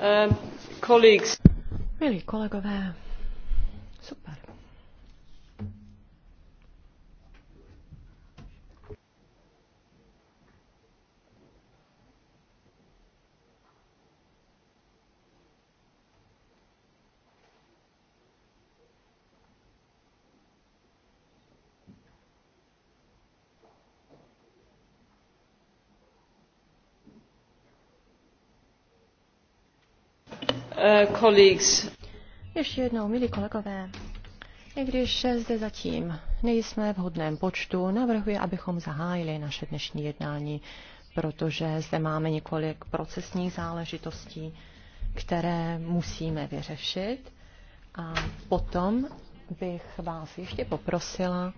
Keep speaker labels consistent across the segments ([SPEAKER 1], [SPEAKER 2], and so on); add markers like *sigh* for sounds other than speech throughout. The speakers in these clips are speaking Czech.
[SPEAKER 1] Eh,
[SPEAKER 2] Milí kolegové, Eh, ještě jednou, milí kolegové, i když zde zatím nejsme v hodném počtu, navrhuji, abychom zahájili naše dnešní jednání, protože zde máme několik procesních záležitostí, které musíme vyřešit. A potom bych vás ještě poprosila,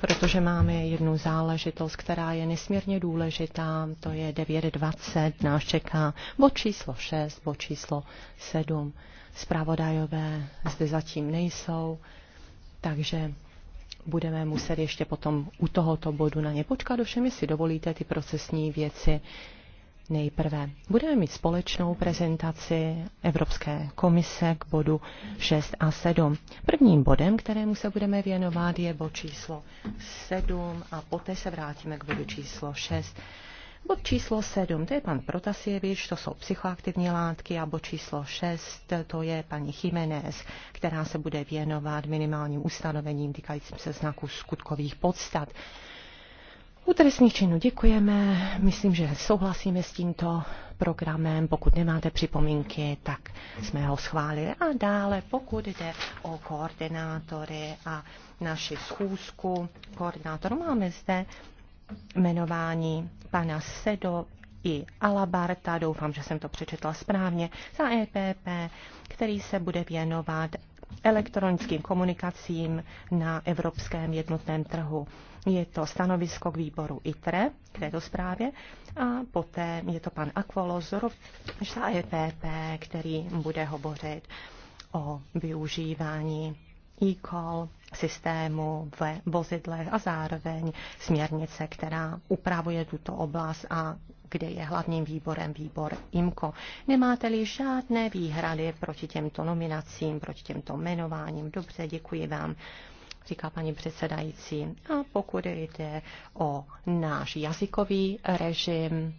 [SPEAKER 2] protože máme jednu záležitost, která je nesmírně důležitá, to je 9.20, nás čeká bod číslo 6, bod číslo 7. Zpravodajové zde zatím nejsou, takže budeme muset ještě potom u tohoto bodu na ně počkat. Ovšem, jestli dovolíte, ty procesní věci Nejprve budeme mít společnou prezentaci Evropské komise k bodu 6 a 7. Prvním bodem, kterému se budeme věnovat, je bod číslo 7 a poté se vrátíme k bodu číslo 6. Bod číslo 7, to je pan Protasievič, to jsou psychoaktivní látky a bod číslo 6, to je paní Jiménez, která se bude věnovat minimálním ustanovením týkajícím se znaku skutkových podstat. U trestných činů děkujeme. Myslím, že souhlasíme s tímto programem. Pokud nemáte připomínky, tak jsme ho schválili. A dále, pokud jde o koordinátory a naši schůzku koordinátorů, máme zde jmenování pana Sedo i Alabarta, doufám, že jsem to přečetla správně, za EPP, který se bude věnovat elektronickým komunikacím na evropském jednotném trhu. Je to stanovisko k výboru ITRE, k této zprávě, a poté je to pan Aquolo z EPP, který bude hovořit o využívání e-call systému ve vozidlech a zároveň směrnice, která upravuje tuto oblast a kde je hlavním výborem výbor IMCO. Nemáte-li žádné výhrady proti těmto nominacím, proti těmto jmenováním? Dobře, děkuji vám říká paní předsedající. A pokud jde o náš jazykový režim,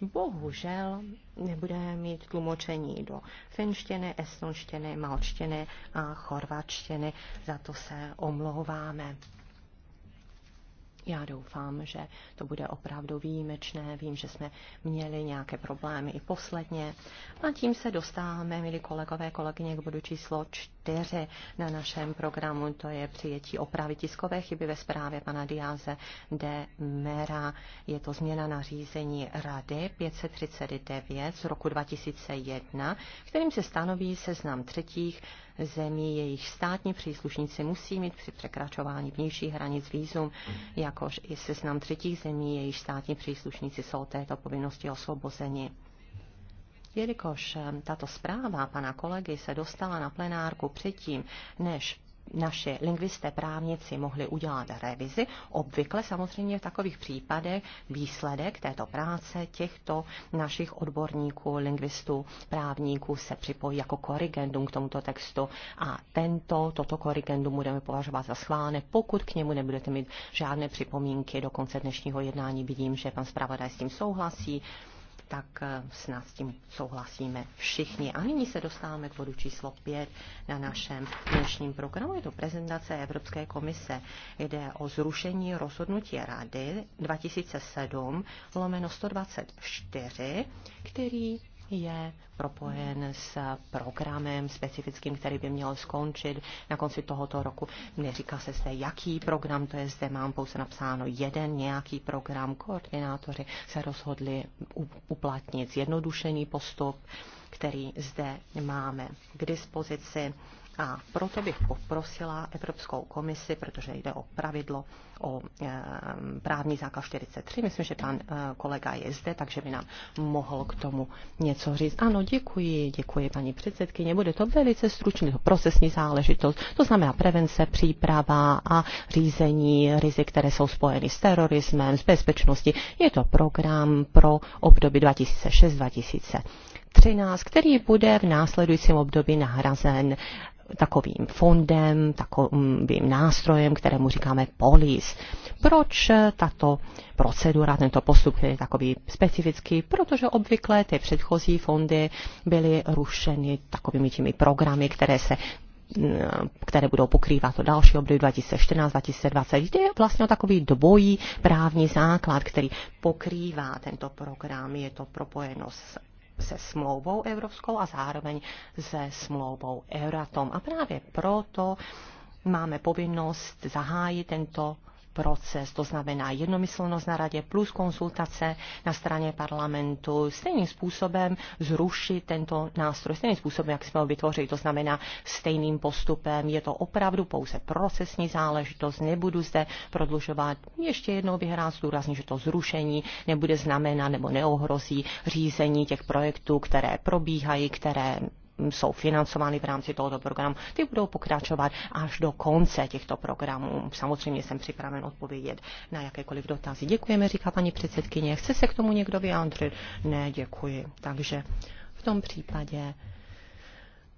[SPEAKER 2] bohužel nebudeme mít tlumočení do finštiny, estonštiny, malčtiny a chorvačtiny. Za to se omlouváme. Já doufám, že to bude opravdu výjimečné. Vím, že jsme měli nějaké problémy i posledně. A tím se dostáváme, milí kolegové, kolegyně, k bodu číslo 4 čtyři na našem programu, to je přijetí opravy tiskové chyby ve zprávě pana Diáze de Mera. Je to změna nařízení Rady 539 z roku 2001, kterým se stanoví seznam třetích zemí, jejich státní příslušníci musí mít při překračování vnějších hranic výzum, jakož i seznam třetích zemí, jejich státní příslušníci jsou této povinnosti osvobozeni. Jelikož eh, tato zpráva pana kolegy se dostala na plenárku předtím, než naši lingvisté právníci mohli udělat revizi. Obvykle samozřejmě v takových případech výsledek této práce těchto našich odborníků, lingvistů, právníků se připojí jako korrigendum k tomuto textu a tento, toto korrigendum budeme považovat za schválené, pokud k němu nebudete mít žádné připomínky do konce dnešního jednání. Vidím, že pan zpravodaj s tím souhlasí tak eh, snad s tím souhlasíme všichni. A nyní se dostáváme k bodu číslo 5 na našem dnešním programu. Je to prezentace Evropské komise. Jde o zrušení rozhodnutí Rady 2007 lomeno 124, který je propojen s programem specifickým, který by měl skončit na konci tohoto roku. Neříká se zde, jaký program to je, zde mám pouze napsáno jeden nějaký program. Koordinátoři se rozhodli uplatnit zjednodušený postup, který zde máme k dispozici. A proto bych poprosila Evropskou komisi, protože jde o pravidlo, o eh, právní zákaz 43. Myslím, že pan eh, kolega je zde, takže by nám mohl k tomu něco říct. Ano, děkuji, děkuji paní předsedkyně. Bude to velice stručný to procesní záležitost, to znamená prevence, příprava a řízení rizik, které jsou spojeny s terorismem, s bezpečností. Je to program pro období 2006 13, který bude v následujícím období nahrazen takovým fondem, takovým nástrojem, kterému říkáme polis. Proč tato procedura, tento postup je takový specifický? Protože obvykle ty předchozí fondy byly rušeny takovými těmi programy, které se které budou pokrývat to další období 2014-2020. Jde vlastně o takový dvojí právní základ, který pokrývá tento program. Je to propojeno s se smlouvou evropskou a zároveň se smlouvou Euratom. A právě proto máme povinnost zahájit tento proces, to znamená jednomyslnost na radě plus konsultace na straně parlamentu, stejným způsobem zrušit tento nástroj, stejným způsobem, jak jsme ho vytvořili, to znamená stejným postupem. Je to opravdu pouze procesní záležitost, nebudu zde prodlužovat. Ještě jednou bych rád zdůraznil, že to zrušení nebude znamenat nebo neohrozí řízení těch projektů, které probíhají, které jsou financovány v rámci tohoto programu, ty budou pokračovat až do konce těchto programů. Samozřejmě jsem připraven odpovědět na jakékoliv dotazy. Děkujeme, říká paní předsedkyně. Chce se k tomu někdo vyjádřit? Ne, děkuji. Takže v tom případě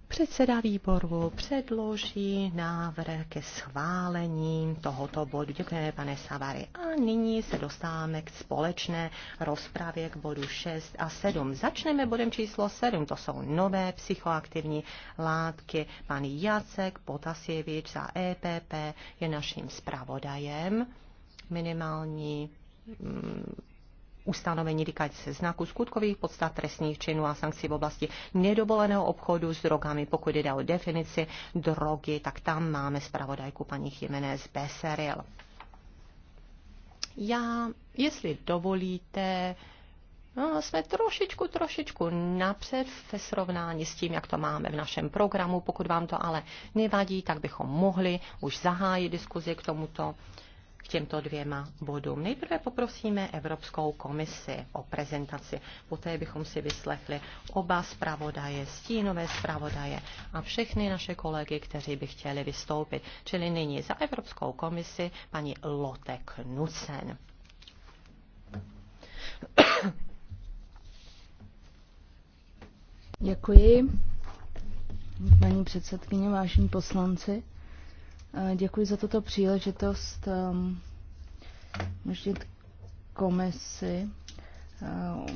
[SPEAKER 2] Předseda výboru předloží návrh ke schválení tohoto bodu. Děkujeme, pane Savary. A nyní se dostáváme k společné rozpravě k bodu 6 a 7. Začneme bodem číslo 7. To jsou nové psychoaktivní látky. Pan Jacek Potasjevič za EPP je naším zpravodajem. Minimální mm, ustanovení týkající se znaku skutkových podstat trestných činů a sankcí v oblasti nedovoleného obchodu s drogami. Pokud jde o definici drogy, tak tam máme zpravodajku paní Jiménez Beseril. Já, jestli dovolíte, No, jsme trošičku, trošičku napřed ve srovnání s tím, jak to máme v našem programu. Pokud vám to ale nevadí, tak bychom mohli už zahájit diskuzi k tomuto k těmto dvěma bodům. Nejprve poprosíme Evropskou komisi o prezentaci. Poté bychom si vyslechli oba zpravodaje, stínové zpravodaje a všechny naše kolegy, kteří by chtěli vystoupit. Čili nyní za Evropskou komisi paní Lotek Nucen.
[SPEAKER 3] Děkuji, paní předsedkyně, vážení poslanci. Děkuji za tuto příležitost um, možnit komisi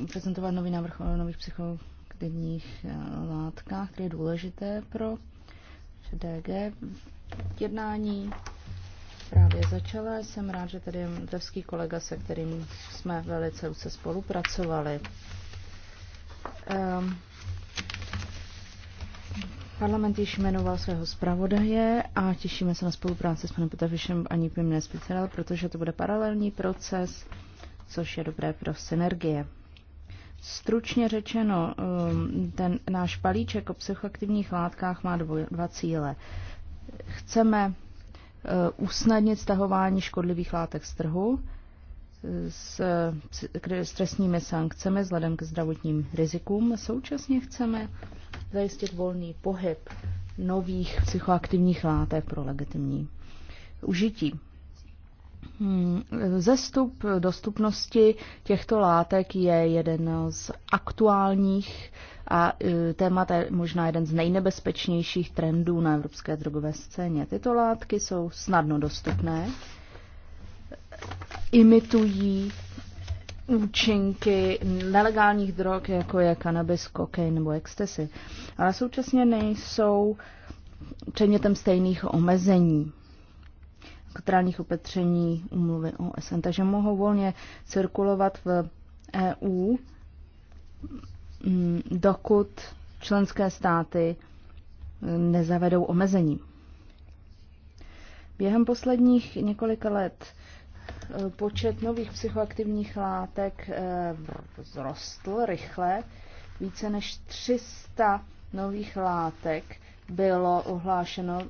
[SPEAKER 3] uh, prezentovat nový návrh o nových psychoaktivních uh, látkách, které je důležité pro DG. Jednání právě začala. Jsem rád, že tady je mdrovský kolega, se kterým jsme velice se spolupracovali. Um, Parlament již jmenoval svého zpravodaje a těšíme se na spolupráci s panem Potavišem a Pimne Spicerel, protože to bude paralelní proces, což je dobré pro synergie. Stručně řečeno, um, ten náš palíček o psychoaktivních látkách má dva cíle. Chceme uh, usnadnit stahování škodlivých látek z trhu uh, s, stresními sankcemi vzhledem k zdravotním rizikům. Současně chceme zajistit volný pohyb nových psychoaktivních látek pro legitimní užití. Hmm, zestup dostupnosti těchto látek je jeden z aktuálních a e, témat je možná jeden z nejnebezpečnějších trendů na evropské drogové scéně. Tyto látky jsou snadno dostupné, imitují účinky nelegálních drog, jako je kanabis, kokain nebo ecstasy, ale současně nejsou předmětem stejných omezení katrálních opatření umluvy OSN, takže mohou volně cirkulovat v EU, mm, dokud členské státy nezavedou omezení. Během posledních několika let Počet nových psychoaktivních látek eh, vzrostl rychle. Více než 300 nových látek bylo ohlášeno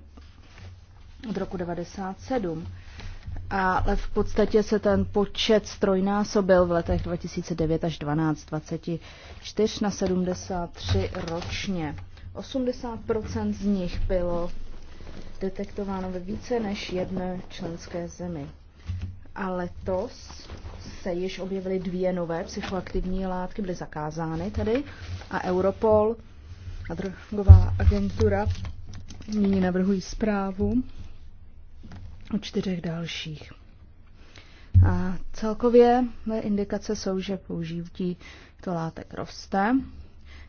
[SPEAKER 3] od roku 97. Ale v podstatě se ten počet strojnásobil v letech 2009 až 12, 24 na 73 ročně. 80 z nich bylo detektováno ve více než jedné členské zemi. A letos se již objevily dvě nové psychoaktivní látky, byly zakázány tady A Europol a drogová agentura nyní navrhují zprávu o čtyřech dalších. A celkově indikace jsou, že použití to látek roste.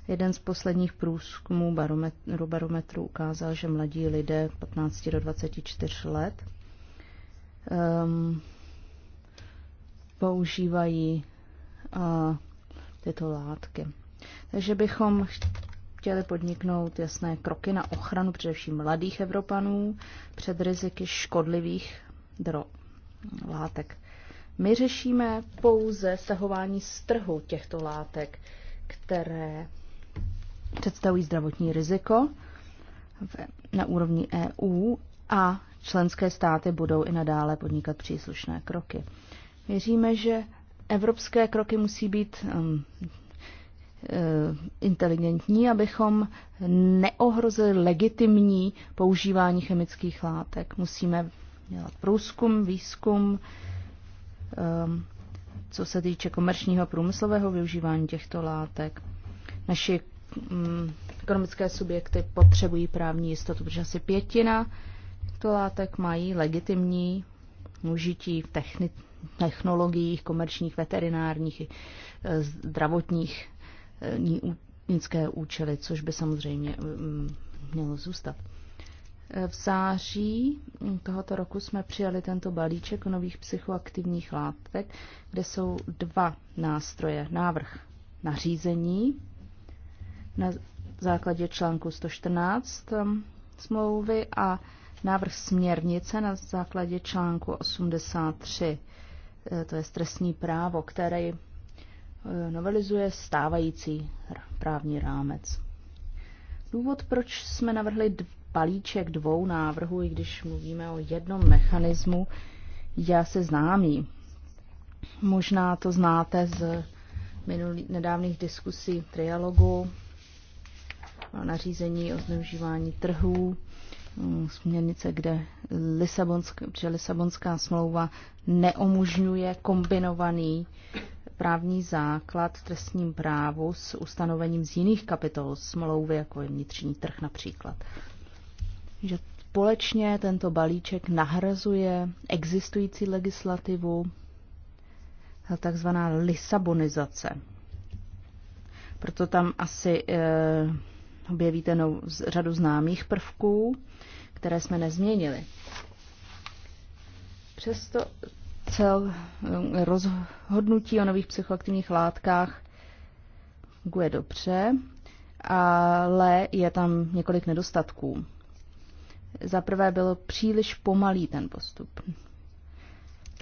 [SPEAKER 3] Jeden z posledních průzkumů barometru, barometru ukázal, že mladí lidé 15 do 24 let um, používají tyto látky. Takže bychom chtěli podniknout jasné kroky na ochranu především mladých Evropanů před riziky škodlivých drog látek. My řešíme pouze stahování z trhu těchto látek, které představují zdravotní riziko na úrovni EU a členské státy budou i nadále podnikat příslušné kroky. Věříme, že evropské kroky musí být um, eh, inteligentní, abychom neohrozili legitimní používání chemických látek. Musíme dělat průzkum, výzkum, um, co se týče komerčního průmyslového využívání těchto látek. Naši mm, ekonomické subjekty potřebují právní jistotu, protože asi pětina těchto látek mají legitimní užití v technice technologiích, komerčních, veterinárních, eh, zdravotních eh, nízké účely, což by samozřejmě eh, mm, mělo zůstat. V září tohoto roku jsme přijali tento balíček nových psychoaktivních látek, kde jsou dva nástroje. Návrh nařízení na základě článku 114 smlouvy a návrh směrnice na základě článku 83 Eh, to je trestní právo, který eh, novelizuje stávající právní rámec. Důvod, proč jsme navrhli palíček dvou návrhů, i když mluvíme o jednom mechanismu, já se známý. Možná to znáte z minulých nedávných diskusí trialogu, nařízení o zneužívání trhů, Mm, směrnice, kde Lisabonská, Lisabonská smlouva neomužňuje kombinovaný právní základ v trestním právu s ustanovením z jiných kapitol smlouvy, jako je vnitřní trh například. Že společně tento balíček nahrazuje existující legislativu a takzvaná lisabonizace. Proto tam asi e, objevíte z řadu známých prvků, které jsme nezměnili. Přesto cel eh, rozhodnutí o nových psychoaktivních látkách je dobře, ale je tam několik nedostatků. Za prvé byl příliš pomalý ten postup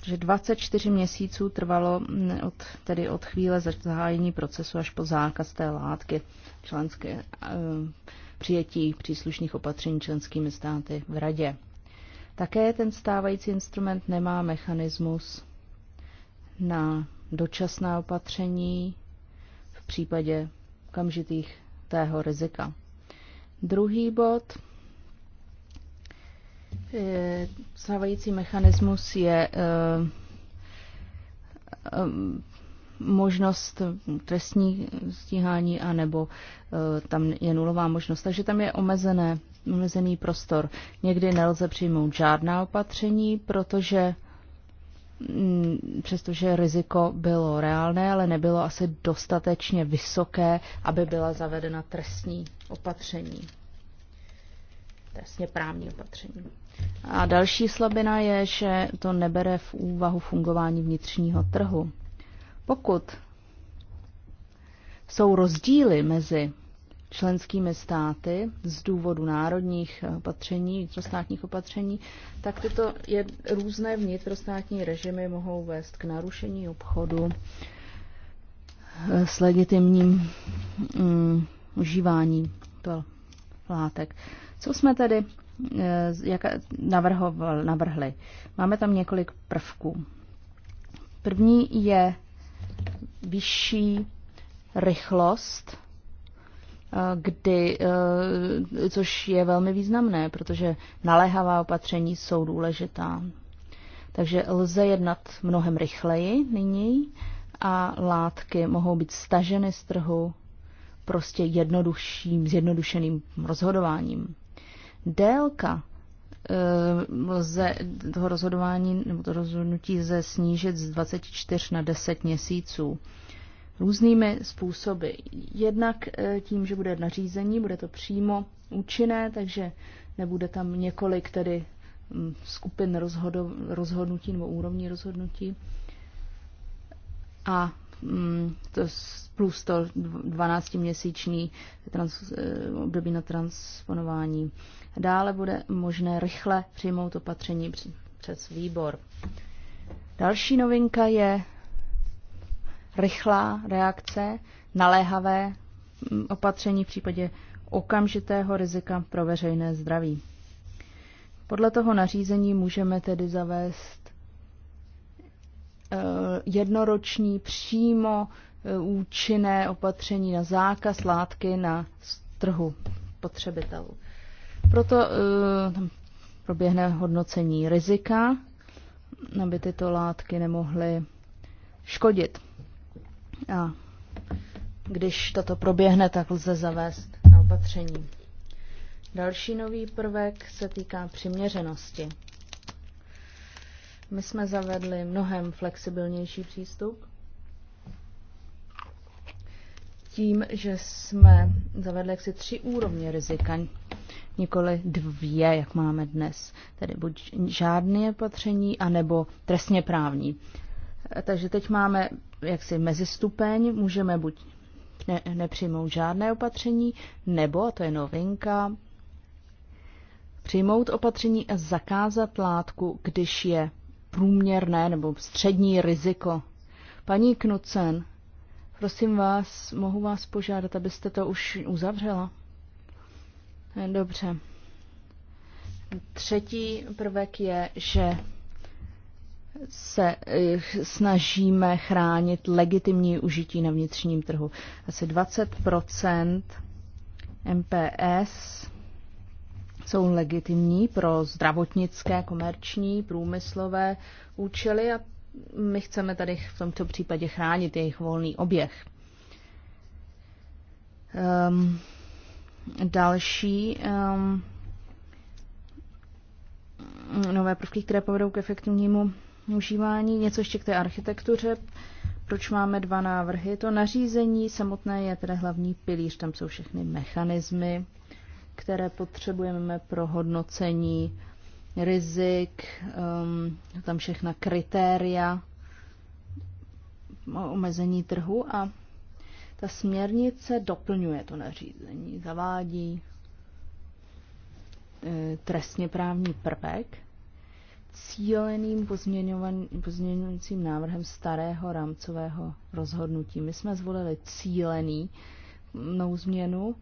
[SPEAKER 3] že 24 měsíců trvalo mm, od, tedy od chvíle zahájení procesu až po zákaz té látky členské eh, přijetí příslušných opatření členskými státy v radě. Také ten stávající instrument nemá mechanismus na dočasná opatření v případě okamžitých tého rizika. Druhý bod Stávající mechanismus je eh, eh, možnost trestní stíhání a nebo eh, tam je nulová možnost. Takže tam je omezené, omezený prostor. Někdy nelze přijmout žádná opatření, protože mm, přestože riziko bylo reálné, ale nebylo asi dostatečně vysoké, aby byla zavedena trestní opatření. Trestně právní opatření. A další slabina je, že to nebere v úvahu fungování vnitřního trhu. Pokud jsou rozdíly mezi členskými státy z důvodu národních opatření, vnitrostátních opatření, tak tyto je, různé vnitrostátní režimy mohou vést k narušení obchodu eh, s legitimním um, mm, užíváním to látek. Co jsme tedy Eh, jak navrhoval, navrhli. Máme tam několik prvků. První je vyšší rychlost, eh, kdy, eh, což je velmi významné, protože naléhavá opatření jsou důležitá. Takže lze jednat mnohem rychleji nyní a látky mohou být staženy z trhu prostě jednodušším, zjednodušeným rozhodováním. Délka eh, lze toho rozhodování nebo to rozhodnutí lze snížit z 24 na 10 měsíců. Různými způsoby. Jednak eh, tím, že bude nařízení, bude to přímo účinné, takže nebude tam několik tedy hm, skupin rozhodu, rozhodnutí nebo úrovní rozhodnutí. A hm, to plus to 12-měsíční eh, období na transponování Dále bude možné rychle přijmout opatření přes výbor. Další novinka je rychlá reakce, naléhavé mm, opatření v případě okamžitého rizika pro veřejné zdraví. Podle toho nařízení můžeme tedy zavést eh, jednoroční přímo eh, účinné opatření na zákaz látky na trhu potřebitelů. Proto uh, proběhne hodnocení rizika, aby tyto látky nemohly škodit. A když toto proběhne, tak lze zavést na opatření. Další nový prvek se týká přiměřenosti. My jsme zavedli mnohem flexibilnější přístup tím, že jsme zavedli jaksi tři úrovně rizika, nikoli dvě, jak máme dnes. Tedy buď žádné opatření, anebo trestně právní. Takže teď máme jaksi mezistupeň, můžeme buď ne, nepřijmout žádné opatření, nebo, a to je novinka, přijmout opatření a zakázat látku, když je průměrné nebo střední riziko. Paní Knucen Prosím vás, mohu vás požádat, abyste to už uzavřela? Dobře. Třetí prvek je, že se eh, snažíme chránit legitimní užití na vnitřním trhu. Asi 20 MPS jsou legitimní pro zdravotnické, komerční, průmyslové účely a my chceme tady v tomto případě chránit jejich volný oběh. Um, další um, nové prvky, které povedou k efektivnímu užívání. Něco ještě k té architektuře. Proč máme dva návrhy? To nařízení samotné je tedy hlavní pilíř, tam jsou všechny mechanismy, které potřebujeme pro hodnocení rizik, um, tam všechna kritéria o omezení trhu a ta směrnice doplňuje to nařízení, zavádí eh, trestně právní prvek cíleným pozměňujícím návrhem starého rámcového rozhodnutí. My jsme zvolili cílený změnu,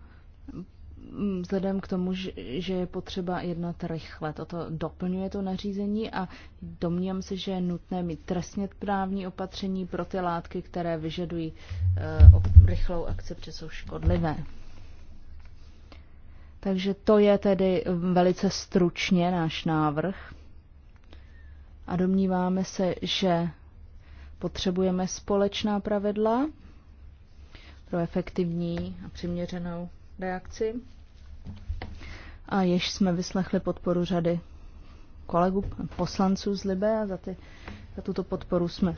[SPEAKER 3] Mm, vzhledem k tomu, že je potřeba jednat rychle. Toto doplňuje to nařízení a domnívám se, že je nutné mít trestně právní opatření pro ty látky, které vyžadují eh, rychlou akci, protože jsou škodlivé. Takže to je tedy mm, velice stručně náš návrh. A domníváme se, že potřebujeme společná pravidla pro efektivní a přiměřenou reakci a jež jsme vyslechli podporu řady kolegů, poslanců z Libe a za, ty, za tuto podporu jsme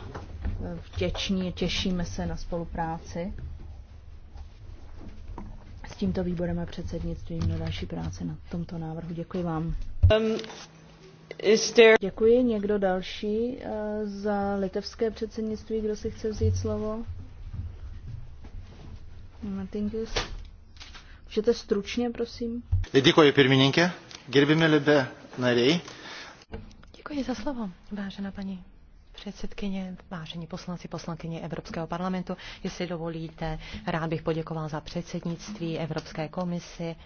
[SPEAKER 3] eh, vděční, těšíme se na spolupráci s tímto výborem a předsednictvím na další práci na tomto návrhu. Děkuji vám. Um, there... Děkuji. Někdo další uh, za litevské předsednictví, kdo si chce vzít slovo? Martinkus. Můžete stručně,
[SPEAKER 2] prosím?
[SPEAKER 4] Děkuji, pirmininke. Gerbime libe narej.
[SPEAKER 2] Děkuji za slovo, vážená paní předsedkyně, vážení poslanci, poslankyně Evropského parlamentu. Jestli dovolíte, rád bych poděkoval za předsednictví Evropské komisi.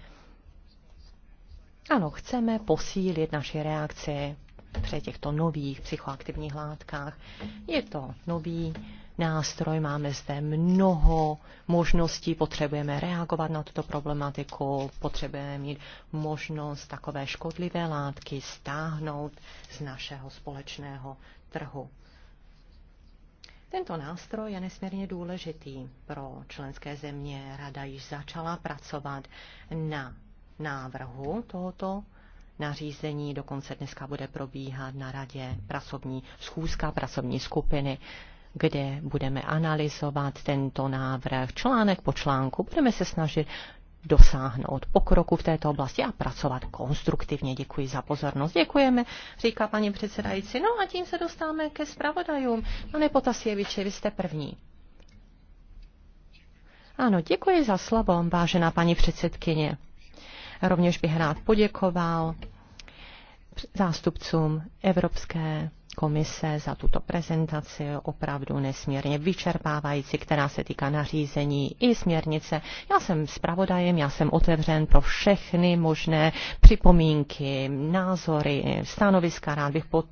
[SPEAKER 2] Ano, chceme posílit naši reakci při těchto nových psychoaktivních látkách. Je to nový nástroj, máme zde mnoho možností, potřebujeme reagovat na tuto problematiku, potřebujeme mít možnost takové škodlivé látky stáhnout z našeho společného trhu. Tento nástroj je nesmírně důležitý pro členské země. Rada již začala pracovat na návrhu tohoto nařízení. Dokonce dneska bude probíhat na radě pracovní schůzka, pracovní skupiny kde budeme analyzovat tento návrh článek po článku. Budeme se snažit dosáhnout pokroku v této oblasti a pracovat konstruktivně. Děkuji za pozornost. Děkujeme, říká paní předsedající. No a tím se dostáváme ke zpravodajům. Pane Potasjeviče, vy jste první. Ano, děkuji za slovo, vážená paní předsedkyně. Rovněž bych rád poděkoval zástupcům Evropské komise za tuto prezentaci, opravdu nesmírně vyčerpávající, která se týká nařízení i směrnice. Já jsem zpravodajem, já jsem otevřen pro všechny možné připomínky, názory, stanoviska. Rád bych pod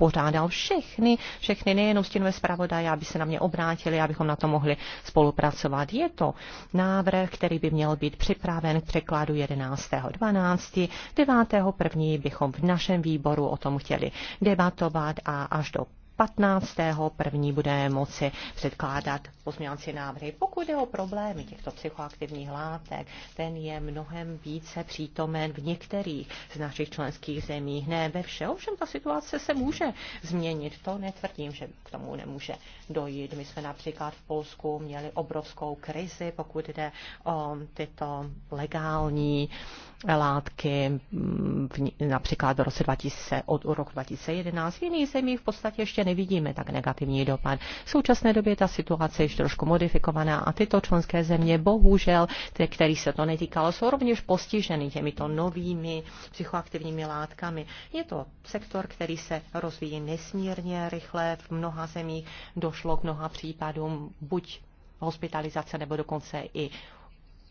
[SPEAKER 2] požádal všechny, všechny nejenom stínové zpravodaje, aby se na mě obrátili, abychom na to mohli spolupracovat. Je to návrh, který by měl být připraven k překladu 11.12. 9.1. bychom v našem výboru o tom chtěli debatovat a až do 15. první bude moci předkládat pozměňovací návrhy. Pokud je o problémy těchto psychoaktivních látek, ten je mnohem více přítomen v některých z našich členských zemí, ne ve vše. Ovšem ta situace se může změnit, to netvrdím, že k tomu nemůže dojít. My jsme například v Polsku měli obrovskou krizi, pokud jde o tyto legální uh, látky, mm, například do roce 2000, od roku 2011. V jiných zemích v podstatě ještě nevidíme tak negativní dopad. V současné době ta situace je trošku modifikovaná a tyto členské země, bohužel, ty, který se to netýkalo, jsou rovněž postiženy těmito novými psychoaktivními látkami. Je to sektor, který se rozvíjí nesmírně rychle. V mnoha zemích došlo k mnoha případům buď hospitalizace nebo dokonce i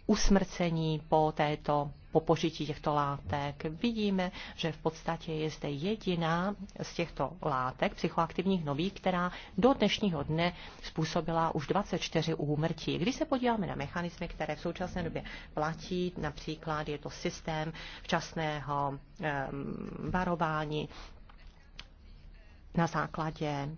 [SPEAKER 2] usmrcení po této po požití těchto látek. Vidíme, že v podstatě je zde jediná z těchto látek psychoaktivních nových, která do dnešního dne způsobila už 24 úmrtí. Když se podíváme na mechanismy, které v současné době platí, například je to systém včasného varování na základě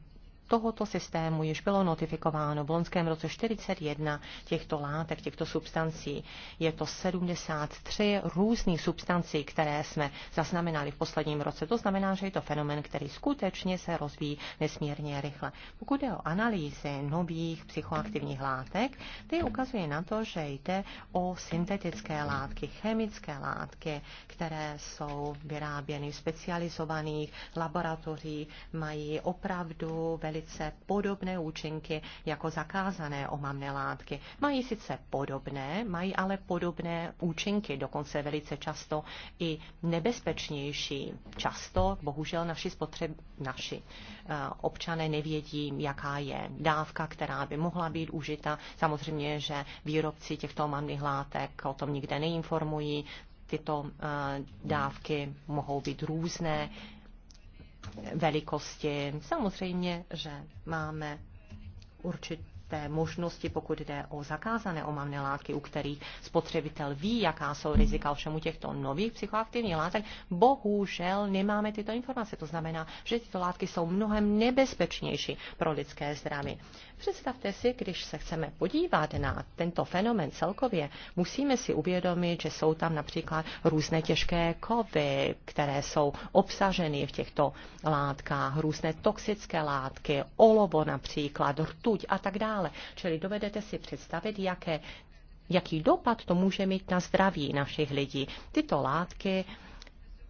[SPEAKER 2] tohoto systému již bylo notifikováno v loňském roce 41 těchto látek, těchto substancí. Je to 73 různých substancí, které jsme zaznamenali v posledním roce. To znamená, že je to fenomen, který skutečně se rozvíjí nesmírně rychle. Pokud jde o analýzy nových psychoaktivních látek, ty ukazuje na to, že jde o syntetické látky, chemické látky, které jsou vyráběny v specializovaných laboratořích, mají opravdu velice velice podobné účinky jako zakázané omamné látky. Mají sice podobné, mají ale podobné účinky, dokonce velice často i nebezpečnější. Často, bohužel, naši, spotřeb, naši eh, občané nevědí, jaká je dávka, která by mohla být užita. Samozřejmě, že výrobci těchto omamných látek o tom nikde neinformují, tyto eh, dávky mohou být různé, velikosti. Samozřejmě, že máme určité možnosti, pokud jde o zakázané omamné látky, u kterých spotřebitel ví, jaká jsou rizika všemu těchto nových psychoaktivních látek. Bohužel nemáme tyto informace. To znamená, že tyto látky jsou mnohem nebezpečnější pro lidské zdraví. Představte si, když se chceme podívat na tento fenomen celkově, musíme si uvědomit, že jsou tam například různé těžké kovy, které jsou obsaženy v těchto látkách, různé toxické látky, olovo například, rtuť a tak dále. Čili dovedete si představit, jaké jaký dopad to může mít na zdraví našich lidí. Tyto látky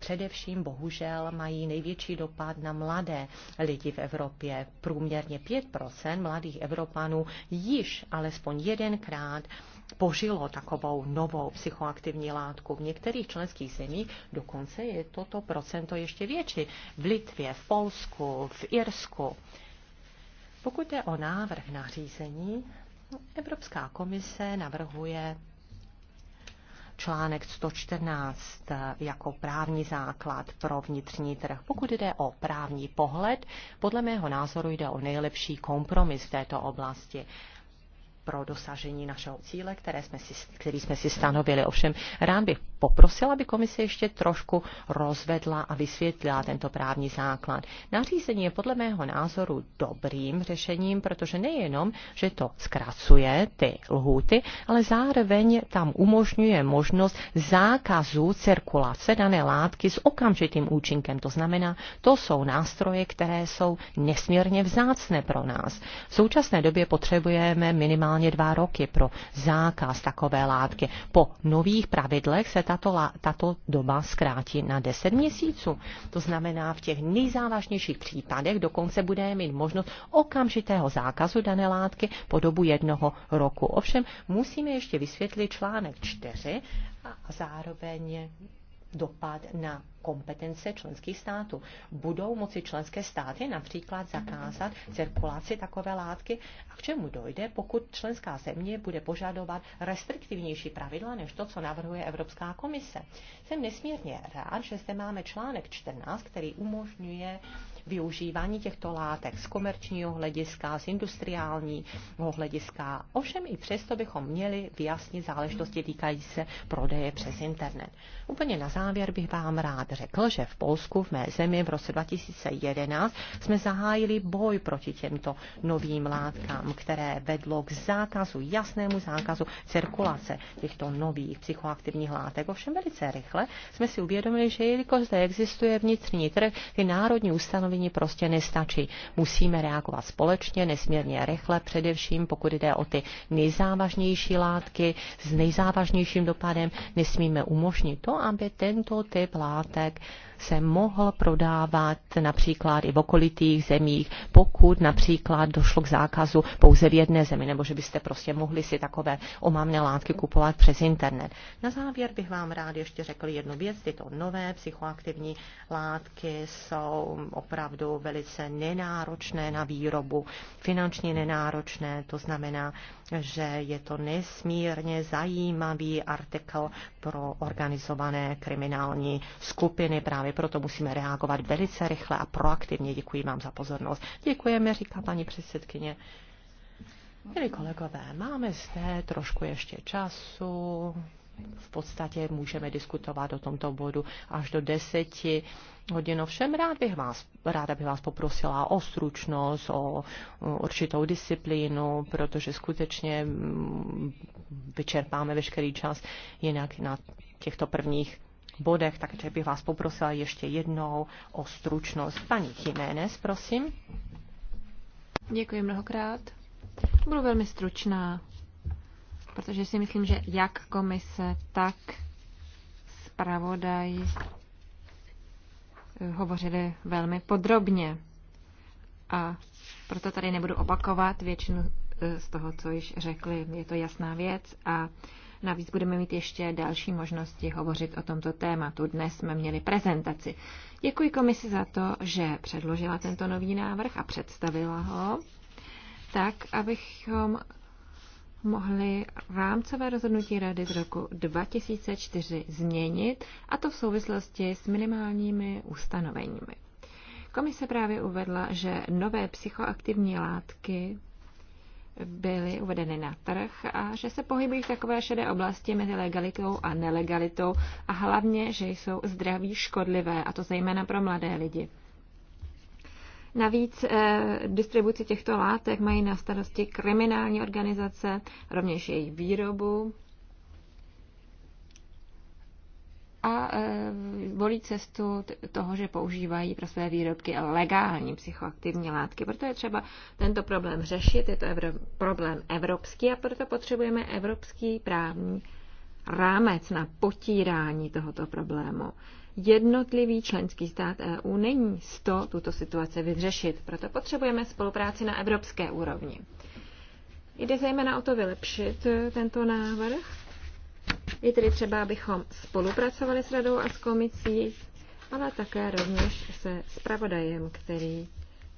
[SPEAKER 2] především bohužel mají největší dopad na mladé lidi v Evropě. Průměrně 5% mladých Evropanů již alespoň jedenkrát požilo takovou novou psychoaktivní látku. V některých členských zemích dokonce je toto procento ještě větší. V Litvě, v Polsku, v Irsku. Pokud je o návrh nařízení, Evropská komise navrhuje článek 114 eh, jako právní základ pro vnitřní trh. Pokud jde o právní pohled, podle mého názoru jde o nejlepší kompromis v této oblasti pro dosažení našeho cíle, které jsme si, který jsme si stanovili. Ovšem rád bych poprosila, aby komise ještě trošku rozvedla a vysvětlila tento právní základ. Nařízení je podle mého názoru dobrým řešením, protože nejenom, že to zkracuje ty lhůty, ale zároveň tam umožňuje možnost zákazu cirkulace dané látky s okamžitým účinkem. To znamená, to jsou nástroje, které jsou nesmírně vzácné pro nás. V současné době potřebujeme minimálně dva roky pro zákaz takové látky. Po nových pravidlech se tato, tato doba zkrátí na 10 měsíců. To znamená, v těch nejzávažnějších případech dokonce budeme mít možnost okamžitého zákazu dané látky po dobu jednoho roku. Ovšem musíme ještě vysvětlit článek 4 a zároveň dopad na kompetence členských států. Budou moci členské státy například zakázat cirkulaci takové látky a k čemu dojde, pokud členská země bude požadovat restriktivnější pravidla než to, co navrhuje Evropská komise. Jsem nesmírně rád, že zde máme článek 14, který umožňuje využívání těchto látek z komerčního hlediska, z industriálního hlediska. Ovšem i přesto bychom měli vyjasnit záležitosti týkající se prodeje přes internet. Úplně na závěr bych vám rád řekl, že v Polsku, v mé zemi v roce 2011 jsme zahájili boj proti těmto novým látkám, které vedlo k zákazu, jasnému zákazu cirkulace těchto nových psychoaktivních látek. Ovšem velice rychle jsme si uvědomili, že jelikož zde existuje vnitřní trh, ty národní ustanovení řešení prostě nestačí. Musíme reagovat společně, nesmírně rychle, především pokud jde o ty nejzávažnější látky s nejzávažnějším dopadem. Nesmíme umožnit to, aby tento typ látek se mohl prodávat například i v okolitých zemích, pokud například došlo k zákazu pouze v jedné zemi, nebo že byste prostě mohli si takové omamné látky kupovat přes internet. Na závěr bych vám rád ještě řekl jednu věc. Tyto nové psychoaktivní látky jsou opravdu velice nenáročné na výrobu, finančně nenáročné, to znamená, že je to nesmírně zajímavý artikl pro organizované kriminální skupiny. Právě proto musíme reagovat velice rychle a proaktivně. Děkuji vám za pozornost. Děkujeme, říká paní předsedkyně. Milí kolegové, máme zde trošku ještě času v podstatě můžeme diskutovat o tomto bodu až do deseti hodin. Všem rád bych vás, ráda bych vás poprosila o stručnost, o určitou disciplínu, protože skutečně mm, vyčerpáme veškerý čas jinak na těchto prvních bodech, takže bych vás poprosila ještě jednou o stručnost. Paní Jiménez, prosím. Děkuji mnohokrát. Budu velmi
[SPEAKER 5] stručná protože si myslím, že jak komise, tak zpravodaj eh, hovořili velmi podrobně. A proto tady nebudu opakovat většinu eh, z toho, co již řekli. Je to jasná věc a navíc budeme mít ještě další možnosti hovořit o tomto tématu. Dnes jsme měli prezentaci. Děkuji komisi za to, že předložila tento nový návrh a představila ho tak, abychom mohli rámcové rozhodnutí Rady z roku 2004 změnit, a to v souvislosti s minimálními ustanoveními. Komise právě uvedla, že nové psychoaktivní látky byly uvedeny na trh a že se pohybují v takové šedé oblasti mezi legalitou a nelegalitou a hlavně, že jsou zdraví škodlivé, a to zejména pro mladé lidi. Navíc eh, distribuci těchto látek mají na starosti kriminální organizace, rovněž jejich výrobu a eh, volí cestu toho, že používají pro své výrobky legální psychoaktivní látky. Proto je třeba tento problém řešit, je to evro- problém evropský a proto potřebujeme evropský právní rámec na potírání tohoto problému jednotlivý členský stát EU není sto tuto situace vyřešit. Proto potřebujeme spolupráci na evropské úrovni. Jde zejména o to vylepšit eh, tento návrh. Je tedy třeba, abychom spolupracovali s radou a s komisí, ale také rovněž se spravodajem, který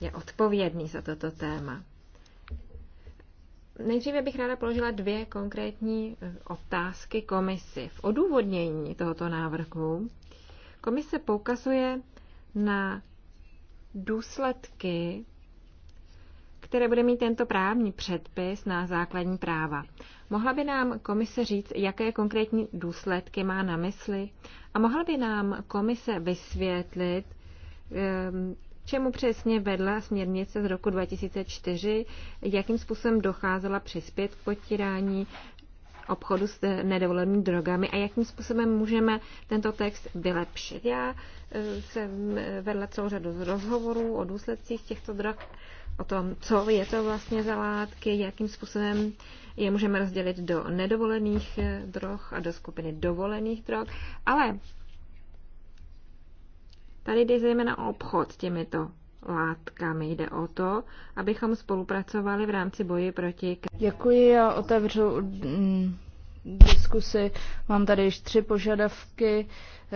[SPEAKER 5] je odpovědný za toto téma. Nejdříve bych ráda položila dvě konkrétní eh, otázky komisi. V odůvodnění tohoto návrhu Komise poukazuje na důsledky, které bude mít tento právní předpis na základní práva. Mohla by nám komise říct, jaké konkrétní důsledky má na mysli a mohla by nám komise vysvětlit, ehm, čemu přesně vedla směrnice z roku 2004, jakým způsobem docházela přispět k potírání obchodu s nedovolenými drogami a jakým způsobem můžeme tento text vylepšit. Já e, jsem e, vedla celou řadu rozhovorů o důsledcích těchto drog, o tom, co je to vlastně za látky, jakým způsobem je můžeme rozdělit do nedovolených e, drog a do skupiny dovolených drog, ale tady jde zejména o obchod s těmito látkami. Jde o to, abychom spolupracovali v rámci boji proti...
[SPEAKER 3] Děkuji, já otevřu mm, diskusy. Mám tady již tři požadavky,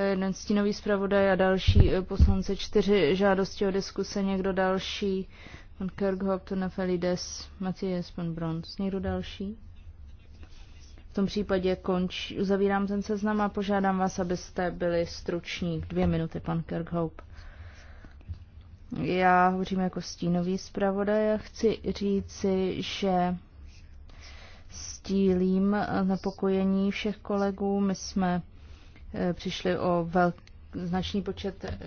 [SPEAKER 3] jeden stínový zpravodaj a další eh, poslanci, čtyři žádosti o diskuse, někdo další, pan Kirkhope, Nefelides, Matthias, pan Brons. někdo další? V tom případě konč, uzavírám ten seznam a požádám vás, abyste byli struční. Dvě minuty, pan Kirkhope. Já hovořím jako stínový zpravodaj a chci říci, že stílím napokojení všech kolegů. My jsme eh, přišli o velký značný počet eh,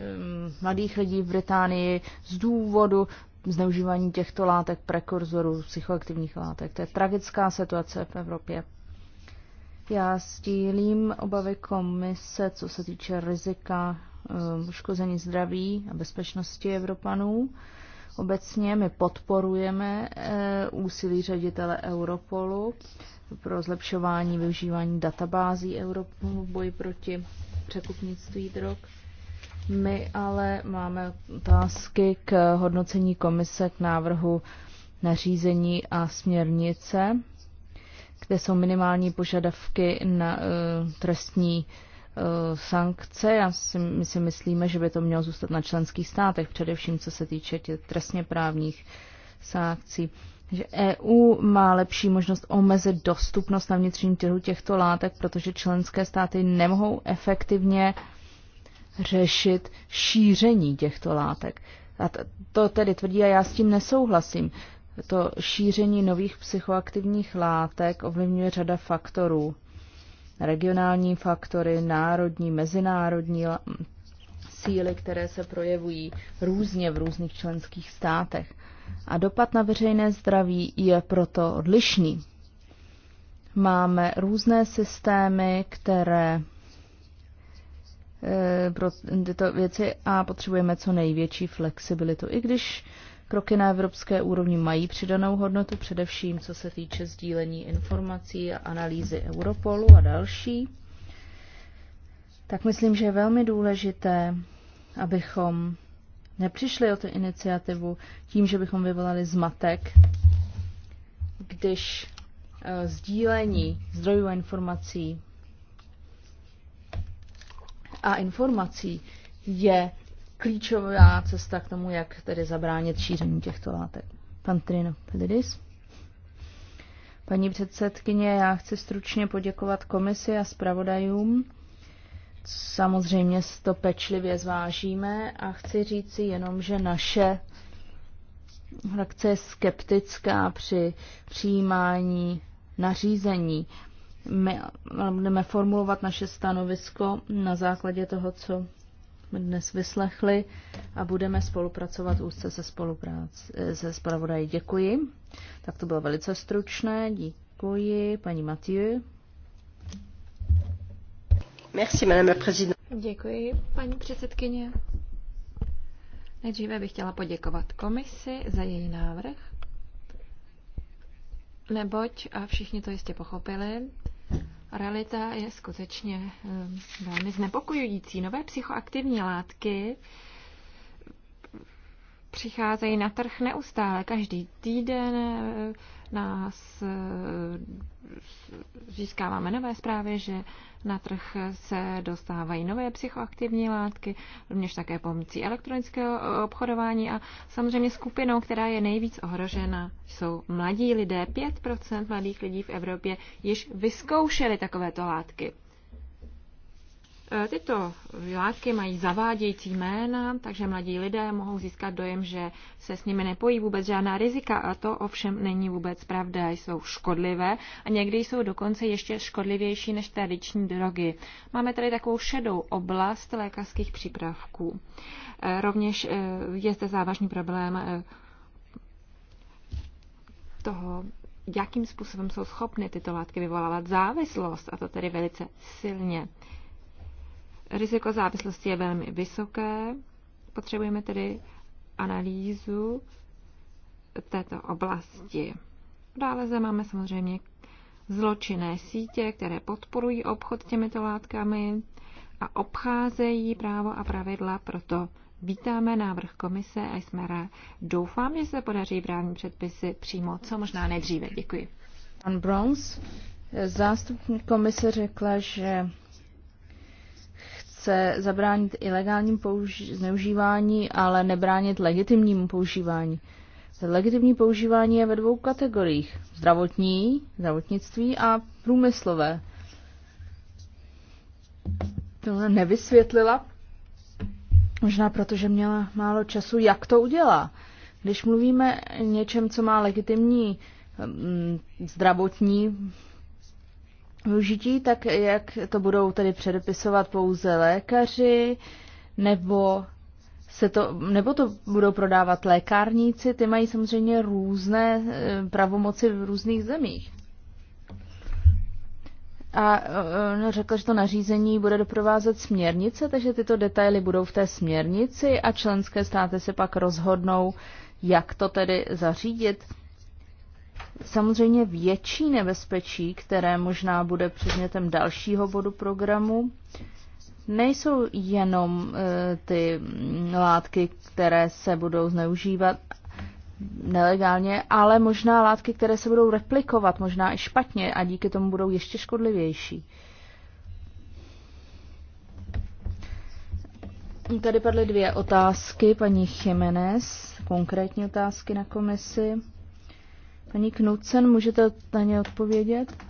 [SPEAKER 3] mladých lidí v Británii z důvodu zneužívání těchto látek, prekurzorů, psychoaktivních látek. To je tragická situace v Evropě. Já stílím obavy komise, co se týče rizika poškození eh, zdraví a bezpečnosti Evropanů. Obecně my podporujeme eh, úsilí ředitele Europolu pro zlepšování využívání databází Europolu v boji proti překupnictví drog. My ale máme otázky k hodnocení komise k návrhu nařízení a směrnice, kde jsou minimální požadavky na eh, trestní Eh, sankce. Já si, my si myslíme, že by to mělo zůstat na členských státech, především co se týče těch trestně právních sankcí. Že EU má lepší možnost omezit dostupnost na vnitřním trhu těchto látek, protože členské státy nemohou efektivně řešit šíření těchto látek. A to tedy tvrdí a já s tím nesouhlasím. To šíření nových psychoaktivních látek ovlivňuje řada faktorů regionální faktory, národní, mezinárodní síly, které se projevují různě v různých členských státech. A dopad na veřejné zdraví je proto odlišný. Máme různé systémy, které eh, pro tyto věci a potřebujeme co největší flexibilitu. I když Kroky na evropské úrovni mají přidanou hodnotu, především co se týče sdílení informací a analýzy Europolu a další. Tak myslím, že je velmi důležité, abychom nepřišli o tu iniciativu tím, že bychom vyvolali zmatek, když eh, sdílení zdrojů a informací a informací je klíčová cesta k tomu, jak tedy zabránit šíření těchto látek. Pan Trino Pelidis. Paní předsedkyně, já chci stručně poděkovat komisi a zpravodajům. Samozřejmě to pečlivě zvážíme a chci říci jenom, že naše frakce je skeptická při přijímání nařízení. My budeme formulovat naše stanovisko na základě toho, co jsme dnes vyslechli a budeme spolupracovat úzce se, spolupráci, se spravodají. Děkuji. Tak to bylo velice stručné. Děkuji. Paní Matiu. Merci, madame
[SPEAKER 5] la Děkuji, paní předsedkyně. Nejdříve bych chtěla poděkovat komisi za její návrh, neboť, a všichni to jistě pochopili, Realita je skutečně eh, velmi znepokojující. Nové psychoaktivní látky přicházejí na trh neustále, každý týden eh, nás eh, získáváme nové zprávy, že na trh se dostávají nové psychoaktivní látky, rovněž také pomocí elektronického obchodování a samozřejmě skupinou, která je nejvíc ohrožena, jsou mladí lidé. 5% mladých lidí v Evropě již vyzkoušeli takovéto látky. E, tyto látky mají zavádějící jména, takže mladí lidé mohou získat dojem, že se s nimi nepojí vůbec žádná rizika a to ovšem není vůbec pravda. Jsou škodlivé a někdy jsou dokonce ještě škodlivější než tradiční drogy. Máme tady takovou šedou oblast lékařských přípravků. E, rovněž e, je zde závažný problém toho jakým způsobem jsou schopny tyto látky vyvolávat závislost, a to tedy velice silně. Riziko závislosti je velmi vysoké, potřebujeme tedy analýzu této oblasti. Dále zde máme samozřejmě zločinné sítě, které podporují obchod těmito látkami a obcházejí právo a pravidla, proto vítáme návrh komise a jsme rá. Doufám, že se podaří právní předpisy přímo, co možná nejdříve. Děkuji.
[SPEAKER 3] Pan Browns, zástupní komise řekla, že chce zabránit ilegálním použi- zneužívání, ale nebránit legitimnímu používání. Legitimní používání je ve dvou kategoriích. Zdravotní, zdravotnictví a průmyslové. To nevysvětlila, možná protože měla málo času, jak to udělá. Když mluvíme něčem, co má legitimní mm, zdravotní využití, tak jak to budou tedy předepisovat pouze lékaři, nebo se to, nebo to budou prodávat lékárníci, ty mají samozřejmě různé eh, pravomoci v různých zemích. A eh, no, řekl, že to nařízení bude doprovázet směrnice, takže tyto detaily budou v té směrnici a členské státy se pak rozhodnou, jak to tedy zařídit samozřejmě větší nebezpečí, které možná bude předmětem dalšího bodu programu, nejsou jenom eh, ty látky, které se budou zneužívat nelegálně, ale možná látky, které se budou replikovat, možná i špatně a díky tomu budou ještě škodlivější. Tady padly dvě otázky, paní Jiménez, konkrétní otázky na komisi. Paní Knudsen, můžete na ně odpovědět?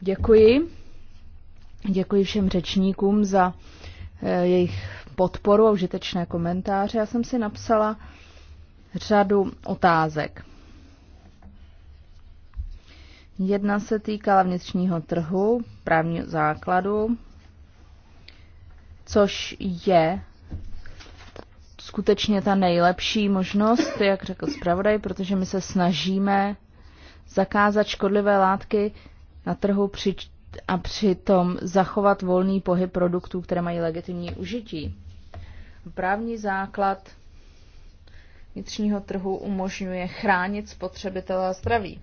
[SPEAKER 3] Děkuji. Děkuji všem řečníkům za eh, jejich podporu a užitečné komentáře. Já jsem si napsala řadu otázek. Jedna se týkala vnitřního trhu, právního základu, což je skutečně ta nejlepší možnost, jak řekl zpravodaj, protože my se snažíme zakázat škodlivé látky na trhu při, a přitom zachovat volný pohyb produktů, které mají legitimní užití. Právní základ vnitřního trhu umožňuje chránit spotřebitele a zdraví.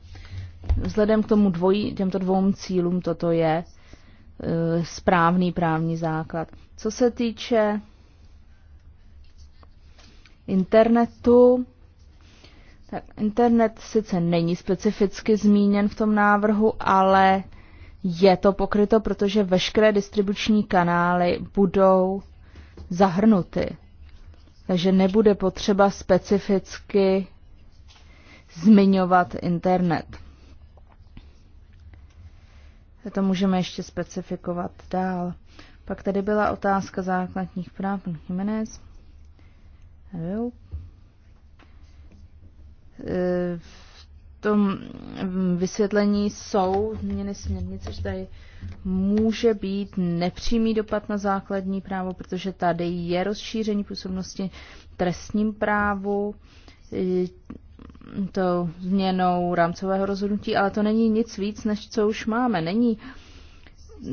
[SPEAKER 3] Vzhledem k tomu dvojí, těmto dvou cílům toto je e, správný právní základ. Co se týče internetu, tak internet sice není specificky zmíněn v tom návrhu, ale je to pokryto, protože veškeré distribuční kanály budou zahrnuty. Takže nebude potřeba specificky zmiňovat internet. To můžeme ještě specifikovat dál. Pak tady byla otázka základních práv, pan Jiménez. E, v tom vysvětlení jsou změny směrnice, že tady může být nepřímý dopad na základní právo, protože tady je rozšíření působnosti trestním právu, e, to změnou rámcového rozhodnutí, ale to není nic víc, než co už máme. Není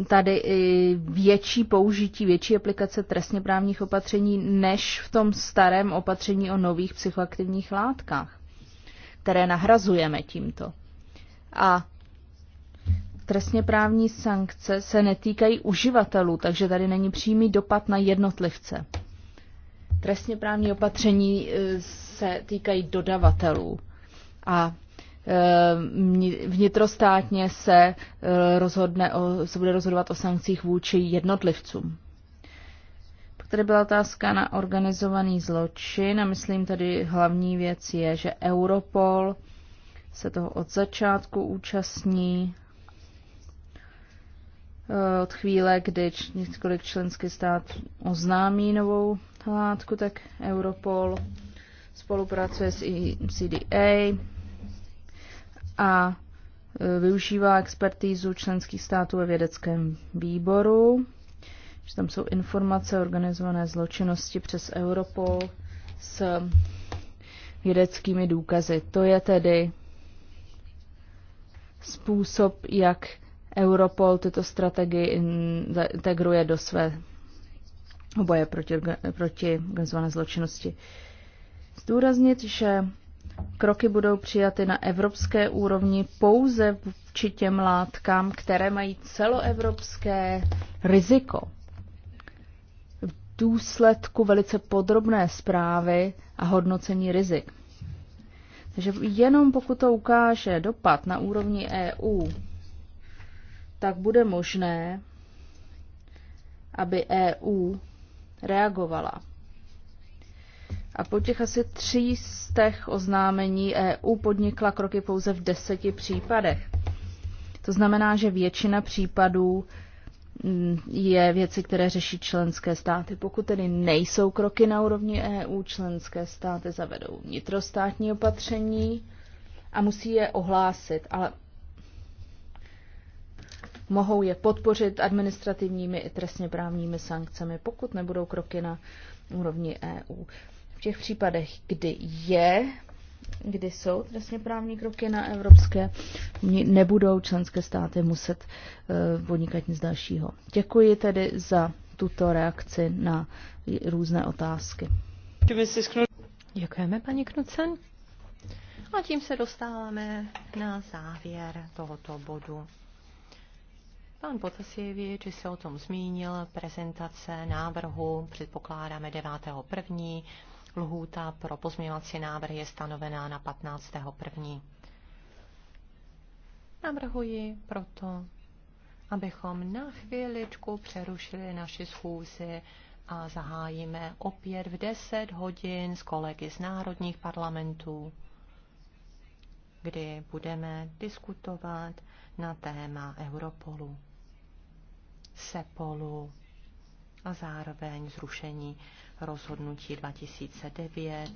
[SPEAKER 3] tady větší použití, větší aplikace trestně právních opatření než v tom starém opatření o nových psychoaktivních látkách, které nahrazujeme tímto. A trestně právní sankce se netýkají uživatelů, takže tady není přímý dopad na jednotlivce. Trestně právní opatření e, se týkají dodavatelů. A Eh, vnitrostátně se eh, rozhodne o, se bude rozhodovat o sankcích vůči jednotlivcům. Pak tady byla otázka na organizovaný zločin a myslím tady hlavní věc je, že Europol se toho od začátku účastní, eh, od chvíle, kdy několik členský stát oznámí novou látku, tak Europol spolupracuje s CDA, a e, využívá expertízu členských států ve vědeckém výboru, že tam jsou informace organizované zločinnosti přes Europol s vědeckými důkazy. To je tedy způsob, jak Europol tyto strategii integruje do své boje proti, proti organizované zločinnosti. Zdůraznit, že Kroky budou přijaty na evropské úrovni pouze vůči těm látkám, které mají celoevropské riziko. V důsledku velice podrobné zprávy a hodnocení rizik. Takže jenom pokud to ukáže dopad na úrovni EU, tak bude možné, aby EU reagovala. A po těch asi třístech oznámení EU podnikla kroky pouze v deseti případech. To znamená, že většina případů mm, je věci, které řeší členské státy. Pokud tedy nejsou kroky na úrovni EU, členské státy zavedou vnitrostátní opatření a musí je ohlásit, ale mohou je podpořit administrativními i trestně právními sankcemi, pokud nebudou kroky na úrovni EU v těch případech, kdy je, kdy jsou trestně právní kroky na evropské, nebudou členské státy muset eh, podnikat nic dalšího. Děkuji tedy za tuto reakci na různé
[SPEAKER 2] otázky. Děkujeme, paní Knucen. A tím se dostáváme na závěr tohoto bodu. Pan či se o tom zmínil, prezentace návrhu předpokládáme 1. Lhůta pro pozměňovací návrh je stanovená na 15. 1. Navrhuji proto, abychom na chvíličku přerušili naši schůzi a zahájíme opět v 10 hodin s kolegy z národních parlamentů, kdy budeme diskutovat na téma Europolu, Sepolu, a zároveň zrušení rozhodnutí 2009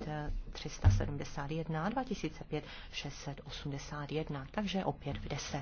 [SPEAKER 2] 371 a 2005 681, takže opět v 10.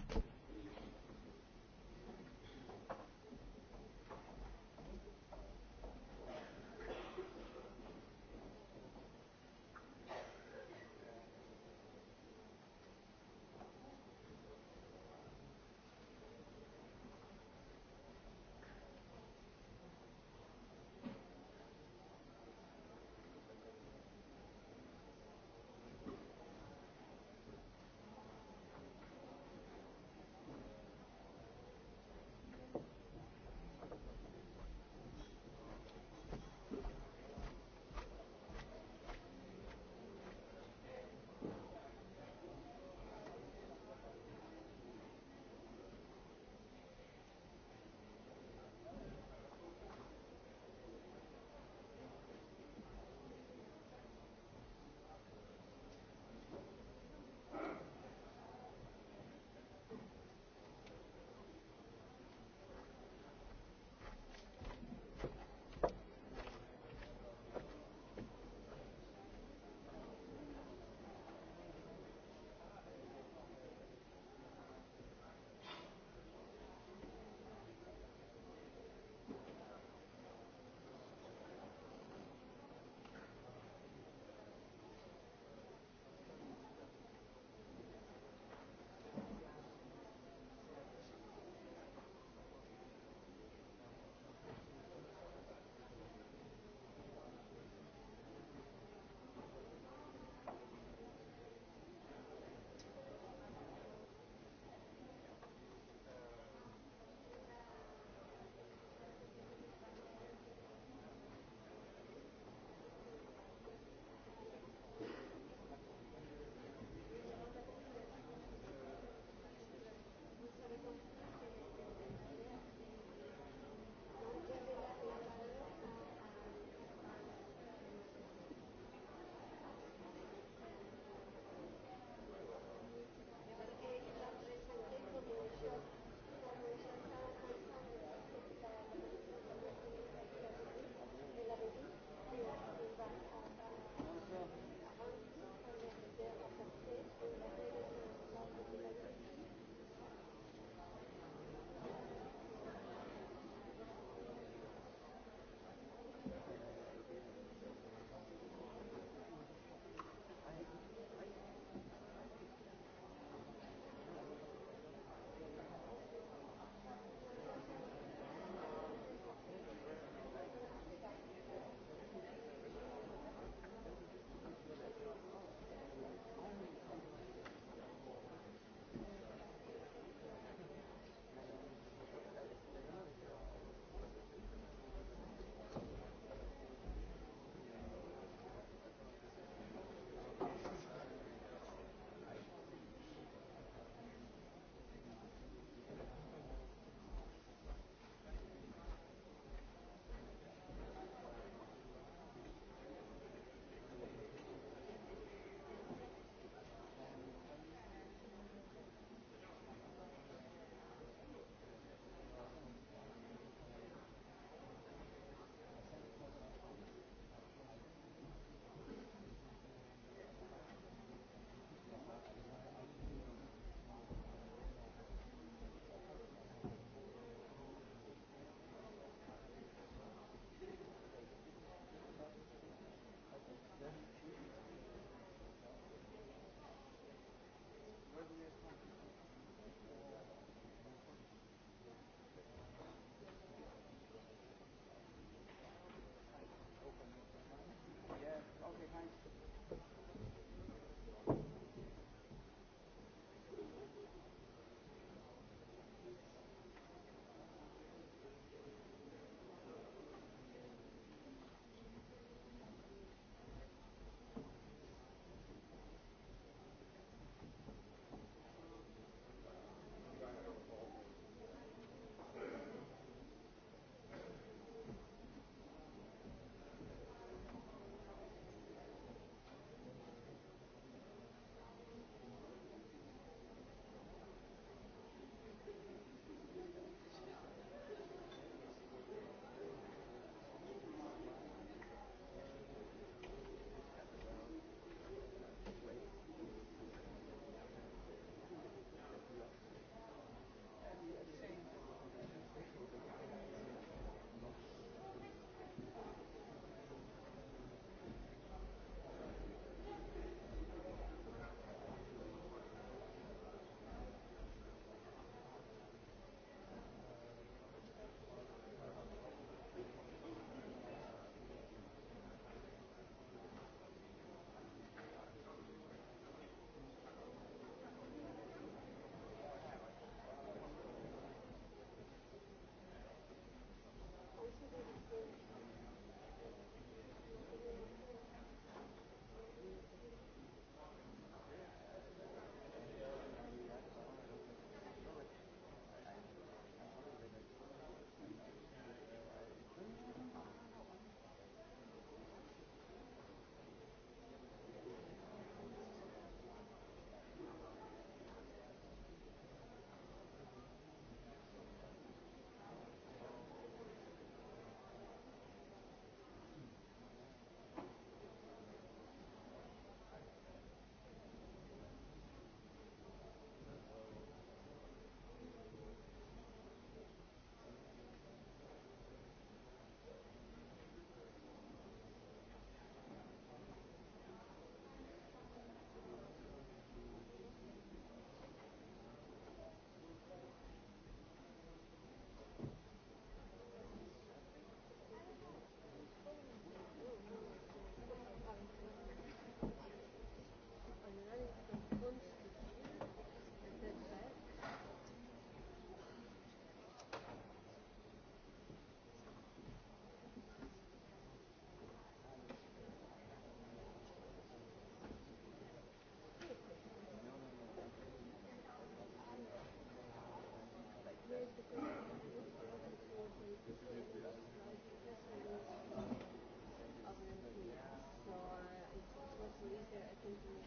[SPEAKER 4] thinking.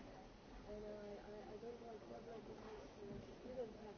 [SPEAKER 4] I know I, I, I don't like what like you don't have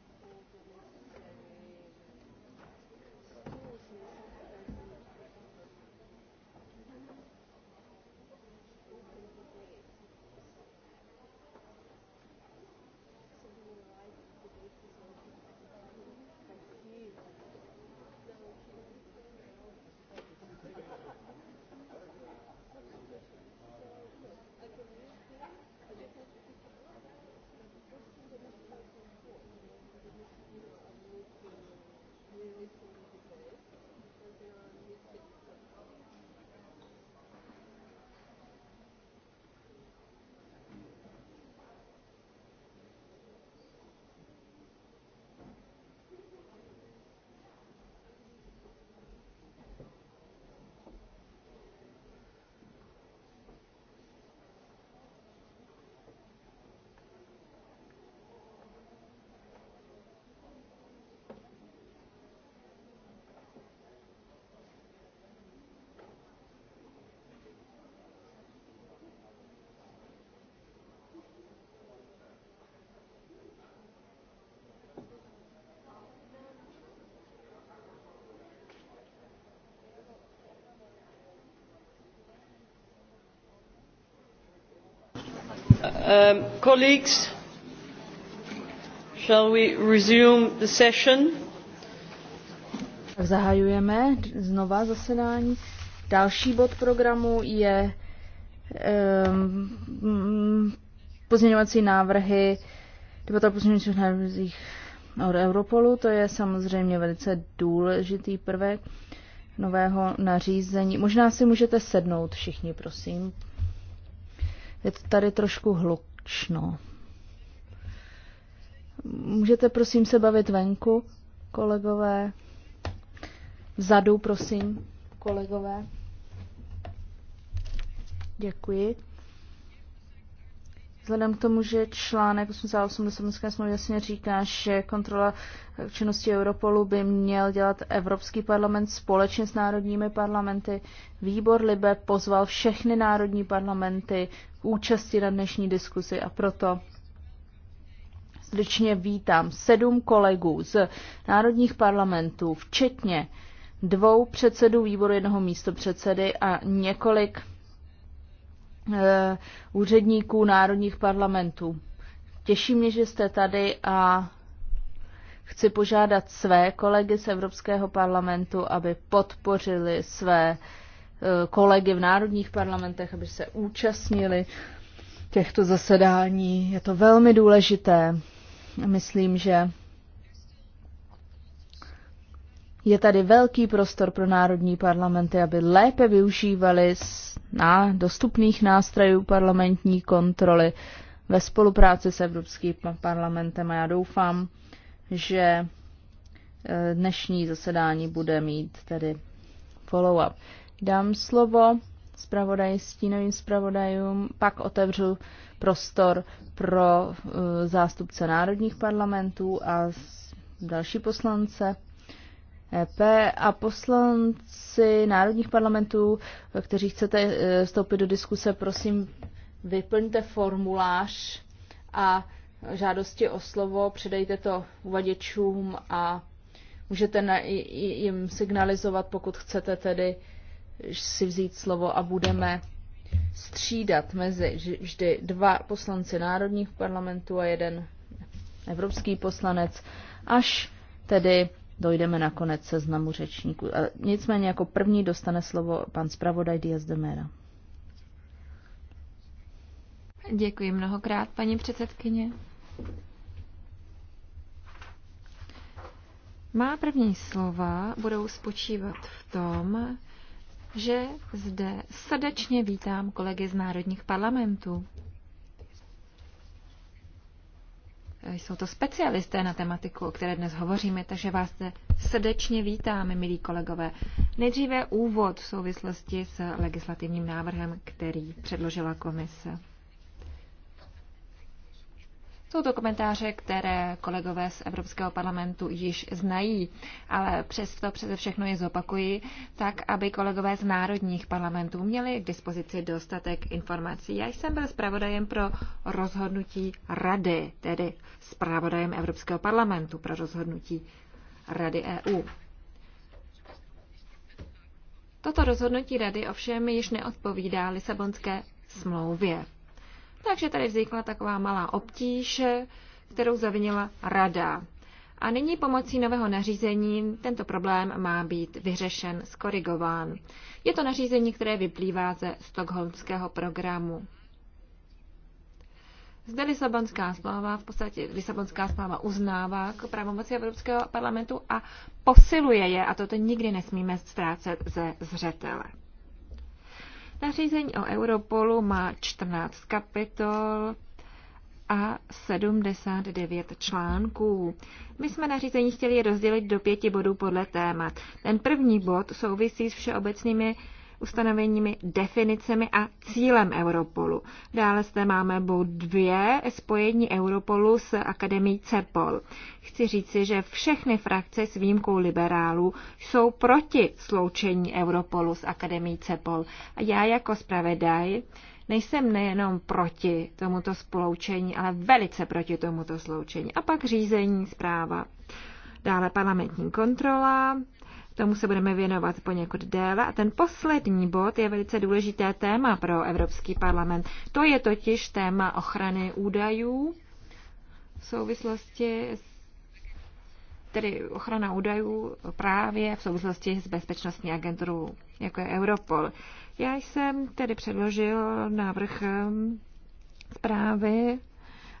[SPEAKER 1] Um, colleagues shall we resume the session?
[SPEAKER 3] Tak zahajujeme znova zasedání. Další bod programu je um, mm, pozměňovací návrhy debata o pozměňovacích návrzích od Europolu. To je samozřejmě velice důležitý prvek nového nařízení. Možná si můžete sednout všichni, prosím. Je to tady trošku hlučno. Můžete prosím se bavit venku, kolegové? Vzadu, prosím, kolegové. Děkuji. Vzhledem k tomu, že článek 88 Lisabonské smlouvy jasně říká, že kontrola činnosti Europolu by měl dělat Evropský parlament společně s národními parlamenty, výbor Libe pozval všechny národní parlamenty k účasti na dnešní diskusi a proto srdečně vítám sedm kolegů z národních parlamentů, včetně dvou předsedů výboru jednoho místopředsedy a několik Eh, úředníků národních parlamentů. Těší mě, že jste tady a chci požádat své kolegy z Evropského parlamentu, aby podpořili své eh, kolegy v národních parlamentech, aby se účastnili těchto zasedání. Je to velmi důležité. Myslím, že je tady velký prostor pro národní parlamenty, aby lépe využívali na dostupných nástrojů parlamentní kontroly ve spolupráci s Evropským parlamentem a já doufám, že e, dnešní zasedání bude mít tedy follow-up. Dám slovo zpravodaji, stínovým zpravodajům, pak otevřu prostor pro e, zástupce národních parlamentů a další poslance. EP a poslanci národních parlamentů, kteří chcete e, vstoupit do diskuse, prosím, vyplňte formulář a žádosti o slovo, předejte to uvaděčům a můžete na, jim signalizovat, pokud chcete tedy si vzít slovo a budeme střídat mezi vždy dva poslanci národních parlamentů a jeden evropský poslanec, až tedy dojdeme na konec seznamu řečníků. Nicméně jako první dostane slovo pan zpravodaj Diaz de Mera.
[SPEAKER 5] Děkuji mnohokrát, paní předsedkyně. Má první slova budou spočívat v tom, že zde srdečně vítám kolegy z národních parlamentů. Jsou to specialisté na tematiku, o které dnes hovoříme, takže vás zde srdečně vítáme, milí kolegové. Nejdříve úvod v souvislosti s legislativním návrhem, který předložila komise. Jsou to komentáře, které kolegové z Evropského parlamentu již znají, ale přesto přeze všechno je zopakuji, tak aby kolegové z národních parlamentů měli k dispozici dostatek informací. Já jsem byl zpravodajem pro rozhodnutí Rady, tedy zpravodajem Evropského parlamentu pro rozhodnutí Rady EU. Toto rozhodnutí Rady ovšem již neodpovídá Lisabonské smlouvě. Takže tady vznikla taková malá obtíž, kterou zavinila rada. A nyní pomocí nového nařízení tento problém má být vyřešen, skorigován. Je to nařízení, které vyplývá ze stokholmského programu. Zde Lisabonská smlouva, v podstatě Lisabonská smlouva uznává k pravomoci Evropského parlamentu a posiluje je, a toto nikdy nesmíme ztrácet ze zřetele. Nařízení o Europolu má 14 kapitol a 79 článků. My jsme nařízení chtěli je rozdělit do pěti bodů podle témat. Ten první bod souvisí s všeobecnými ustanoveními, definicemi a cílem Europolu. Dále zde máme bod dvě spojení Europolu s Akademií CEPOL. Chci říci, že všechny frakce s výjimkou liberálů jsou proti sloučení Europolu s Akademií CEPOL. A já jako zpravedaj nejsem nejenom proti tomuto sloučení, ale velice proti tomuto sloučení. A pak řízení, zpráva. Dále parlamentní kontrola, Tomu se budeme věnovat poněkud déle. A ten poslední bod je velice důležité téma pro Evropský parlament. To je totiž téma ochrany údajů v souvislosti s tedy ochrana údajů právě v souvislosti s bezpečnostní agenturou, jako je Europol. Já jsem tedy předložil návrh ehm, zprávy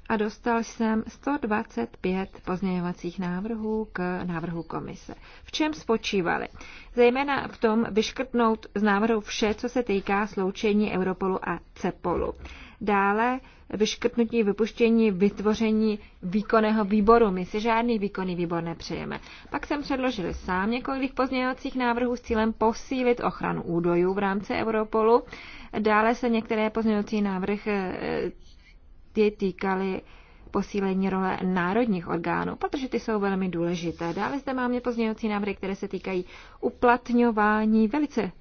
[SPEAKER 5] a dostal jsem 125 pozměňovacích návrhů k návrhu komise. V čem spočívaly? Zejména v tom vyškrtnout z návrhu vše, co se týká sloučení Europolu a CEPOLu. Dále vyškrtnutí, vypuštění, vytvoření výkonného výboru. My si žádný výkonný výbor nepřejeme. Pak jsem předložil sám několik pozměňovacích návrhů s cílem posílit ochranu údajů v rámci Europolu. Dále se některé pozměňovací návrh ty týkaly posílení role národních orgánů, protože ty jsou velmi důležité. Dále zde máme pozměňovací návrhy, které se týkají uplatňování velice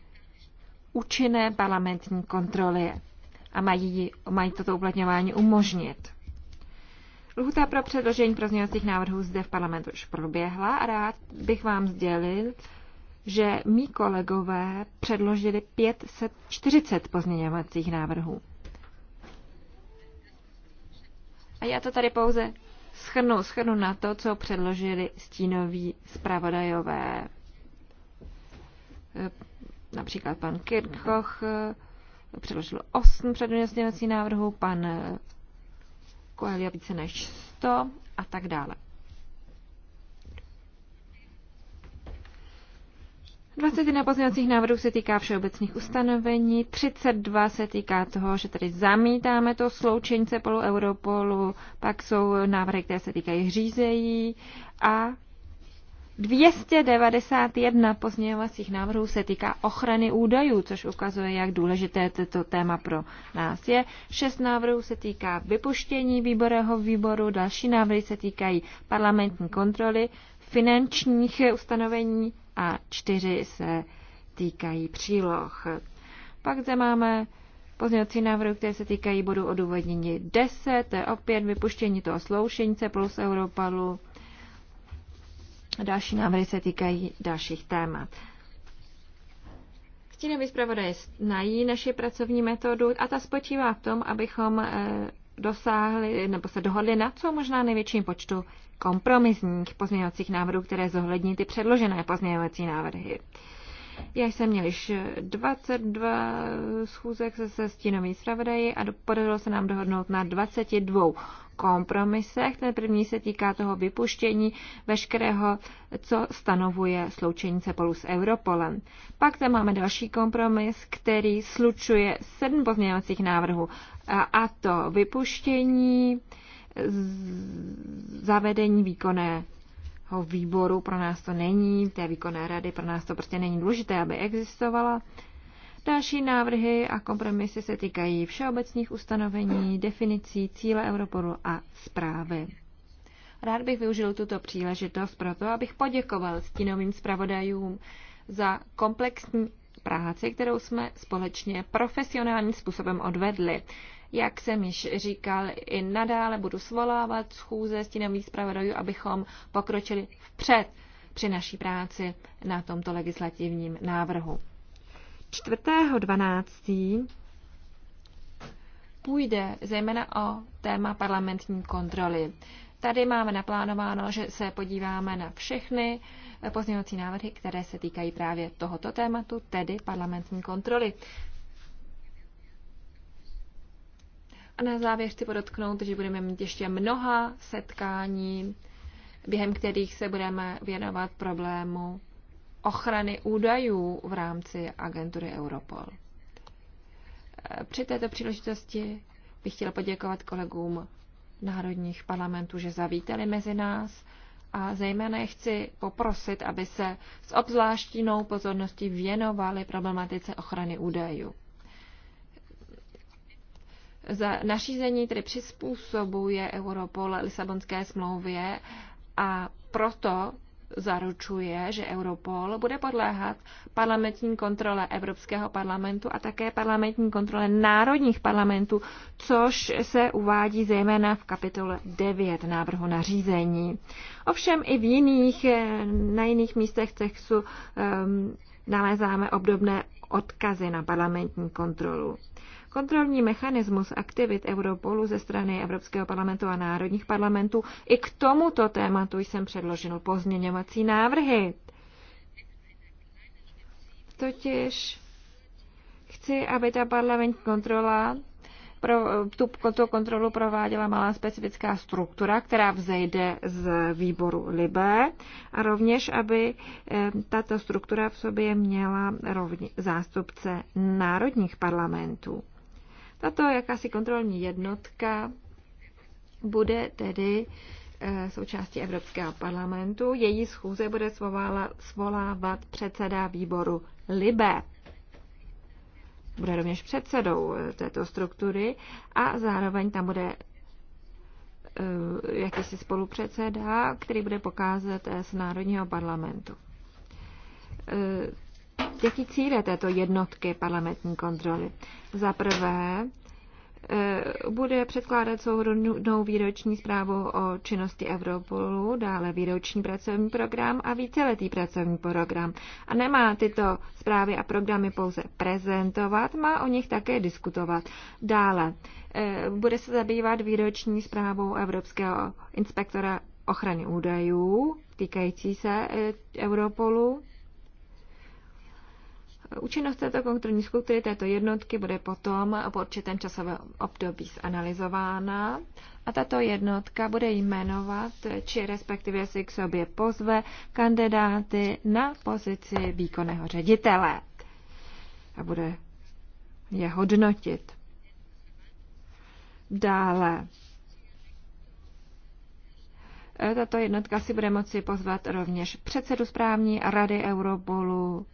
[SPEAKER 5] účinné parlamentní kontroly a mají, mají toto uplatňování umožnit. Lhuta pro předložení pozměňovacích návrhů zde v parlamentu už proběhla a rád bych vám sdělil, že mý kolegové předložili 540 pozměňovacích návrhů. A já to tady pouze schrnu, schrnu na to, co předložili stínoví zpravodajové. E, například pan Kirchhoch e, předložil 8 předměstněvací návrhů, pan Koelia více než 100 a tak dále. 21 pozměňovacích návrhů se týká všeobecných ustanovení, 32 se týká toho, že tady zamítáme to sloučení CEPOLu Europolu, pak jsou návrhy, které se týkají řízejí a 291 pozměňovacích návrhů se týká ochrany údajů, což ukazuje, jak důležité toto téma pro nás je. Šest návrhů se týká vypuštění výborového výboru, další návrhy se týkají parlamentní kontroly, finančních ustanovení a 4 se týkají příloh. Pak zde máme pozměňovací návrhy, které se týkají bodu odůvodnění 10, to je opět vypuštění toho sloušenice plus Europalu. Další návrhy se týkají dalších témat. Stínový zpravodaj znají naši pracovní metodu a ta spočívá v tom, abychom eh, dosáhli nebo se dohodli na co možná největším počtu kompromisních pozměňovacích návrhů, které zohlední ty předložené pozměňovací návrhy. Já jsem měl již 22 schůzek se, se stínový zpravodaji a podařilo se nám dohodnout na 22 kompromisech. Ten první se týká toho vypuštění veškerého, co stanovuje sloučení CEPOLu s Europolem. Pak tam máme další kompromis, který slučuje sedm pozměňovacích návrhů a to vypuštění zavedení výkonného výboru pro nás to není, té výkonné rady pro nás to prostě není důležité, aby existovala. Další návrhy a kompromisy se týkají všeobecných ustanovení, definicí, cíle Europolu a zprávy. Rád bych využil tuto příležitost proto, abych poděkoval stínovým zpravodajům za komplexní práci, kterou jsme společně profesionálním způsobem odvedli. Jak jsem již říkal, i nadále budu svolávat schůze stínových zpravodajů, abychom pokročili vpřed při naší práci na tomto legislativním návrhu. 4.12. půjde zejména o téma parlamentní kontroly. Tady máme naplánováno, že se podíváme na všechny pozměňovací návrhy, které se týkají právě tohoto tématu, tedy parlamentní kontroly. A na závěr chci podotknout, že budeme mít ještě mnoha setkání, během kterých se budeme věnovat problému ochrany údajů v rámci agentury Europol. Při této příležitosti bych chtěla poděkovat kolegům národních parlamentů, že zavítali mezi nás a zejména je chci poprosit, aby se s obzvláštinou pozorností věnovali problematice ochrany údajů. Za nařízení tedy přizpůsobuje Europol Lisabonské smlouvě a proto zaručuje, že Europol bude podléhat parlamentní kontrole Evropského parlamentu a také parlamentní kontrole národních parlamentů, což se uvádí zejména v kapitole 9 návrhu nařízení. Ovšem i v jiných, eh, na jiných místech textu um, nalézáme obdobné odkazy na parlamentní kontrolu. Kontrolní mechanismus aktivit Europolu ze strany Evropského parlamentu a národních parlamentů, i k tomuto tématu jsem předložil pozměňovací návrhy. Totiž chci, aby ta parlamentní kontrola pro, tu, tu kontrolu prováděla malá specifická struktura, která vzejde z výboru LIBE a rovněž, aby eh, tato struktura v sobě měla rovně, zástupce národních parlamentů. Tato jakási kontrolní jednotka bude tedy eh, součástí Evropského parlamentu. Její schůze bude svolávat předseda výboru LIBE. Bude rovněž předsedou eh, této struktury a zároveň tam bude eh, jakýsi spolupředseda, který bude pokázat z Národního parlamentu. Jaký cíle této jednotky parlamentní kontroly? Za prvé, eh, bude předkládat souhrnou výroční zprávu o činnosti Europolu, dále výroční pracovní program a víceletý pracovní program. A nemá tyto zprávy a programy pouze prezentovat, má o nich také diskutovat. Dále eh, bude se zabývat výroční zprávou Evropského inspektora ochrany údajů týkající se eh, Europolu Účinnost této kontrolní skupiny, této jednotky, bude potom po určitém časovém období zanalizována a tato jednotka bude jmenovat, či respektive si k sobě pozve kandidáty na pozici výkonného ředitele a bude je hodnotit. Dále. Tato jednotka si bude moci pozvat rovněž předsedu správní rady Europolu,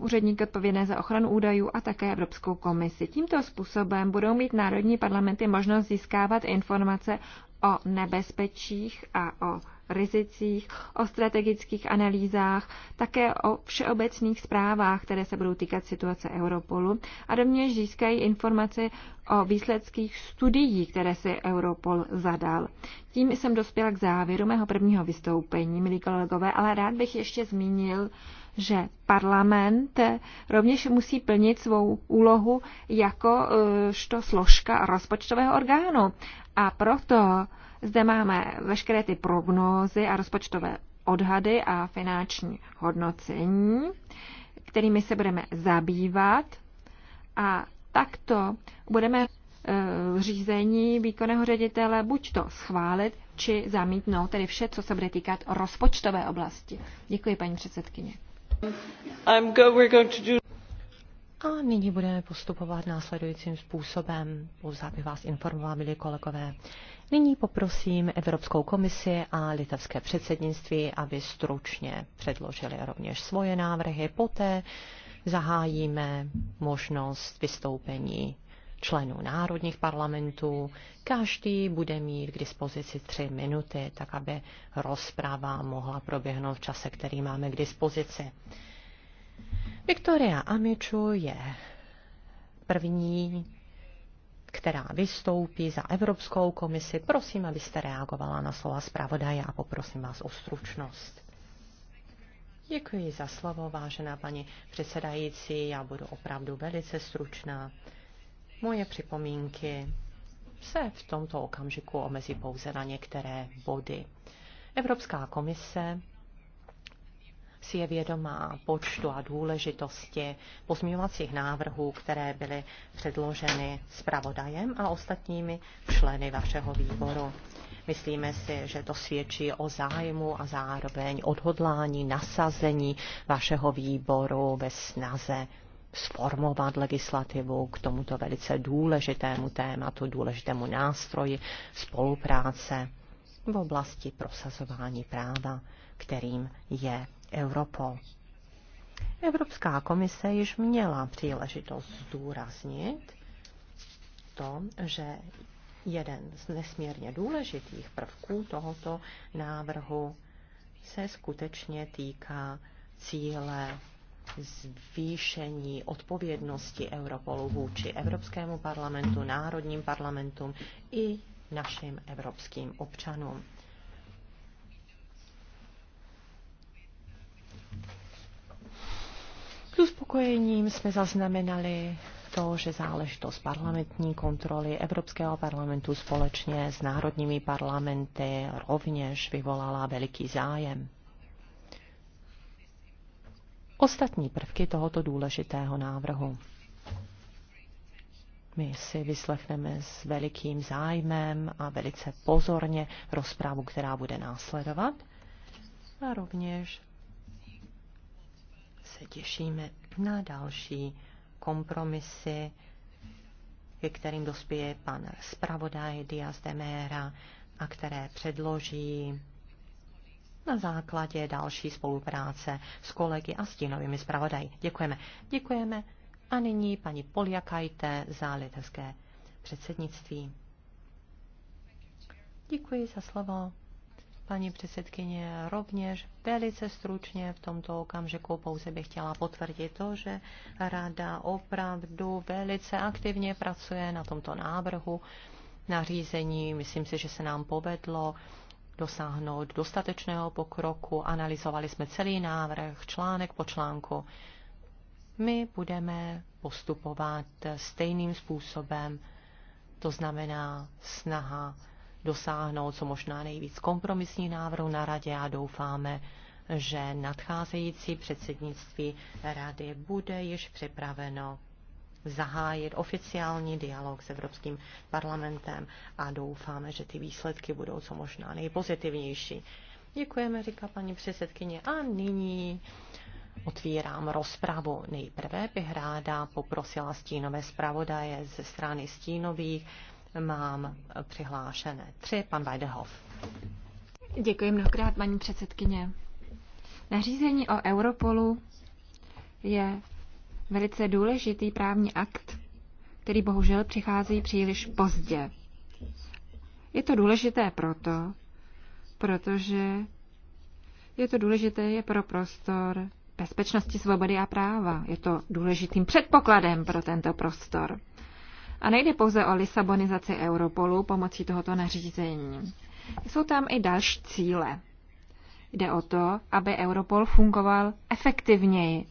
[SPEAKER 5] úředník odpovědné za ochranu údajů a také Evropskou komisi. Tímto způsobem budou mít národní parlamenty možnost získávat informace o nebezpečích a o rizicích, o strategických analýzách, také o všeobecných zprávách, které se budou týkat situace Europolu a rovněž získají informace o výsledcích studií, které si Europol zadal. Tím jsem dospěla k závěru mého prvního vystoupení, milí kolegové, ale rád bych ještě zmínil že parlament rovněž musí plnit svou úlohu jako e, što složka rozpočtového orgánu. A proto zde máme veškeré ty prognózy a rozpočtové odhady a finanční hodnocení, kterými se budeme zabývat a takto budeme e, řízení výkonného ředitele buď to schválit, či zamítnout, tedy vše, co se bude týkat rozpočtové oblasti. Děkuji, paní předsedkyně.
[SPEAKER 2] A nyní budeme postupovat následujícím způsobem. Pouze aby vás informovala, milí kolegové. Nyní poprosím Evropskou komisi a litevské předsednictví, aby stručně předložili rovněž svoje návrhy. Poté zahájíme možnost vystoupení členů národních parlamentů. Každý bude mít k dispozici tři minuty, tak aby rozprava mohla proběhnout v čase, který máme k dispozici. Viktoria Amiču je první, která vystoupí za Evropskou komisi. Prosím, abyste reagovala na slova zpravodaje a poprosím vás o stručnost. Děkuji za slovo, vážená paní předsedající. Já budu opravdu velice stručná. Moje připomínky se v tomto okamžiku omezí pouze na některé body. Evropská komise si je vědomá počtu a důležitosti pozměňovacích návrhů, které byly předloženy zpravodajem a ostatními členy vašeho výboru. Myslíme si, že to svědčí o zájmu a zároveň odhodlání, nasazení vašeho výboru ve snaze sformovat legislativu k tomuto velice důležitému tématu, důležitému nástroji spolupráce v oblasti prosazování práva, kterým je Europol. Evropská komise již měla příležitost zdůraznit to, že jeden z nesmírně důležitých prvků tohoto návrhu se skutečně týká cíle zvýšení odpovědnosti Europolu vůči Evropskému parlamentu, národním parlamentům i našim evropským občanům. S uspokojením jsme zaznamenali to, že záležitost parlamentní kontroly Evropského parlamentu společně s národními parlamenty rovněž vyvolala veliký zájem ostatní prvky tohoto důležitého návrhu. My si vyslechneme s velikým zájmem a velice pozorně rozprávu, která bude následovat. A rovněž se těšíme na další kompromisy, ke kterým dospěje pan zpravodaj Diaz de Mera a které předloží na základě další spolupráce s kolegy a stínovými zpravodaji. Děkujeme. Děkujeme. A nyní paní Poljakajte za litevské předsednictví. Děkuji za slovo. Paní předsedkyně, rovněž velice stručně v tomto okamžiku pouze bych chtěla potvrdit to, že Rada opravdu velice aktivně pracuje na tomto návrhu nařízení. Myslím si, že se nám povedlo dosáhnout dostatečného pokroku. Analyzovali jsme celý návrh, článek po článku. My budeme postupovat stejným způsobem, to znamená snaha dosáhnout co možná nejvíc kompromisní návrhu na radě a doufáme, že nadcházející předsednictví rady bude již připraveno zahájit oficiální dialog s Evropským parlamentem a doufáme, že ty výsledky budou co možná nejpozitivnější. Děkujeme, říká paní předsedkyně. A nyní otvírám rozpravu. Nejprve bych ráda poprosila stínové zpravodaje ze strany stínových. Mám přihlášené tři. Pan Weidehoff.
[SPEAKER 5] Děkuji mnohokrát, paní předsedkyně. Nařízení o Europolu je velice důležitý právní akt, který bohužel přichází příliš pozdě. Je to důležité proto, protože je to důležité je pro prostor bezpečnosti, svobody a práva. Je to důležitým předpokladem pro tento prostor. A nejde pouze o lisabonizaci Europolu pomocí tohoto nařízení. Jsou tam i další cíle. Jde o to, aby Europol fungoval efektivněji,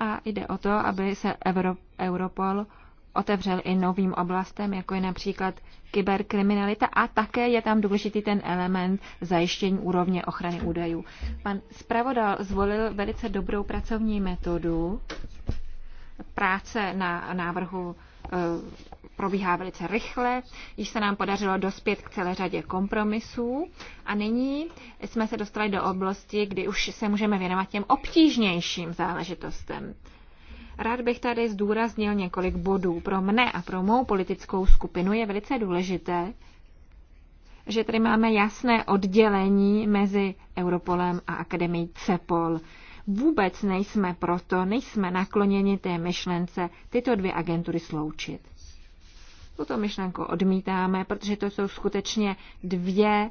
[SPEAKER 5] a jde o to, aby se Euro, Europol otevřel i novým oblastem, jako je například kyberkriminalita a také je tam důležitý ten element zajištění úrovně ochrany údajů. Pan zpravodal zvolil velice dobrou pracovní metodu práce na návrhu eh, probíhá velice rychle, již se nám podařilo dospět k celé řadě kompromisů a nyní jsme se dostali do oblasti, kdy už se můžeme věnovat těm obtížnějším záležitostem. Rád bych tady zdůraznil několik bodů. Pro mne a pro mou politickou skupinu je velice důležité, že tady máme jasné oddělení mezi Europolem a Akademií CEPOL. Vůbec nejsme proto, nejsme nakloněni té myšlence tyto dvě agentury sloučit. Tuto myšlenku odmítáme, protože to jsou skutečně dvě e,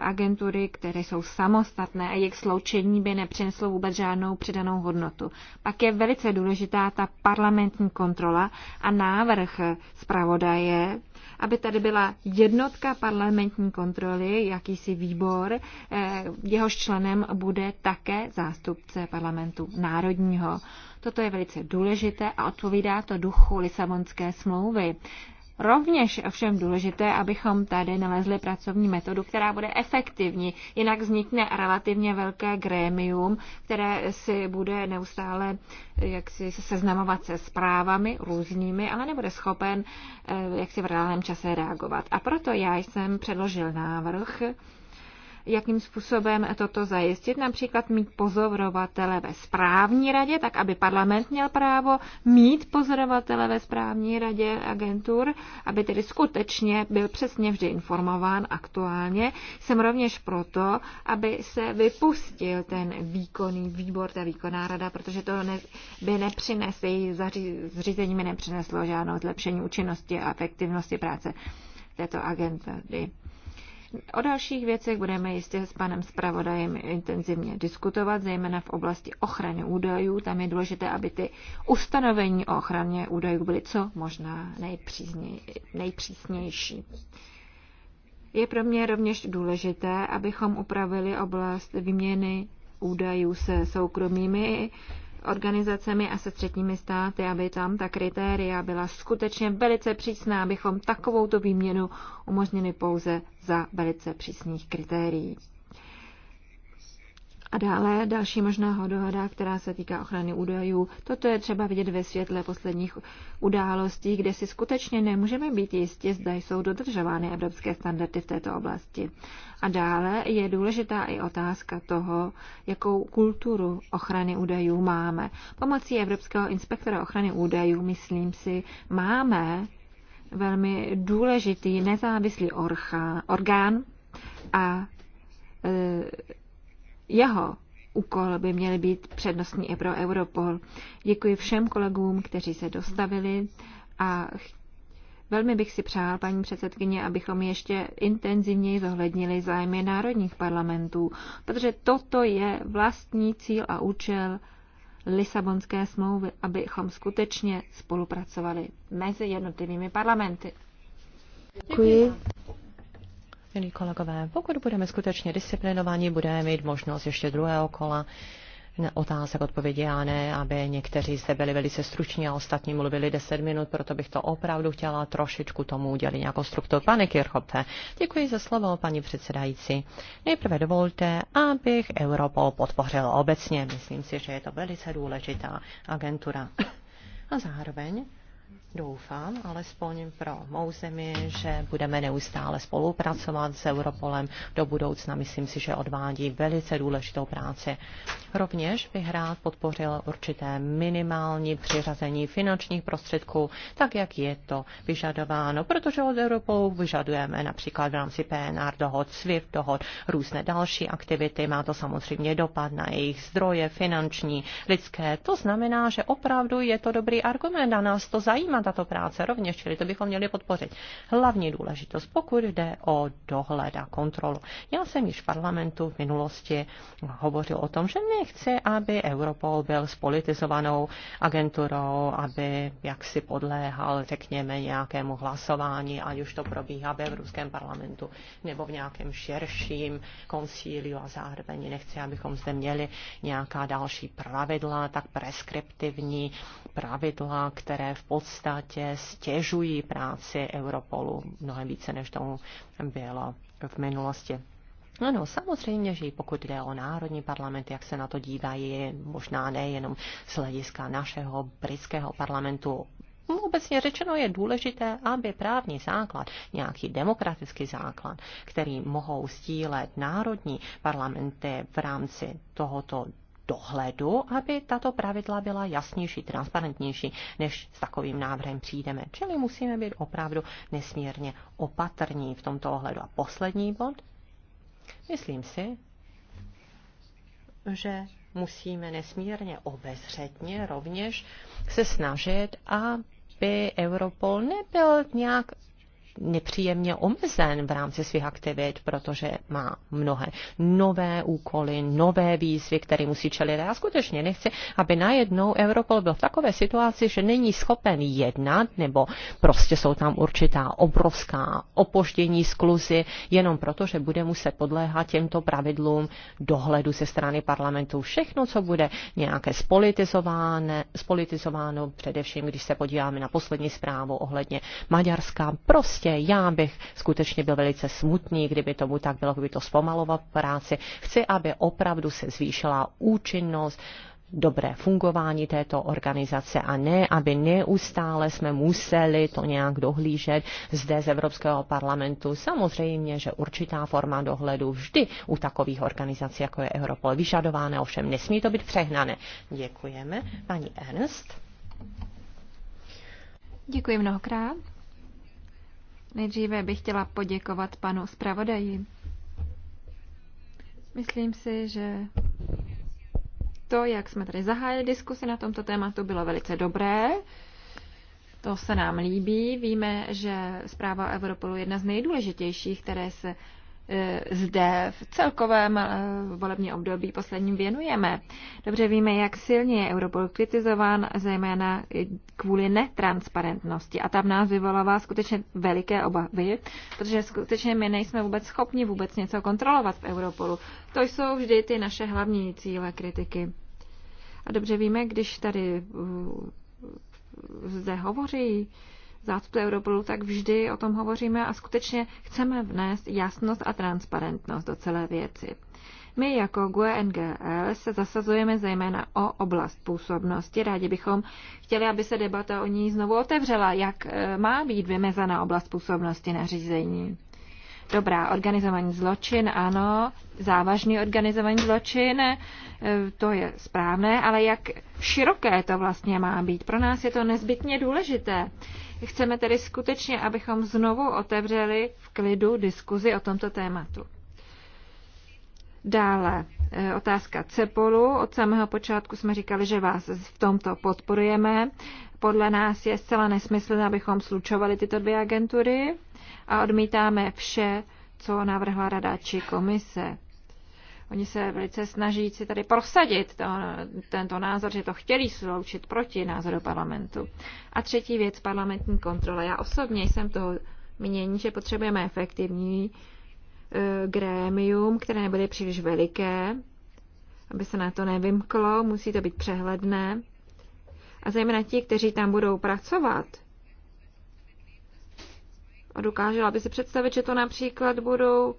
[SPEAKER 5] agentury, které jsou samostatné a jejich sloučení by nepřineslo vůbec žádnou přidanou hodnotu. Pak je velice důležitá ta parlamentní kontrola a návrh zpravodaje, aby tady byla jednotka parlamentní kontroly, jakýsi výbor, e, jehož členem bude také zástupce parlamentu národního. Toto je velice důležité a odpovídá to duchu Lisabonské smlouvy. Rovněž ovšem důležité, abychom tady nalezli pracovní metodu, která bude efektivní, jinak vznikne relativně velké grémium, které si bude neustále jak si seznamovat se zprávami různými, ale nebude schopen eh, jak si v reálném čase reagovat. A proto já jsem předložil návrh, jakým způsobem toto zajistit, například mít pozorovatele ve správní radě, tak aby parlament měl právo mít pozorovatele ve správní radě agentur, aby tedy skutečně byl přesně vždy informován aktuálně. Jsem rovněž proto, aby se vypustil ten výkonný výbor, ta výkonná rada, protože to ne, by nepřinesl, její zřízení by nepřineslo žádnou zlepšení účinnosti a efektivnosti práce této agentury. O dalších věcech budeme jistě s panem zpravodajem intenzivně diskutovat, zejména v oblasti ochrany údajů. Tam je důležité, aby ty ustanovení o ochraně údajů byly co možná nejpřísnější. Je pro mě rovněž důležité, abychom upravili oblast výměny údajů se soukromými organizacemi a se třetími státy, aby tam ta kritéria byla skutečně velice přísná, abychom takovouto výměnu umožnili pouze za velice přísných kritérií. A dále další možná dohoda, která se týká ochrany údajů. Toto je třeba vidět ve světle posledních událostí, kde si skutečně nemůžeme být jistě, zda jsou dodržovány evropské standardy v této oblasti. A dále je důležitá i otázka toho, jakou kulturu ochrany údajů máme. Pomocí Evropského inspektora ochrany údajů, myslím si, máme velmi důležitý nezávislý orcha, orgán a e, jeho úkol by měl být přednostní i pro Europol. Děkuji všem kolegům, kteří se dostavili a Velmi bych si přál, paní předsedkyně, abychom ještě intenzivněji zohlednili zájmy národních parlamentů, protože toto je vlastní cíl a účel Lisabonské smlouvy, abychom skutečně spolupracovali mezi jednotlivými parlamenty.
[SPEAKER 2] Děkuji. Milí kolegové, pokud budeme skutečně disciplinovaní, budeme mít možnost ještě druhého kola otázek odpovědi a ne, aby někteří zde byli velice struční a ostatní mluvili 10 minut, proto bych to opravdu chtěla trošičku tomu udělat nějakou strukturu. Pane Kirchhoffe, děkuji za slovo, paní předsedající. Nejprve dovolte, abych Europol podpořil obecně. Myslím si, že je to velice důležitá agentura. A zároveň doufám, alespoň pro mou zemi, že budeme neustále spolupracovat s Europolem do budoucna. Myslím si, že odvádí velice důležitou práci. Rovněž bych rád podpořil určité minimální přiřazení finančních prostředků, tak jak je to vyžadováno, protože od Europolu vyžadujeme například v rámci PNR dohod, SWIFT dohod, různé další aktivity. Má to samozřejmě dopad na jejich zdroje finanční, lidské. To znamená, že opravdu je to dobrý argument a nás to zajímá zajímá tato práce rovněž, čili to bychom měli podpořit. Hlavní důležitost, pokud jde o dohled a kontrolu. Já jsem již v parlamentu v minulosti hovořil o tom, že nechci, aby Europol byl spolitizovanou agenturou, aby jaksi podléhal, řekněme, nějakému hlasování, ať už to probíhá ve Evropském parlamentu nebo v nějakém širším konsíliu a zároveň nechci, abychom zde měli nějaká další pravidla, tak preskriptivní pravidla, které v podstatě podstatě stěžují práci Europolu mnohem více, než tomu bylo v minulosti. Ano, samozřejmě, že i pokud jde o národní parlament, jak se na to dívají, možná nejenom z hlediska našeho britského parlamentu, Obecně řečeno je důležité, aby právní základ, nějaký demokratický základ, který mohou stílet národní parlamenty v rámci tohoto dohledu, aby tato pravidla byla jasnější, transparentnější, než s takovým návrhem přijdeme. Čili musíme být opravdu nesmírně opatrní v tomto ohledu. A poslední bod, myslím si, že musíme nesmírně obezřetně rovněž se snažit, aby Europol nebyl nějak nepříjemně omezen v rámci svých aktivit, protože má mnohé nové úkoly, nové výzvy, které musí čelit. Já skutečně nechci, aby najednou Europol byl v takové situaci, že není schopen jednat, nebo prostě jsou tam určitá obrovská opoždění, skluzy, jenom proto, že bude muset podléhat těmto pravidlům dohledu ze strany parlamentu. Všechno, co bude nějaké spolitizováno, spolitizováno, především když se podíváme na poslední zprávu ohledně Maďarska, prostě místě. Prostě já bych skutečně byl velice smutný, kdyby tomu tak bylo, kdyby to zpomalovalo práci. Chci, aby opravdu se zvýšila účinnost, dobré fungování této organizace a ne, aby neustále jsme museli to nějak dohlížet zde z Evropského parlamentu. Samozřejmě, že určitá forma dohledu vždy u takových organizací, jako je Europol, vyžadována, ovšem nesmí to být přehnané. Děkujeme. Paní Ernst.
[SPEAKER 5] Děkuji mnohokrát. Nejdříve bych chtěla poděkovat panu zpravodaji. Myslím si, že to, jak jsme tady zahájili diskusi na tomto tématu, bylo velice dobré. To se nám líbí. Víme, že zpráva Europolu je jedna z nejdůležitějších, které se E, zde v celkovém e, volebním období posledním věnujeme. Dobře víme, jak silně je Europol kritizován, zejména kvůli netransparentnosti. A ta v nás vyvolává skutečně veliké obavy, protože skutečně my nejsme vůbec schopni vůbec něco kontrolovat v Europolu. To jsou vždy ty naše hlavní cíle kritiky. A dobře víme, když tady zde hovoří zástupce Europolu, tak vždy o tom hovoříme a skutečně chceme vnést jasnost a transparentnost do celé věci. My jako GUE NGL se zasazujeme zejména o oblast působnosti. Rádi bychom chtěli, aby se debata o ní znovu otevřela, jak e, má být vymezená oblast působnosti nařízení. Dobrá, organizovaný zločin, ano, závažný organizovaný zločin, e, to je správné, ale jak široké to vlastně má být? Pro nás je to nezbytně důležité. Chceme tedy skutečně, abychom znovu otevřeli v klidu diskuzi o tomto tématu. Dále e, otázka CEPOLu. Od samého počátku jsme říkali, že vás v tomto podporujeme. Podle nás je zcela nesmyslné, abychom slučovali tyto dvě agentury a odmítáme vše, co navrhla rada či komise. Oni se velice snaží si tady prosadit to, tento názor, že to chtěli sloučit proti názoru parlamentu. A třetí věc, parlamentní kontrola. Já osobně jsem toho mění, že potřebujeme efektivní e, grémium, které nebude příliš veliké, aby se na to nevymklo, musí to být přehledné. A zejména ti, kteří tam budou pracovat, a dokážela by si představit, že to například budou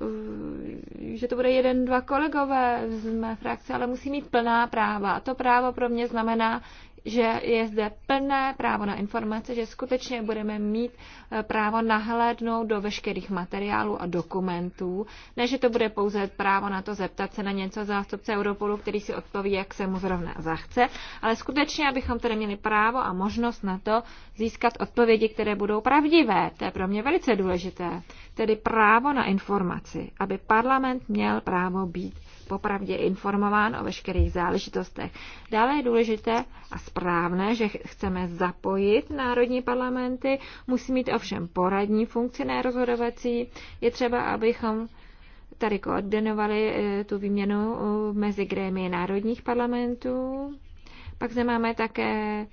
[SPEAKER 5] Eh, že to bude jeden, dva kolegové z mé frakce, ale musí mít plná práva. A to právo pro mě znamená že je zde plné právo na informace, že skutečně budeme mít eh, právo nahlédnout do veškerých materiálů a dokumentů, ne, že to bude pouze právo na to zeptat se na něco zástupce Europolu, který si odpoví, jak se mu zrovna zachce, ale skutečně, abychom tedy měli právo a možnost na to získat odpovědi, které budou pravdivé. To je pro mě velice důležité. Tedy právo na informaci, aby parlament měl právo být popravdě informován o veškerých záležitostech. Dále je důležité a správné, že chceme zapojit národní parlamenty, musí mít ovšem poradní funkci, ne rozhodovací. Je třeba, abychom tady koordinovali eh, tu výměnu eh, mezi grémy národních parlamentů. Pak zde máme také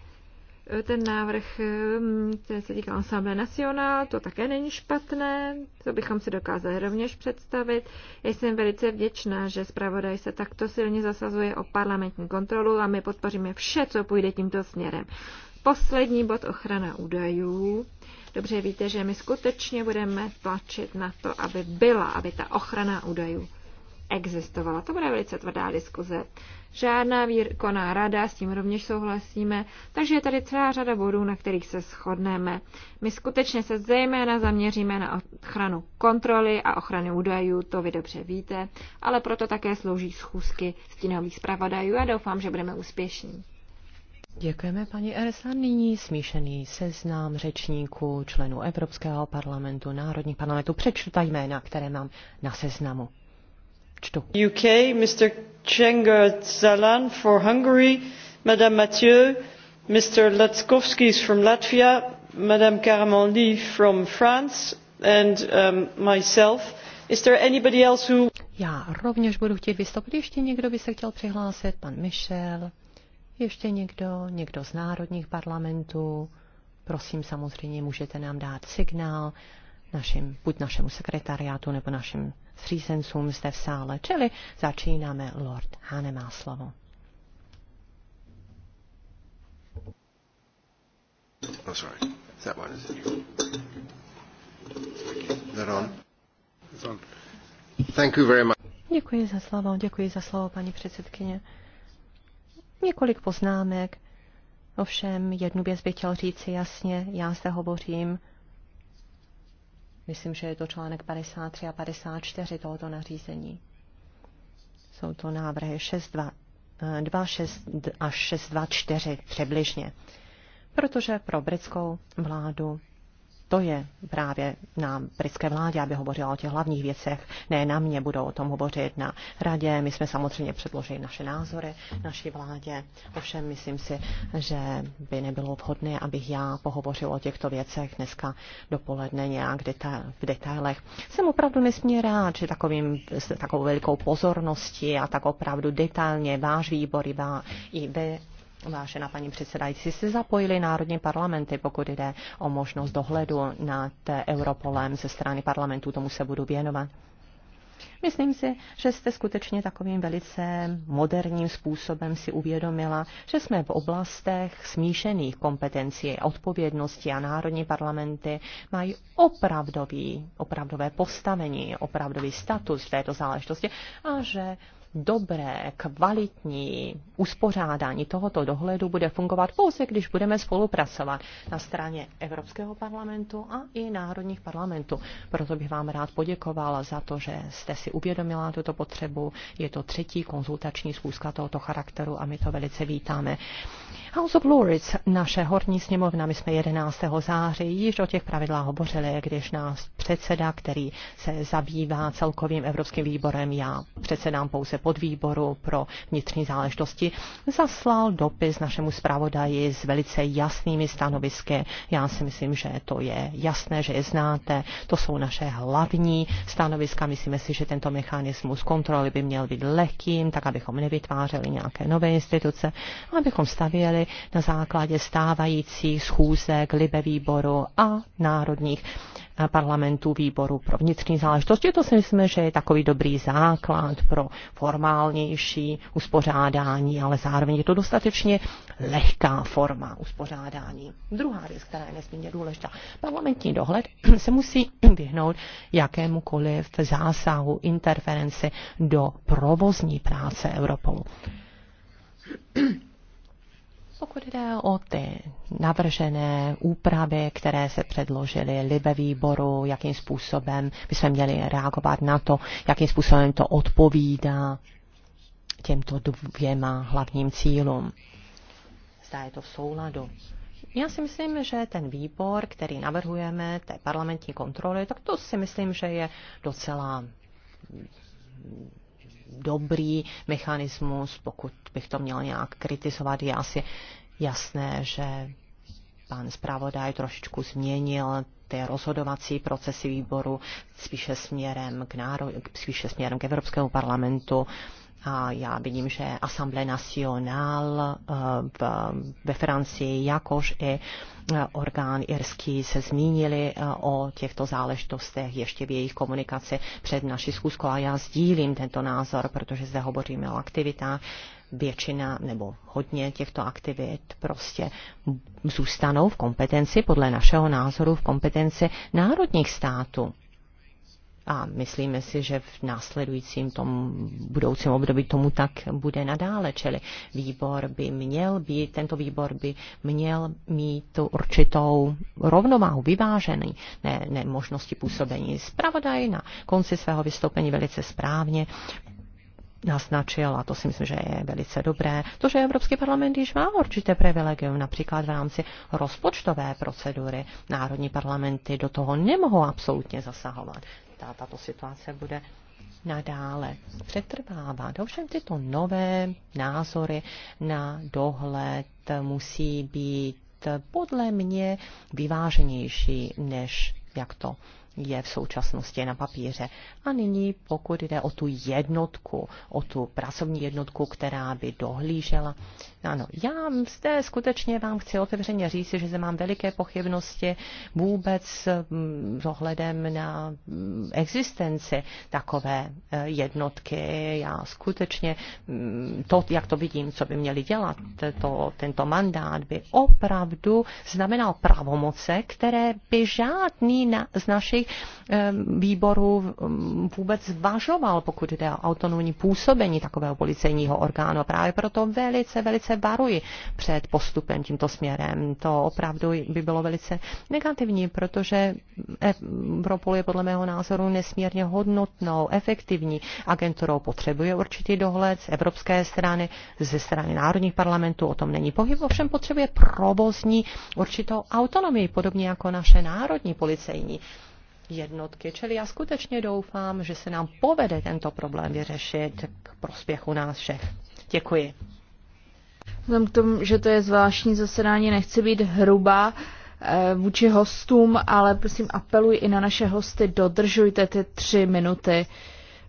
[SPEAKER 5] ten návrh, mm, který se týká Ensemble National, to také není špatné, to bychom si dokázali rovněž představit. Já jsem velice vděčná, že zpravodaj se takto silně zasazuje o parlamentní kontrolu a my podpoříme vše, co půjde tímto směrem. Poslední bod ochrana údajů. Dobře víte, že my skutečně budeme tlačit na to, aby byla, aby ta ochrana údajů existovala. To bude velice tvrdá diskuze žádná výkonná rada, s tím rovněž souhlasíme, takže je tady celá řada bodů, na kterých se shodneme. My skutečně se zejména zaměříme na ochranu kontroly a ochrany údajů, to vy dobře víte, ale proto také slouží schůzky stínových zpravodajů a doufám, že budeme úspěšní.
[SPEAKER 2] Děkujeme, paní Ersa. Nyní smíšený seznam řečníků, členů Evropského parlamentu, Národních parlamentů. Přečtu ta jména, které mám na seznamu
[SPEAKER 1] čtu. UK, Mr. Cengar Zalan for Hungary, Madame Mathieu, Mr. Latskovskis from Latvia, Madame Caramondi from France and um, myself. Is there anybody else who...
[SPEAKER 2] Já rovněž budu chtít vystoupit. Ještě někdo by se chtěl přihlásit? Pan Michel? Ještě někdo? Někdo z národních parlamentů? Prosím, samozřejmě můžete nám dát signál našim, buď našemu sekretariátu nebo našim střízencům zde v sále. Čili začínáme, Lord Hane má slovo.
[SPEAKER 1] Oh, sorry. Is that one? Is that on? It's on. Thank you very much.
[SPEAKER 2] Děkuji za slovo, děkuji za slovo, paní předsedkyně. Několik poznámek. Ovšem, jednu věc bych chtěl říci jasně, já zde hovořím Myslím, že je to článek 53 a 54 tohoto nařízení. Jsou to návrhy 6.2, 2.6 až 6.2.4 přibližně. Protože pro britskou vládu to je právě na britské vládě, aby hovořila o těch hlavních věcech, ne na mě, budou o tom hovořit na radě. My jsme samozřejmě předložili naše názory naší vládě, ovšem myslím si, že by nebylo vhodné, abych já pohovořil o těchto věcech dneska dopoledne nějak deta- v detailech. Jsem opravdu nesmí rád, že takovým, s takovou velikou pozorností a tak opravdu detailně váš výbor i vy Vážená paní předsedající, se zapojili národní parlamenty, pokud jde o možnost dohledu nad Europolem ze strany parlamentu, tomu se budu věnovat. Myslím si, že jste skutečně takovým velice moderním způsobem si uvědomila, že jsme v oblastech smíšených kompetencí, odpovědnosti a národní parlamenty mají opravdový, opravdové postavení, opravdový status v této záležitosti a že dobré, kvalitní uspořádání tohoto dohledu bude fungovat pouze, když budeme spolupracovat na straně Evropského parlamentu a i národních parlamentů. Proto bych vám rád poděkovala za to, že jste si uvědomila tuto potřebu. Je to třetí konzultační schůzka tohoto charakteru a my to velice vítáme. House of Lords, naše horní sněmovna, my jsme 11. září již o těch pravidlách hovořili, když nás předseda, který se zabývá celkovým Evropským výborem, já předsedám pouze pod výboru pro vnitřní záležitosti, zaslal dopis našemu zpravodaji s velice jasnými stanovisky. Já si myslím, že to je jasné, že je znáte. To jsou naše hlavní stanoviska. Myslíme si, že tento mechanismus kontroly by měl být lehkým, tak abychom nevytvářeli nějaké nové instituce, abychom stavěli na základě stávajících schůzek Libe výboru a národních parlamentů výboru pro vnitřní záležitosti. To si myslíme, že je takový dobrý základ pro formálnější uspořádání, ale zároveň je to dostatečně lehká forma uspořádání. Druhá věc, která je nesmírně důležitá. Parlamentní dohled *clears throat* se musí vyhnout jakémukoliv zásahu, interferenci do provozní práce Europolu. *clears throat* Pokud jde o ty navržené úpravy, které se předložily Libe výboru, jakým způsobem bychom měli reagovat na to, jakým způsobem to odpovídá těmto dvěma hlavním cílům. Zda je to v souladu. Já si myslím, že ten výbor, který navrhujeme, té parlamentní kontroly, tak to si myslím, že je docela dobrý mechanismus, pokud bych to měl nějak kritizovat, je asi jasné, že pan zpravodaj trošičku změnil ty rozhodovací procesy výboru spíše směrem k, náro... spíše směrem k Evropskému parlamentu a já vidím, že Assemblée Nationale eh, ve Francii, jakož i eh, orgán irský se zmínili eh, o těchto záležitostech ještě v jejich komunikaci před naší zkuskou a já sdílím tento názor, protože zde hovoříme o aktivitách, většina nebo hodně těchto aktivit prostě zůstanou v kompetenci, podle našeho názoru, v kompetenci národních států a myslíme si, že v následujícím tom budoucím období tomu tak bude nadále, čili výbor by měl být, tento výbor by měl mít tu určitou rovnováhu, vyvážený, ne, ne možnosti působení. Zpravodaj na konci svého vystoupení velice správně naznačil, a to si myslím, že je velice dobré, to, že Evropský parlament již má určité privilegium, například v rámci rozpočtové procedury. Národní parlamenty do toho nemohou absolutně zasahovat ta, tato situace bude nadále přetrvávat. Ovšem tyto nové názory na dohled musí být podle mě vyváženější, než jak to je v současnosti na papíře. A nyní, pokud jde o tu jednotku, o tu pracovní jednotku, která by dohlížela ano, já zde skutečně vám chci otevřeně říct, že zde mám veliké pochybnosti vůbec mm, s ohledem na mm, existenci takové eh, jednotky. Já skutečně mm, to, jak to vidím, co by měli dělat, to, tento mandát by opravdu znamenal pravomoce, které by žádný na, z našich eh, výborů vůbec zvažoval, pokud jde o autonomní působení takového policejního orgánu. Právě proto velice, velice velice varuji před postupem tímto směrem. To opravdu by bylo velice negativní, protože Europol je podle mého názoru nesmírně hodnotnou, efektivní agenturou. Potřebuje určitý dohled z evropské strany, ze strany národních parlamentů, o tom není pohyb, ovšem potřebuje provozní určitou autonomii, podobně jako naše národní policejní jednotky. Čili já skutečně doufám, že se nám povede tento problém vyřešit k prospěchu nás všech. Děkuji.
[SPEAKER 3] Vzhledem k tomu, že to je zvláštní zasedání, nechci být hrubá eh, vůči hostům, ale prosím apeluji i na naše hosty, dodržujte ty tři minuty.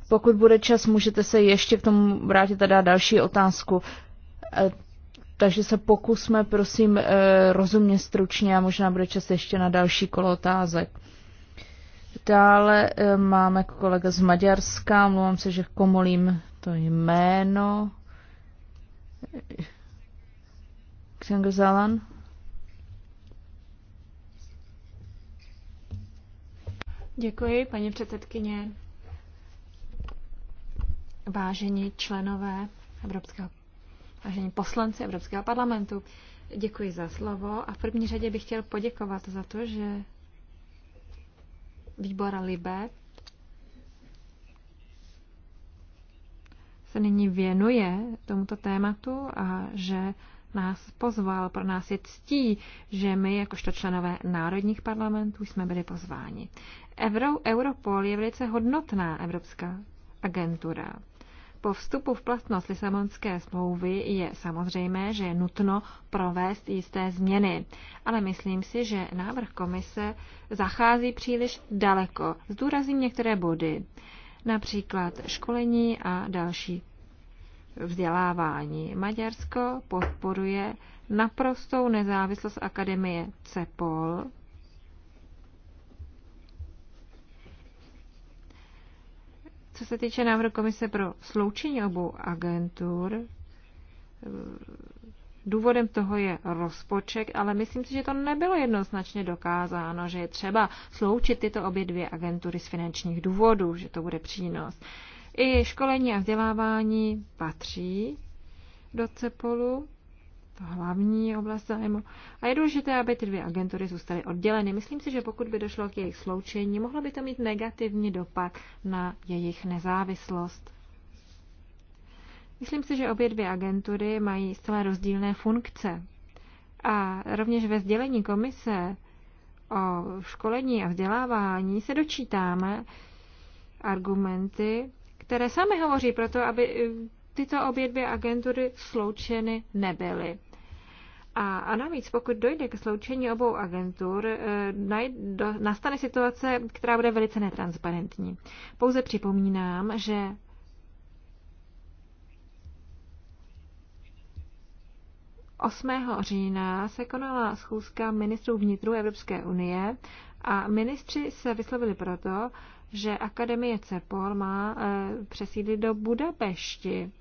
[SPEAKER 3] Pokud bude čas, můžete se ještě k tomu vrátit a dát další otázku. Eh, takže se pokusme, prosím, eh, rozumně stručně a možná bude čas ještě na další kolo otázek. Dále máme kolega z Maďarska, mluvám se, že komolím to jméno. Kristian Zalan.
[SPEAKER 5] Děkuji, paní předsedkyně. Vážení členové Evropského, vážení poslanci Evropského parlamentu, děkuji za slovo a v první řadě bych chtěl poděkovat za to, že výbor Libe se nyní věnuje tomuto tématu a že nás pozval. Pro nás je ctí, že my, jakožto členové národních parlamentů, jsme byli pozváni. Euro, Europol je velice hodnotná evropská agentura. Po vstupu v platnost Lisabonské smlouvy je samozřejmé, že je nutno provést jisté změny, ale myslím si, že návrh komise zachází příliš daleko. Zdůrazím některé body, například školení a další vzdělávání. Maďarsko podporuje naprostou nezávislost akademie CEPOL. Co se týče návrhu Komise pro sloučení obou agentur, Důvodem toho je rozpočet, ale myslím si, že to nebylo jednoznačně dokázáno, že je třeba sloučit tyto obě dvě agentury z finančních důvodů, že to bude přínos. I školení a vzdělávání patří do CEPOLu, to hlavní oblast zájmu. A je důležité, aby ty dvě agentury zůstaly odděleny. Myslím si, že pokud by došlo k jejich sloučení, mohlo by to mít negativní dopad na jejich nezávislost. Myslím si, že obě dvě agentury mají zcela rozdílné funkce. A rovněž ve sdělení komise o školení a vzdělávání se dočítáme argumenty, které sami hovoří pro to, aby eh, tyto obě dvě agentury sloučeny nebyly. A, a navíc, pokud dojde k sloučení obou agentur, eh, naj, do, nastane situace, která bude velice netransparentní. Pouze připomínám, že Osmého října se konala schůzka ministrů vnitru Evropské unie a ministři se vyslovili proto, že Akademie CEPOL má eh, přesídlit do Budapešti.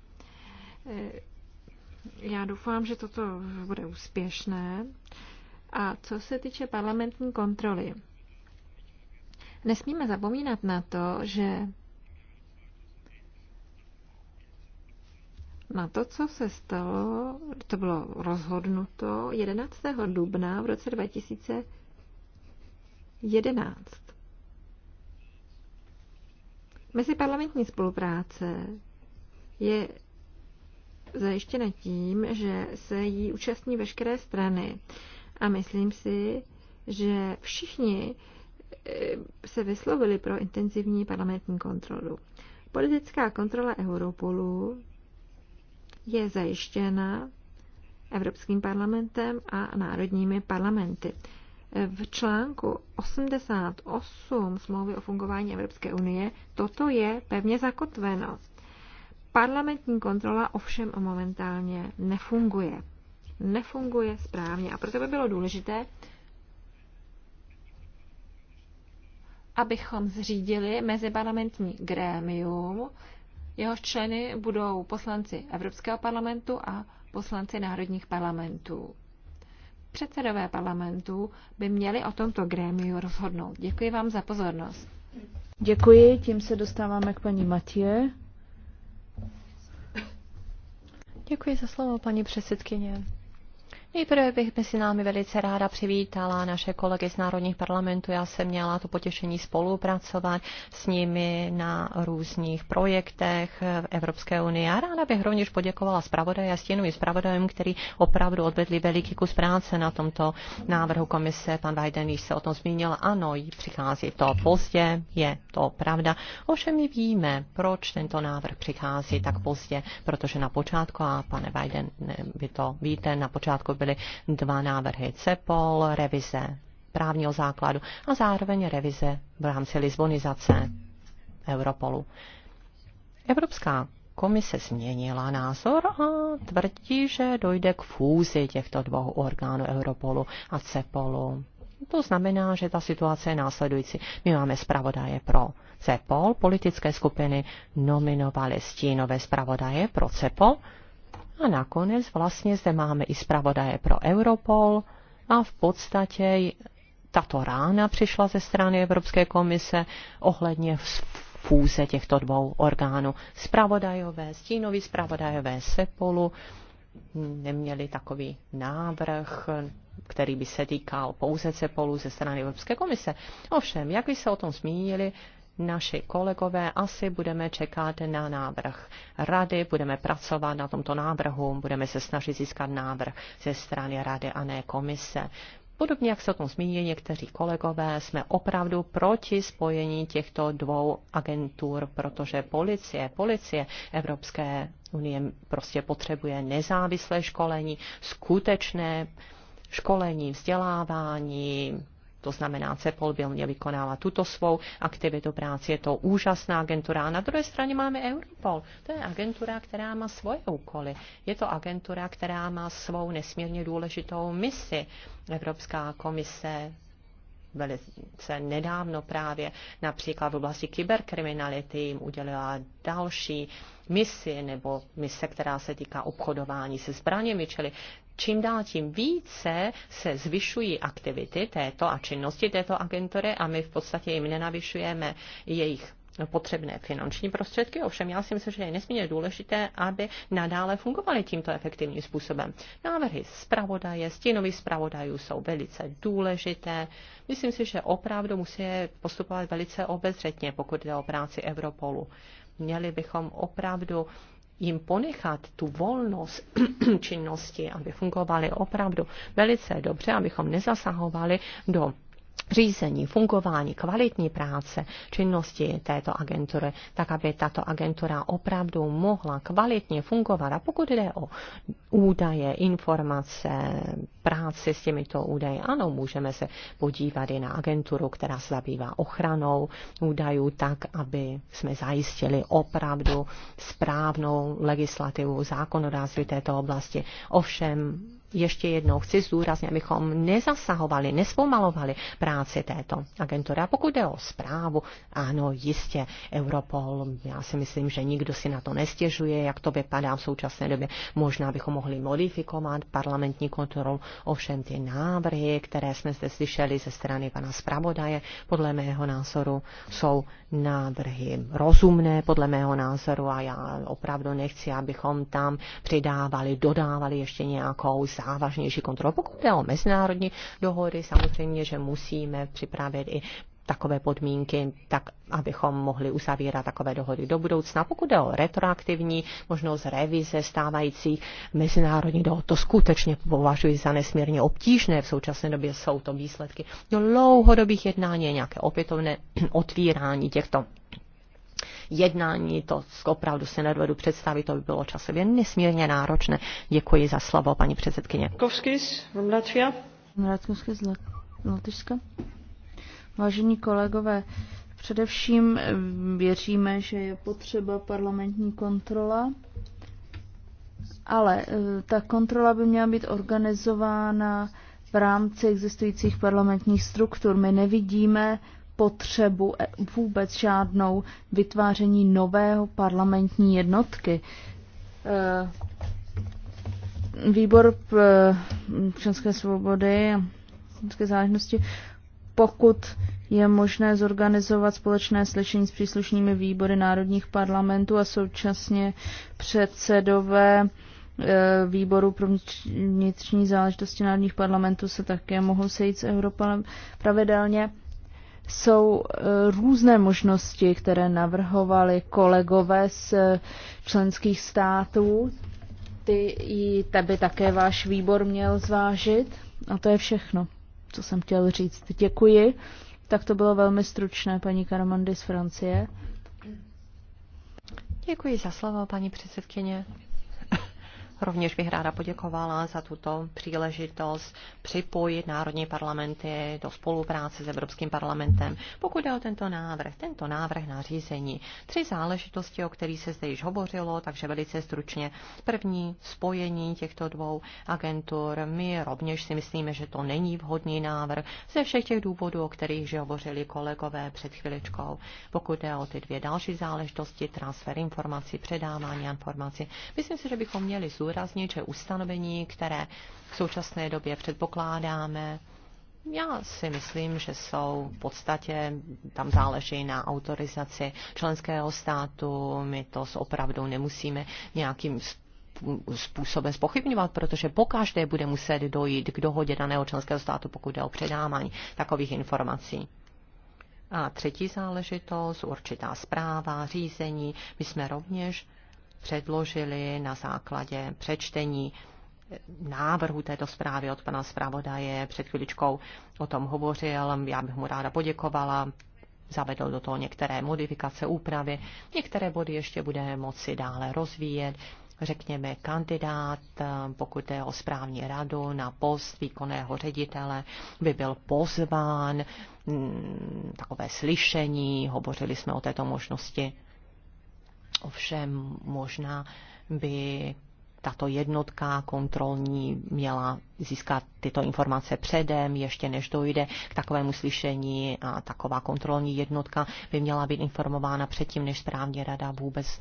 [SPEAKER 5] Eh, já doufám, že toto bude úspěšné. A co se týče parlamentní kontroly, nesmíme zapomínat na to, že na to, co se stalo, to bylo rozhodnuto 11. dubna v roce 2011. Meziparlamentní spolupráce je zajištěna tím, že se jí účastní veškeré strany. A myslím si, že všichni eh, se vyslovili pro intenzivní parlamentní kontrolu. Politická kontrola Europolu je zajištěna Evropským parlamentem a národními parlamenty. V článku 88 smlouvy o fungování Evropské unie toto je pevně zakotveno. Parlamentní kontrola ovšem momentálně nefunguje. Nefunguje správně a proto by bylo důležité, abychom zřídili meziparlamentní grémium, jehož členy budou poslanci Evropského parlamentu a poslanci národních parlamentů. Předsedové parlamentů by měli o tomto grémiu rozhodnout. Děkuji vám za pozornost.
[SPEAKER 3] Děkuji, tím se dostáváme k paní
[SPEAKER 2] Matě. Děkuji za slovo, paní předsedkyně. Nejprve bych mezi námi velice ráda přivítala naše kolegy z národních parlamentů. Já jsem měla to potěšení spolupracovat s nimi na různých projektech v Evropské unii. A ráda bych rovněž poděkovala zpravodaji a stěnovým zpravodajům, který opravdu odvedli veliký kus práce na tomto návrhu komise. Pan Biden již se o tom zmínil. Ano, přichází to pozdě, je to pravda. Ovšem my víme, proč tento návrh přichází tak pozdě, protože na počátku, a pane Biden, vy to víte, na počátku byly předložili dva návrhy CEPOL, revize právního základu a zároveň revize v rámci lisbonizace Europolu. Evropská komise změnila názor a tvrdí, že dojde k fúzi těchto dvou orgánů Europolu a CEPOLu. To znamená, že ta situace je následující. My máme zpravodaje pro CEPOL, politické skupiny nominovaly stínové zpravodaje pro CEPOL a nakonec vlastně zde máme i zpravodaje pro Europol a v podstatě tato rána přišla ze strany Evropské komise ohledně fůze těchto dvou orgánů. Spravodajové, stínoví spravodajové Sepolu neměli takový návrh, který by se týkal pouze sepolu ze strany Evropské komise. Ovšem, jak vy se o tom zmínili, naši kolegové asi budeme čekat na návrh rady, budeme pracovat na tomto návrhu, budeme se snažit získat návrh ze strany rady a ne komise. Podobně, jak se o tom zmínili někteří kolegové, jsme opravdu proti spojení těchto dvou agentur, protože policie, policie Evropské unie prostě potřebuje nezávislé školení, skutečné školení, vzdělávání, to znamená CEPOL by měl vykonávat tuto svou aktivitu práci. Je to úžasná agentura. A na druhé straně máme Europol. To je agentura, která má svoje úkoly. Je to agentura, která má svou nesmírně důležitou misi. Evropská komise velice nedávno právě například v oblasti kyberkriminality jim udělila další misi nebo mise, která se týká obchodování se zbraněmi, čili čím dál tím více se zvyšují aktivity této a činnosti této agentury a my v podstatě jim nenavyšujeme jejich potřebné finanční prostředky, ovšem já si myslím, že je nesmírně důležité, aby nadále fungovaly tímto efektivním způsobem. Návrhy zpravodaje, stínových zpravodajů jsou velice důležité. Myslím si, že opravdu musí postupovat velice obezřetně, pokud jde o práci Europolu. Měli bychom opravdu jim ponechat tu volnost *clears throat* činnosti, aby fungovaly opravdu velice dobře, abychom nezasahovali do řízení, fungování, kvalitní práce, činnosti této agentury, tak aby tato agentura opravdu mohla kvalitně fungovat. A pokud jde o údaje, informace, práci s těmito údaji, ano, můžeme se podívat i na agenturu, která se zabývá ochranou údajů, tak, aby jsme zajistili opravdu správnou legislativu zákonodárství této oblasti. Ovšem, ještě jednou chci zdůraznit, abychom nezasahovali, nespomalovali práci této agentury. A pokud jde o zprávu, ano, jistě, Europol, já si myslím, že nikdo si na to nestěžuje, jak to vypadá v současné době. Možná bychom mohli modifikovat parlamentní kontrolu, ovšem ty návrhy, které jsme zde slyšeli ze strany pana zpravodaje, podle mého názoru jsou návrhy rozumné, podle mého názoru a já opravdu nechci, abychom tam přidávali, dodávali ještě nějakou závažnější kontrola, Pokud jde o mezinárodní dohody, samozřejmě, že musíme připravit i takové podmínky, tak abychom mohli uzavírat takové dohody do budoucna. Pokud jde o retroaktivní možnost revize stávajících mezinárodní dohod, to skutečně považuji za nesmírně obtížné. V současné době jsou to výsledky dlouhodobých jednání, nějaké opětovné otvírání těchto jednání, to opravdu se nedovedu představit, to by bylo časově nesmírně náročné. Děkuji za slovo, paní předsedkyně.
[SPEAKER 3] Vážení kolegové, především eh, věříme, že je potřeba parlamentní kontrola, ale eh, ta kontrola by měla být organizována v rámci existujících parlamentních struktur. My nevidíme potřebu eh, vůbec žádnou vytváření nového parlamentní jednotky. Eh, výbor eh, občanské svobody a občanské záležitosti, pokud je možné zorganizovat společné slyšení s příslušnými výbory národních parlamentů a současně předsedové výboru pro vnitřní záležitosti národních parlamentů se také mohou sejít s Europolem pravidelně jsou eh, různé možnosti, které navrhovali kolegové z eh, členských států. Ty by také váš výbor měl zvážit. A to je všechno, co jsem chtěl říct. Děkuji. Tak to bylo velmi stručné, paní Karamandy z Francie.
[SPEAKER 2] Děkuji za slovo, paní předsedkyně. Rovněž bych ráda poděkovala za tuto příležitost připojit národní parlamenty do spolupráce s Evropským parlamentem. Pokud jde o tento návrh, tento návrh na řízení, tři záležitosti, o kterých se zde již hovořilo, takže velice stručně. První, spojení těchto dvou agentur. My rovněž si myslíme, že to není vhodný návrh ze všech těch důvodů, o kterých že hovořili kolegové před chviličkou. Pokud jde o ty dvě další záležitosti, transfer informací, předávání informací, myslím si, že bychom měli zůstat zdůraznit, že ustanovení, které v současné době předpokládáme, já si myslím, že jsou v podstatě, tam záleží na autorizaci členského státu, my to s opravdu nemusíme nějakým způsobem spochybňovat, protože pokaždé bude muset dojít k dohodě daného členského státu, pokud jde o předávání takových informací. A třetí záležitost, určitá zpráva, řízení. My jsme rovněž předložili na základě přečtení návrhu této zprávy od pana zpravodaje. Před chvíličkou o tom hovořil, já bych mu ráda poděkovala. Zavedl do toho některé modifikace, úpravy. Některé body ještě bude moci dále rozvíjet. Řekněme, kandidát, pokud je o správní radu na post výkonného ředitele, by byl pozván mm, takové slyšení, hovořili jsme o této možnosti Ovšem možná by tato jednotka kontrolní měla získat tyto informace předem, ještě než dojde k takovému slyšení a taková kontrolní jednotka by měla být informována předtím, než správně rada vůbec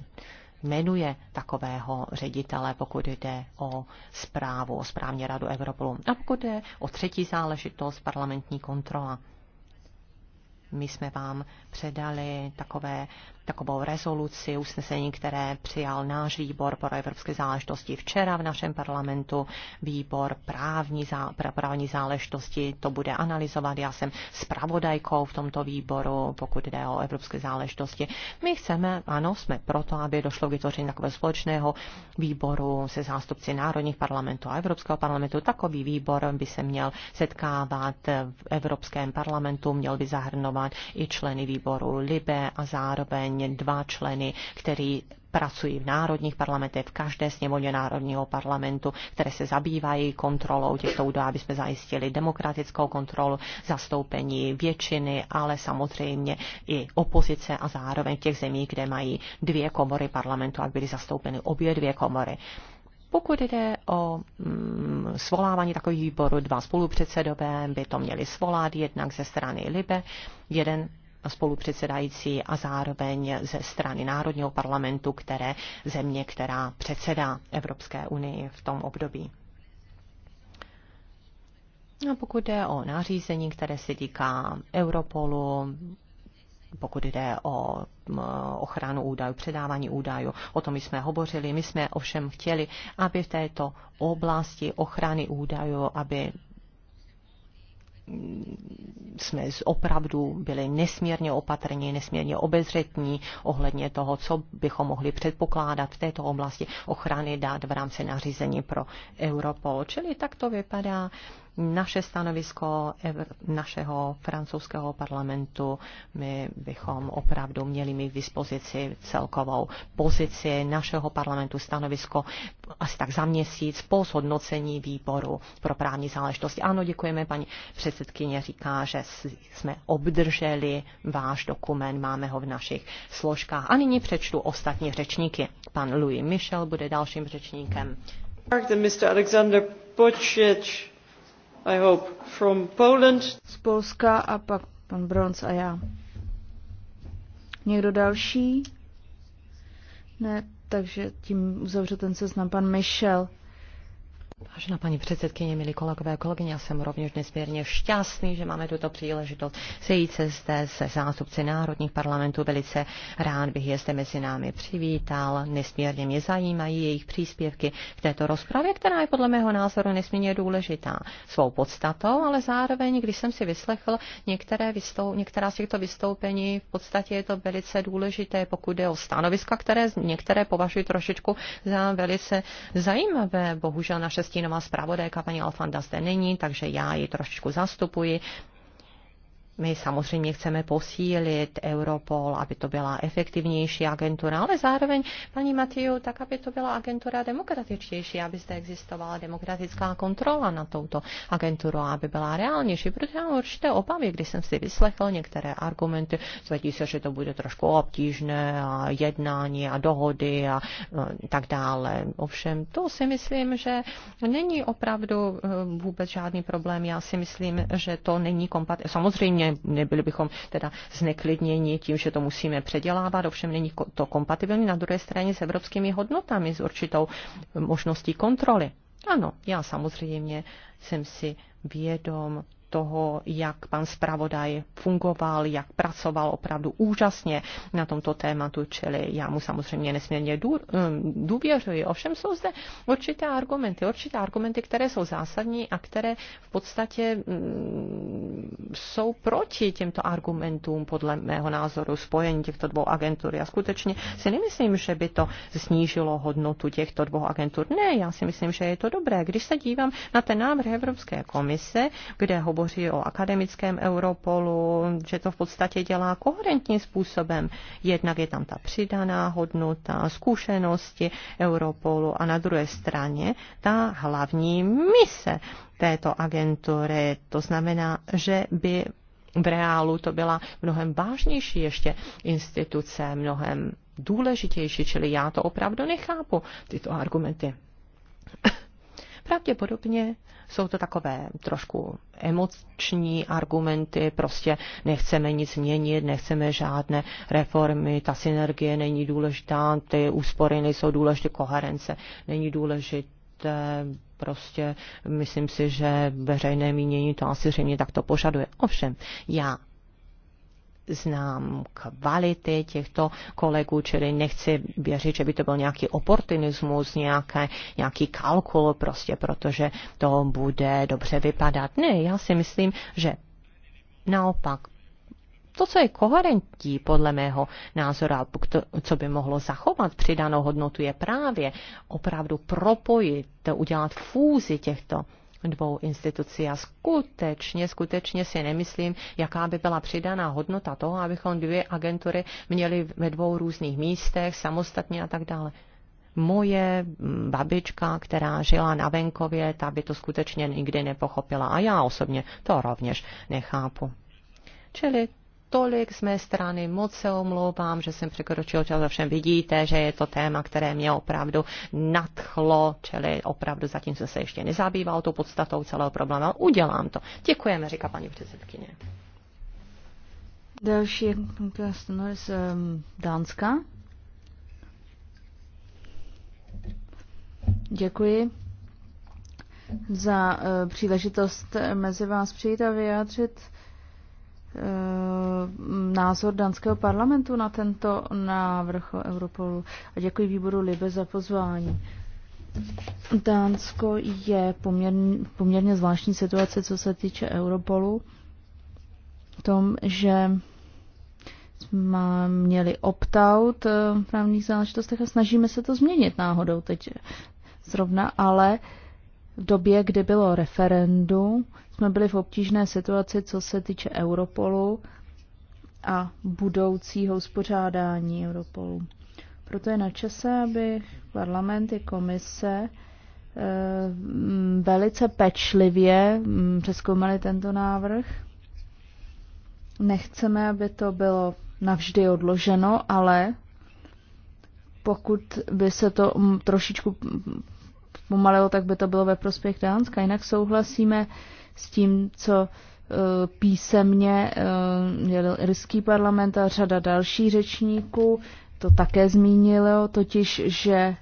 [SPEAKER 2] jmenuje takového ředitele, pokud jde o zprávu, o správně radu Evropolu. A pokud jde o třetí záležitost, parlamentní kontrola. My jsme vám předali takové, takovou rezoluci, usnesení, které přijal náš výbor pro evropské záležitosti včera v našem parlamentu. Výbor právní, zá, právní záležitosti to bude analyzovat. Já jsem spravodajkou v tomto výboru, pokud jde o evropské záležitosti. My chceme, ano, jsme proto, aby došlo k vytvoření takového společného výboru se zástupci národních parlamentů a Evropského parlamentu. Takový výbor by se měl setkávat v Evropském parlamentu, měl by zahrnovat i členy výboru výboru LIBE a zároveň dva členy, který pracují v národních parlamentech, v každé sněmovně národního parlamentu, které se zabývají kontrolou těchto údajů, aby jsme zajistili demokratickou kontrolu, zastoupení většiny, ale samozřejmě i opozice a zároveň těch zemí, kde mají dvě komory parlamentu, aby byly zastoupeny obě dvě komory. Pokud jde o mm, svolávání takových výborů, dva spolupředsedové by to měli svolat, jednak ze strany Libe, jeden spolupředsedající a zároveň ze strany Národního parlamentu, které země, která předsedá Evropské unii v tom období. A pokud jde o nařízení, které se týká Europolu, pokud jde o ochranu údajů, předávání údajů. O tom jsme hovořili. My jsme ovšem chtěli, aby v této oblasti ochrany údajů, aby jsme opravdu byli nesmírně opatrní, nesmírně obezřetní ohledně toho, co bychom mohli předpokládat v této oblasti ochrany dát v rámci nařízení pro Europol. Čili tak to vypadá naše stanovisko našeho francouzského parlamentu. My bychom opravdu měli mít v dispozici celkovou pozici našeho parlamentu, stanovisko asi tak za měsíc po zhodnocení výboru pro právní záležitosti. Ano, děkujeme, paní předsedkyně říká, že jsme obdrželi váš dokument, máme ho v našich složkách. A nyní přečtu ostatní řečníky. Pan Louis Michel bude dalším řečníkem.
[SPEAKER 1] Mr. Alexander Počič i hope, from Poland. Z Polska a pak
[SPEAKER 3] pan Bronz a já. Někdo další? Ne, takže tím uzavřu ten seznam. Pan Michel. Vážená paní
[SPEAKER 2] předsedkyně, milí kolegové, kolegyně, já jsem rovněž nesmírně šťastný, že máme tuto příležitost sejít se zde se zástupci národních parlamentů. Velice rád bych je zde mezi námi přivítal. Nesmírně mě zajímají jejich příspěvky k této rozpravě, která je podle mého názoru nesmírně důležitá svou podstatou, ale zároveň, když jsem si vyslechl některé vystou- některá z těchto vystoupení, v podstatě je to velice důležité, pokud jde o stanoviska, které některé považuji trošičku za velice zajímavé. Bohužel naše stínová zpravodajka paní Alfanda zde není, takže já ji trošičku zastupuji. My samozřejmě chceme posílit Europol, aby to byla efektivnější agentura, ale zároveň, paní Matiu, tak aby to byla agentura demokratičtější, aby zde existovala demokratická kontrola na touto agenturu, aby byla reálnější, protože mám určité obavy, když jsem si vyslechl některé argumenty, zvedí se, že to bude trošku obtížné a jednání a dohody a no, tak dále. Ovšem, to si myslím, že není opravdu eh, vůbec žádný problém. Já si myslím, že to není kompatibilní. Samozřejmě nebyli bychom teda zneklidněni tím, že to musíme předělávat, ovšem není to kompatibilní na druhé straně s evropskými hodnotami, s určitou eh, možností kontroly. Ano, já samozřejmě jsem si vědom toho, jak pan zpravodaj fungoval, jak pracoval opravdu úžasně na tomto tématu, čili já mu samozřejmě nesmírně eh, důvěřuji. Ovšem jsou zde určité argumenty, určité argumenty, které jsou zásadní a které v podstatě mm, jsou proti těmto argumentům, podle mého názoru, spojení těchto dvou agentur. Já skutečně si nemyslím, že by to snížilo hodnotu těchto dvou agentur. Ne, já si myslím, že je to dobré. Když se dívám na ten návrh Evropské komise, kde hovoří hovoří o akademickém Europolu, že to v podstatě dělá koherentním způsobem. Jednak je tam ta přidaná hodnota, zkušenosti Europolu a na druhé straně ta hlavní mise této agentury. To znamená, že by v reálu to byla mnohem vážnější ještě instituce, mnohem důležitější, čili já to opravdu nechápu, tyto argumenty. Pravděpodobně jsou to takové trošku emoční argumenty, prostě nechceme nic měnit, nechceme žádné reformy, ta synergie není důležitá, ty úspory nejsou důležité, koherence není důležité prostě myslím si, že veřejné mínění to asi řejmě takto požaduje. Ovšem, já znám kvality těchto kolegů, čili nechci věřit, že by to byl nějaký oportunismus, nějaké, nějaký kalkul, prostě protože to bude dobře vypadat. Ne, já si myslím, že naopak to, co je koherentní podle mého názoru a co by mohlo zachovat přidanou hodnotu, je právě opravdu propojit, udělat fúzi těchto dvou institucí. A skutečně, skutečně si nemyslím, jaká by byla přidaná hodnota toho, abychom dvě agentury měli ve dvou různých místech, samostatně a tak dále. Moje babička, která žila na venkově, ta by to skutečně nikdy nepochopila. A já osobně to rovněž nechápu. Čili Tolik z mé strany, moc se omlouvám, že jsem překročil čas, ovšem vidíte, že je to téma, které mě opravdu nadchlo, čili opravdu zatím jsem se ještě nezabýval tou podstatou celého problému. Udělám to. Děkujeme, říká paní předsedkyně.
[SPEAKER 3] Další je z ehm, Dánska. Děkuji za eh, příležitost mezi vás přijít a vyjádřit Eh, názor danského parlamentu na tento návrh Europolu. A děkuji výboru Libe za pozvání. Dánsko je poměrně, poměrně zvláštní situace, co se týče Europolu. V tom, že jsme měli opt-out eh, v právních záležitostech a snažíme se to změnit náhodou teď zrovna, ale v době, kdy bylo referendum, jsme byli v obtížné situaci, co se týče Europolu a budoucího uspořádání Europolu. Proto je na čase, aby parlament i komise eh, velice pečlivě přeskoumali tento návrh. Nechceme, aby to bylo navždy odloženo, ale pokud by se to trošičku pomalilo, tak by to bylo ve prospěch Dánska. Jinak souhlasíme s tím, co eh, písemně eh, irský parlament a řada dalších řečníků to také zmínilo, totiž, že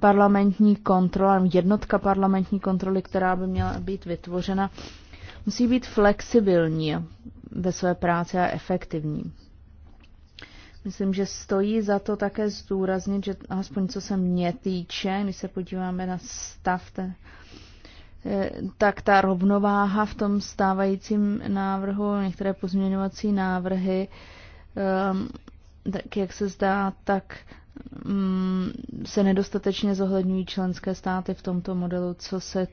[SPEAKER 3] parlamentní kontrola, jednotka parlamentní kontroly, která by měla být vytvořena, musí být flexibilní ve své práci a efektivní. Myslím, že stojí za to také zdůraznit, že aspoň co se mě týče, když se podíváme na stav té Eh, tak ta rovnováha v tom stávajícím návrhu, některé pozměňovací návrhy, ehm, tak jak se zdá, tak mm, se nedostatečně zohledňují členské státy v tomto modelu, co se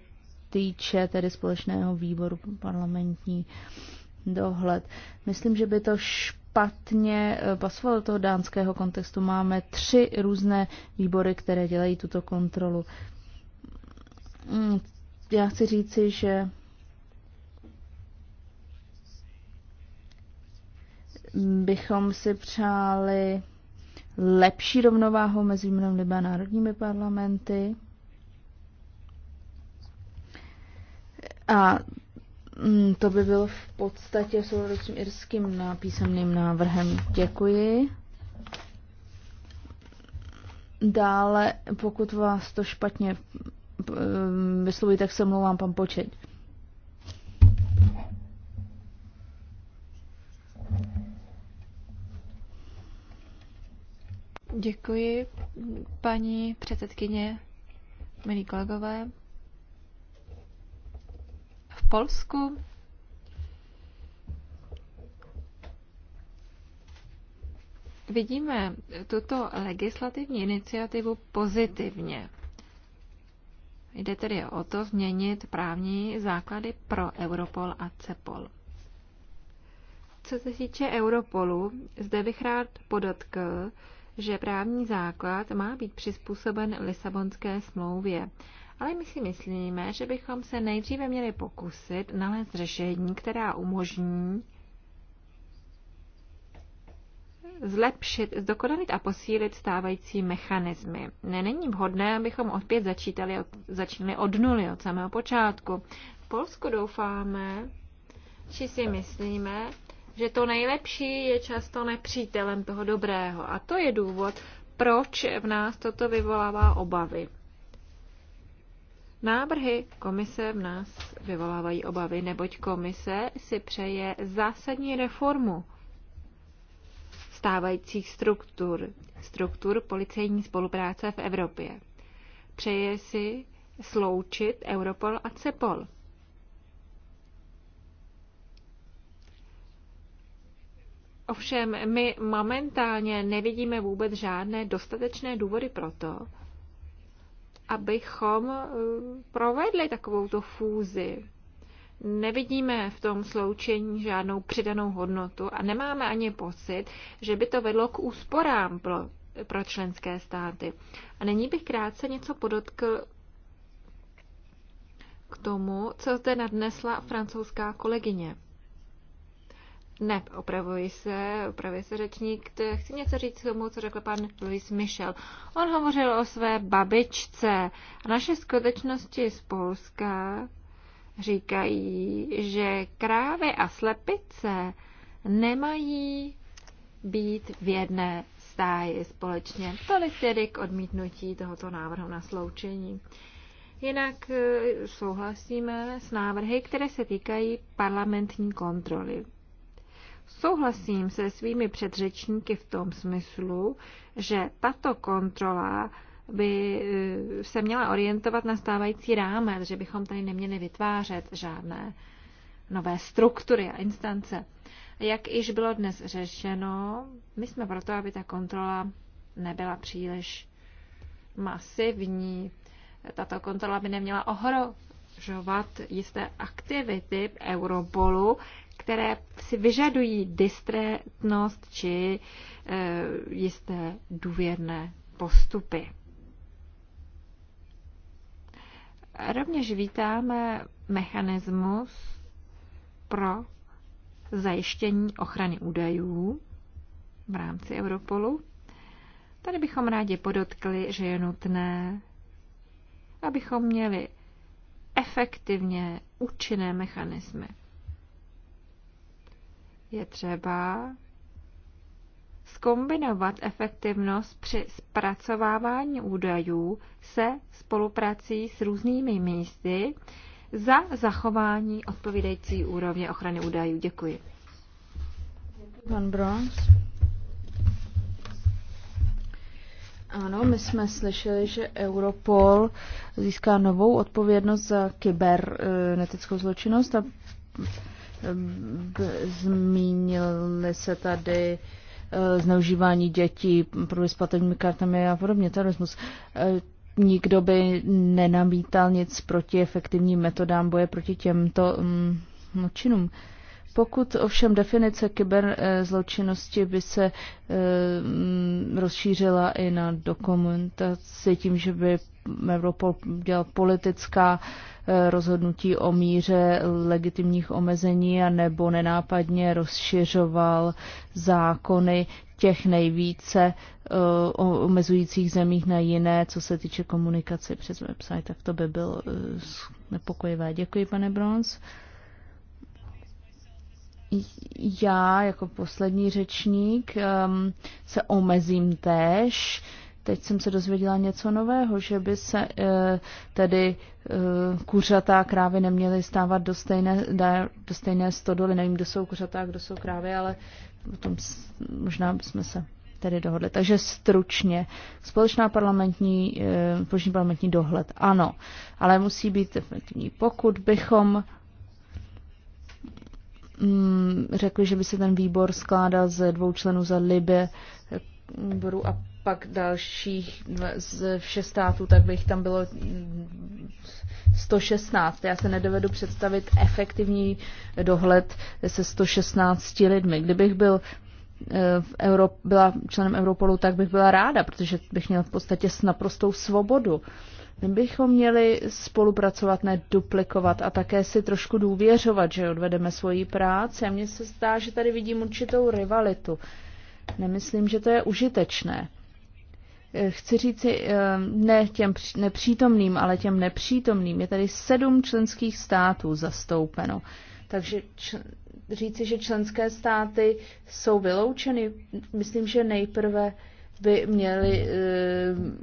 [SPEAKER 3] týče tedy společného výboru parlamentní dohled. Myslím, že by to špatně eh, pasovalo do toho dánského kontextu. Máme tři různé výbory, které dělají tuto kontrolu mm, já chci říci, že bychom si přáli lepší rovnováhu mezi a národními parlamenty a mm, to by bylo v podstatě s tím irským písemným návrhem. Děkuji. Dále, pokud vás to špatně vyslovit, tak se mluvám pan Počeť.
[SPEAKER 5] Děkuji, paní předsedkyně, milí kolegové. V Polsku vidíme tuto legislativní iniciativu pozitivně. Jde tedy o to změnit právní základy pro Europol a CEPOL. Co se týče Europolu, zde bych rád podotkl, že právní základ má být přizpůsoben Lisabonské smlouvě. Ale my si myslíme, že bychom se nejdříve měli pokusit nalézt řešení, která umožní zlepšit, zdokonalit a posílit stávající mechanismy. Ne, není vhodné, abychom opět začítali, od, začínali od nuly, od samého počátku. V Polsku doufáme, či si myslíme, že to nejlepší je často nepřítelem toho dobrého. A to je důvod, proč v nás toto vyvolává obavy. Návrhy komise v nás vyvolávají obavy, neboť komise si přeje zásadní reformu stávajících struktur, struktur policejní spolupráce v Evropě. Přeje si sloučit Europol a CEPOL. Ovšem, my momentálně nevidíme vůbec žádné dostatečné důvody pro to, abychom eh, provedli takovouto fúzi nevidíme v tom sloučení žádnou přidanou hodnotu a nemáme ani pocit, že by to vedlo k úsporám pro, pro členské státy. A nyní bych krátce něco podotkl k tomu, co zde nadnesla francouzská kolegyně. Ne, opravuji se, opravuji se řečník. Chci něco říct k tomu, co řekl pan Louis Michel. On hovořil o své babičce. A naše skutečnosti z Polska říkají, že krávy a slepice nemají být v jedné stáji společně. Tolik tedy k odmítnutí tohoto návrhu na sloučení. Jinak e, souhlasíme s návrhy, které se týkají parlamentní kontroly. Souhlasím se svými předřečníky v tom smyslu, že tato kontrola by eh, se měla orientovat na stávající rámec, že bychom tady neměli vytvářet žádné nové struktury a instance. Jak již bylo dnes řešeno, my jsme proto, aby ta kontrola nebyla příliš masivní. Tato kontrola by neměla ohrožovat jisté aktivity Europolu, které si vyžadují distrétnost či e, jisté důvěrné postupy. Rovněž vítáme mechanismus pro zajištění ochrany údajů v rámci Europolu. Tady bychom rádi podotkli, že je nutné, abychom měli efektivně účinné mechanismy. Je třeba skombinovat efektivnost při zpracovávání údajů se spoluprací s různými místy za zachování odpovídající úrovně ochrany údajů. Děkuji.
[SPEAKER 3] Pan Bronz. Ano, my jsme slyšeli, že Europol získá novou odpovědnost za kybernetickou zločinnost a e, zmínili se tady uh, Eh, zneužívání dětí, s platebními kartami a podobně, terorismus. Eh, nikdo by nenamítal nic proti efektivním metodám boje proti těmto mm, činům. Pokud ovšem definice kyberzločinnosti by se eh, mm, rozšířila i na dokumentaci tím, že by Europol dělal politická eh, rozhodnutí o míře legitimních omezení a nebo nenápadně rozšiřoval zákony těch nejvíce eh, omezujících zemích na jiné, co se týče komunikace přes website, tak to by bylo nepokojivé. Děkuji, pane Bronz já jako poslední řečník um, se omezím též. Teď jsem se dozvěděla něco nového, že by se uh, tedy uh, eh, kuřatá krávy neměly stávat do stejné, do stejné stodoly. Nevím, kdo jsou kuřatá, kdo jsou krávy, ale o tom možná bychom se tedy dohodli. Takže stručně. Společná parlamentní, eh, společný parlamentní dohled, ano, ale musí být efektivní. Pokud bychom mm, řekli, že by se ten výbor skládal ze dvou členů za Libe výboru a pak dalších z všech států, tak bych tam bylo 116. Mm, Já se nedovedu představit efektivní dohled se 116 lidmi. Kdybych byl eh, v Euro, byla členem Europolu, tak bych byla ráda, protože bych měla v podstatě s naprostou svobodu. My bychom měli spolupracovat, ne duplikovat a také si trošku důvěřovat, že odvedeme svoji práci. A mně se zdá, že tady vidím určitou rivalitu. Nemyslím, že to je užitečné. Chci říci eh, ne těm nepřítomným, ale těm nepřítomným. Je tady sedm členských států zastoupeno. Takže říci, že členské státy jsou vyloučeny, myslím, že nejprve by měli e,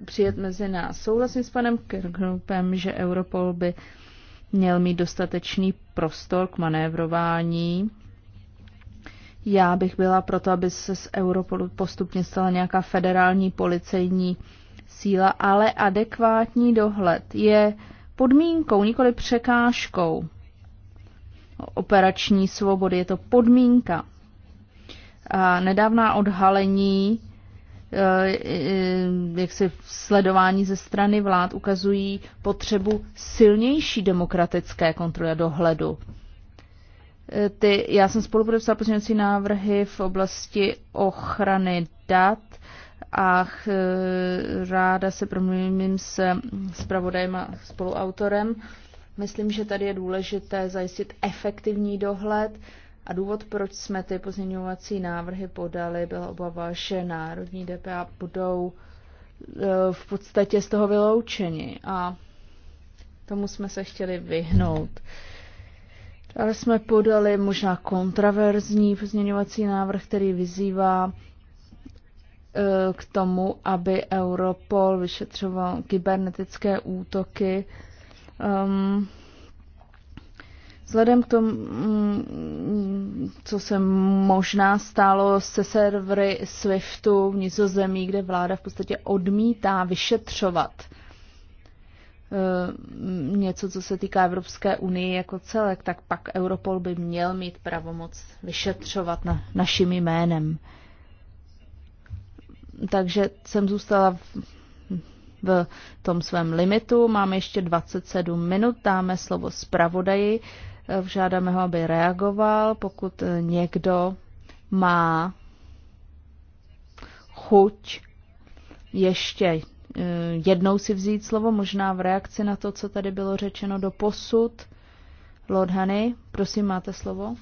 [SPEAKER 3] přijet mezi nás. Souhlasím s panem Kirknupem, že Europol by měl mít dostatečný prostor k manévrování. Já bych byla proto, aby se z Europolu postupně stala nějaká federální policejní síla, ale adekvátní dohled je podmínkou, nikoli překážkou operační svobody. Je to podmínka. A nedávná odhalení Eh, eh, jaksi sledování ze strany vlád ukazují potřebu silnější demokratické kontroly a dohledu. Eh, ty, já jsem spolu podepsala pozměňovací návrhy v oblasti ochrany dat a ch, ráda se promluvím s zpravodajem a spoluautorem. Myslím, že tady je důležité zajistit efektivní dohled, a důvod, proč jsme ty pozměňovací návrhy podali, byla obava, že národní DPA budou e, v podstatě z toho vyloučeni a tomu jsme se chtěli vyhnout. Ale jsme podali možná kontraverzní pozměňovací návrh, který vyzývá e, k tomu, aby Europol vyšetřoval kybernetické útoky. Um, Vzhledem k tomu, co se možná stalo se servery SWIFTu v Nizozemí, kde vláda v podstatě odmítá vyšetřovat eh, něco, co se týká Evropské unie jako celek, tak pak Europol by měl mít pravomoc vyšetřovat na, naším jménem. Takže jsem zůstala v tom svém limitu. Máme ještě 27 minut, dáme slovo zpravodaji, eh, žádáme ho, aby reagoval, pokud eh, někdo má chuť ještě eh, jednou si vzít slovo, možná v reakci na to, co tady bylo řečeno do posud. Lord Honey, prosím, máte slovo.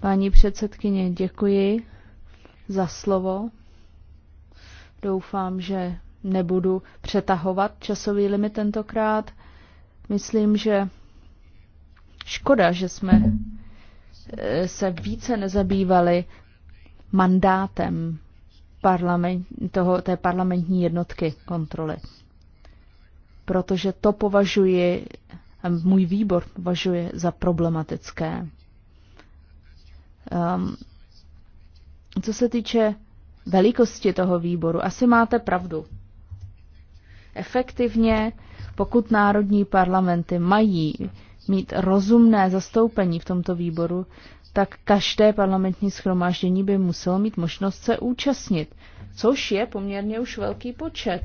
[SPEAKER 3] Paní předsedkyně, děkuji za slovo. Doufám, že nebudu přetahovat časový limit tentokrát. Myslím, že škoda, že jsme eh, se více nezabývali mandátem parlament, toho, té parlamentní jednotky kontroly. Protože to považuji, můj výbor považuje za problematické. Um, co se týče velikosti toho výboru. Asi máte pravdu. Efektivně, pokud národní parlamenty mají mít rozumné zastoupení v tomto výboru, tak každé parlamentní schromáždění by muselo mít možnost se účastnit, což je poměrně už velký počet,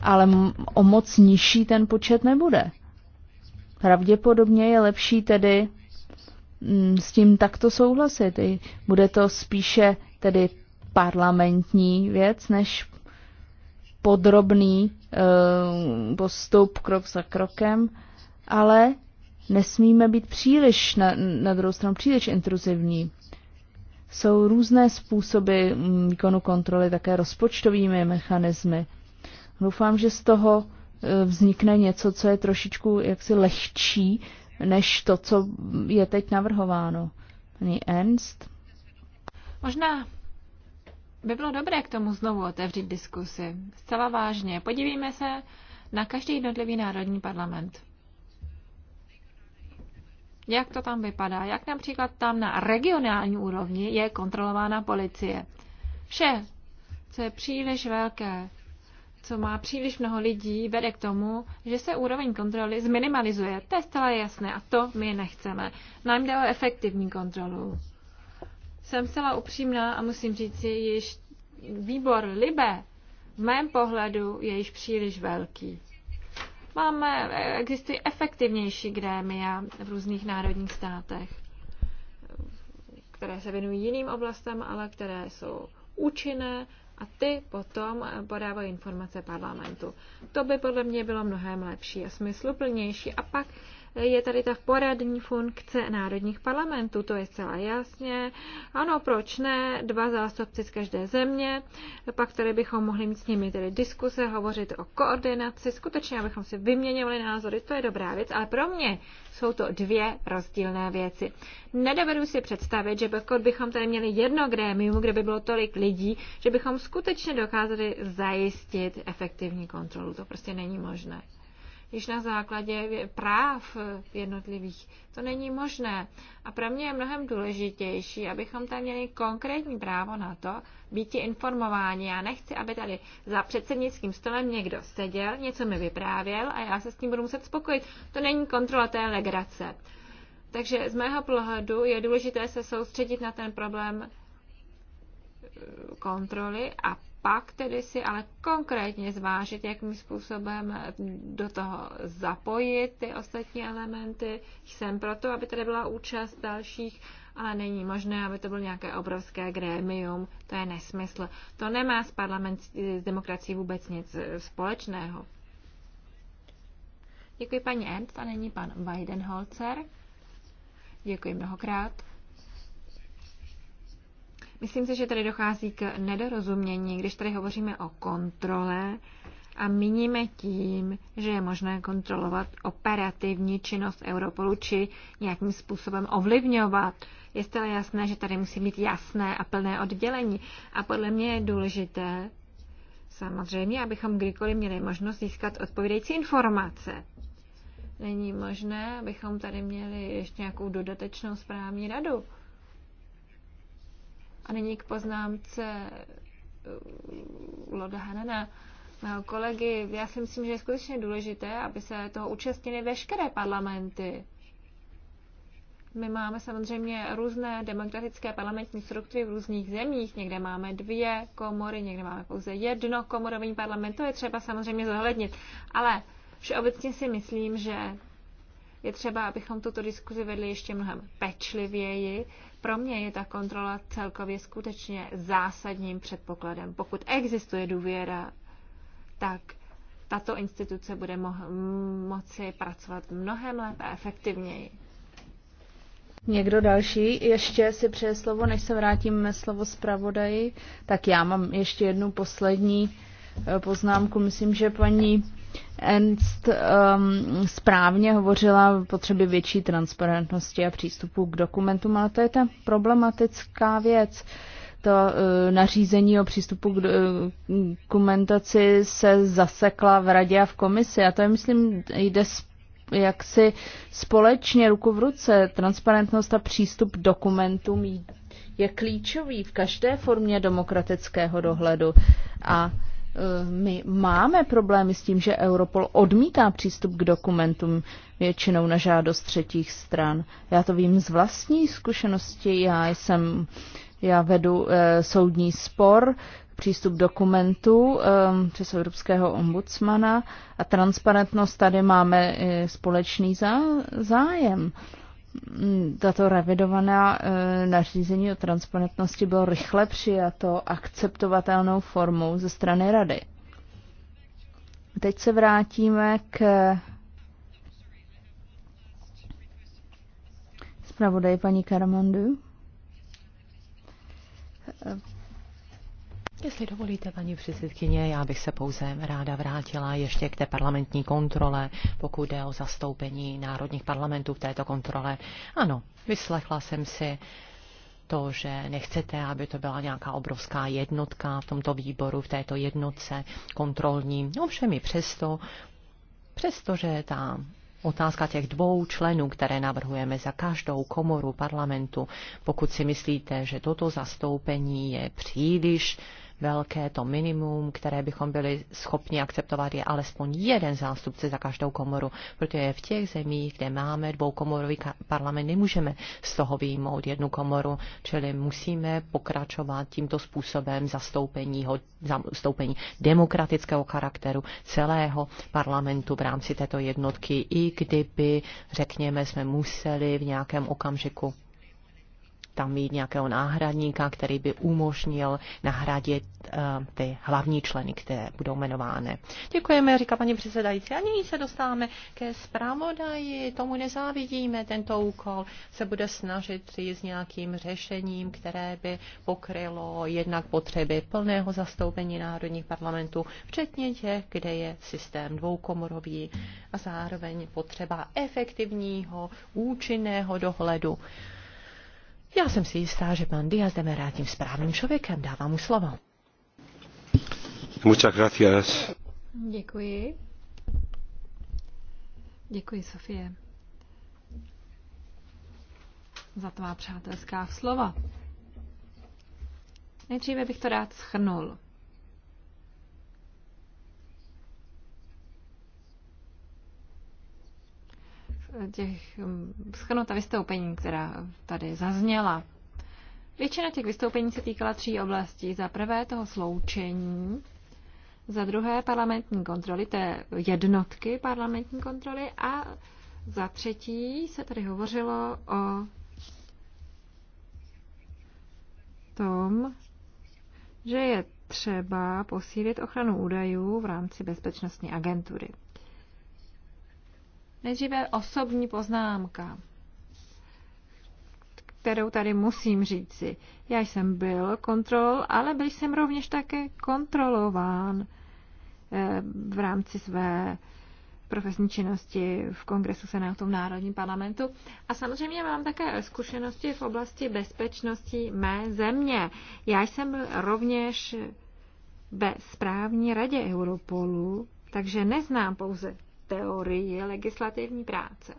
[SPEAKER 3] ale o moc nižší ten počet nebude. Pravděpodobně je lepší tedy mm, s tím takto souhlasit. Bude to spíše tedy parlamentní věc, než podrobný eh, postup krok za krokem, ale nesmíme být příliš, na, na druhou stranu příliš intruzivní. Jsou různé způsoby mm, výkonu kontroly, také rozpočtovými mechanismy. Doufám, že z toho eh, vznikne něco, co je trošičku jaksi lehčí, než to, co je teď navrhováno. Ernst?
[SPEAKER 5] Možná by bylo dobré k tomu znovu otevřít diskusy. Zcela vážně. Podívejme se na každý jednotlivý národní parlament. Jak to tam vypadá? Jak například tam na regionální úrovni je kontrolována policie? Vše, co je příliš velké, co má příliš mnoho lidí, vede k tomu, že se úroveň kontroly zminimalizuje. To je zcela jasné a to my nechceme. Nám jde o efektivní kontrolu jsem celá upřímná a musím říct si, již výbor Libe v mém pohledu je již příliš velký. Máme, existují efektivnější grémia v různých národních státech, které se věnují jiným oblastem, ale které jsou účinné a ty potom podávají informace parlamentu. To by podle mě bylo mnohem lepší a smysluplnější a pak je tady ta poradní funkce národních parlamentů, to je celá jasně. Ano, proč ne, dva zástupci z každé země, pak tady bychom mohli mít s nimi tedy diskuse, hovořit o koordinaci, skutečně, abychom si vyměňovali názory, to je dobrá věc, ale pro mě jsou to dvě rozdílné věci. Nedovedu si představit, že pokud bychom tady měli jedno grémium, kde by bylo tolik lidí, že bychom skutečně dokázali zajistit efektivní kontrolu. To prostě není možné již na základě práv jednotlivých. To není možné. A pro mě je mnohem důležitější, abychom tam měli konkrétní právo na to, být informováni. Já nechci, aby tady za předsednickým stolem někdo seděl, něco mi vyprávěl a já se s tím budu muset spokojit. To není kontrola té legrace. Takže z mého pohledu je důležité se soustředit na ten problém
[SPEAKER 4] eh,
[SPEAKER 5] kontroly a pak tedy si ale konkrétně zvážit, jakým způsobem do toho zapojit ty ostatní elementy. Jsem proto, aby tady byla účast dalších, ale není možné, aby to bylo nějaké obrovské grémium. To je nesmysl. To nemá s parlament s demokracií vůbec nic společného. Děkuji paní Ernst a není pan Weidenholzer. Děkuji mnohokrát. Myslím si, že tady dochází k nedorozumění, když tady hovoříme o kontrole a míníme tím, že je možné kontrolovat operativní činnost Europolu či nějakým způsobem ovlivňovat. Je zcela jasné, že tady musí být jasné a plné oddělení. A podle mě je důležité, samozřejmě, abychom kdykoliv měli možnost získat odpovídající informace není možné, abychom tady měli ještě nějakou dodatečnou správní radu. A nyní k poznámce uh, Loda Hanena, mého kolegy. Já si myslím, že je skutečně důležité, aby se toho účastnili veškeré parlamenty. My máme samozřejmě různé demokratické parlamentní struktury v různých zemích. Někde máme dvě komory, někde máme pouze jedno komorový parlament. To je třeba samozřejmě zohlednit. Ale všeobecně si myslím, že je třeba, abychom tuto diskuzi vedli ještě mnohem pečlivěji. Pro mě je ta kontrola celkově skutečně zásadním předpokladem. Pokud existuje důvěra, tak tato instituce bude mo- moci pracovat mnohem lépe a efektivněji.
[SPEAKER 3] Někdo další ještě si přeje slovo, než se vrátíme slovo zpravodaji. Tak já mám ještě jednu poslední eh, poznámku. Myslím, že paní Ernst um, správně hovořila o potřebě větší transparentnosti a přístupu k dokumentům, ale to je ta problematická věc. To uh, nařízení o přístupu k uh, dokumentaci se zasekla v radě a v komisi a to je, myslím, jde jaksi společně ruku v ruce. Transparentnost a přístup k dokumentům je klíčový v každé formě demokratického dohledu a uh, Eh, my máme problémy s tím, že Europol odmítá přístup k dokumentům většinou na žádost třetích stran. Já to vím z vlastní zkušenosti, já jsem, já vedu e, soudní spor, přístup dokumentů e, přes Evropského ombudsmana a transparentnost tady máme e, společný zá, zájem. E, tato revidovaná eh, nařízení o transparentnosti bylo rychle přijato akceptovatelnou formou ze strany rady. Teď se vrátíme k zpravodaji paní Karamandu.
[SPEAKER 4] Jestli
[SPEAKER 2] dovolíte, paní předsedkyně, já bych se pouze ráda vrátila ještě k té parlamentní kontrole, pokud jde o zastoupení národních parlamentů v této kontrole. Ano, vyslechla jsem si to, že nechcete, aby to byla nějaká obrovská jednotka v tomto výboru, v této jednotce kontrolní. Ovšem no i přesto, přestože ta Otázka těch dvou členů, které navrhujeme za každou komoru parlamentu, pokud si myslíte, že toto zastoupení je příliš velké, to minimum, které bychom byli schopni akceptovat, je alespoň jeden zástupce za každou komoru, protože v těch zemích, kde máme dvoukomorový parlament, nemůžeme z toho vyjmout jednu komoru, čili musíme pokračovat tímto způsobem zastoupení, zastoupení demokratického charakteru celého parlamentu v rámci této jednotky, i kdyby, řekněme, jsme museli v nějakém okamžiku tam mít nějakého náhradníka, který by umožnil nahradit uh, ty hlavní členy, které budou jmenovány. Děkujeme, říká paní předsedající. A nyní se dostáváme ke zpravodaji, tomu nezávidíme, tento úkol se bude snažit přijít s nějakým řešením, které by pokrylo jednak potřeby plného zastoupení národních parlamentů, včetně těch, kde je systém dvoukomorový a zároveň potřeba efektivního, účinného dohledu já jsem si jistá, že pan Diaz jdeme tím správným člověkem. Dávám mu slovo.
[SPEAKER 1] Muchas gracias.
[SPEAKER 5] Děkuji. Děkuji, Sofie. Za tvá přátelská slova. Nejdříve bych to rád schrnul. těch mm, schrnout ta vystoupení, která tady zazněla. Většina těch vystoupení se týkala tří oblastí. Za prvé toho sloučení, za druhé parlamentní kontroly, té jednotky parlamentní kontroly a za třetí se tady hovořilo o tom, že je třeba posílit ochranu údajů v rámci bezpečnostní agentury. Nejdříve osobní poznámka, kterou tady musím říci. Já jsem byl kontrol, ale byl jsem rovněž také kontrolován eh, v rámci své profesní činnosti v Kongresu Senátu v Národním parlamentu. A samozřejmě mám také zkušenosti v oblasti bezpečnosti mé země. Já jsem byl rovněž ve správní radě Europolu, takže neznám pouze teorii legislativní práce.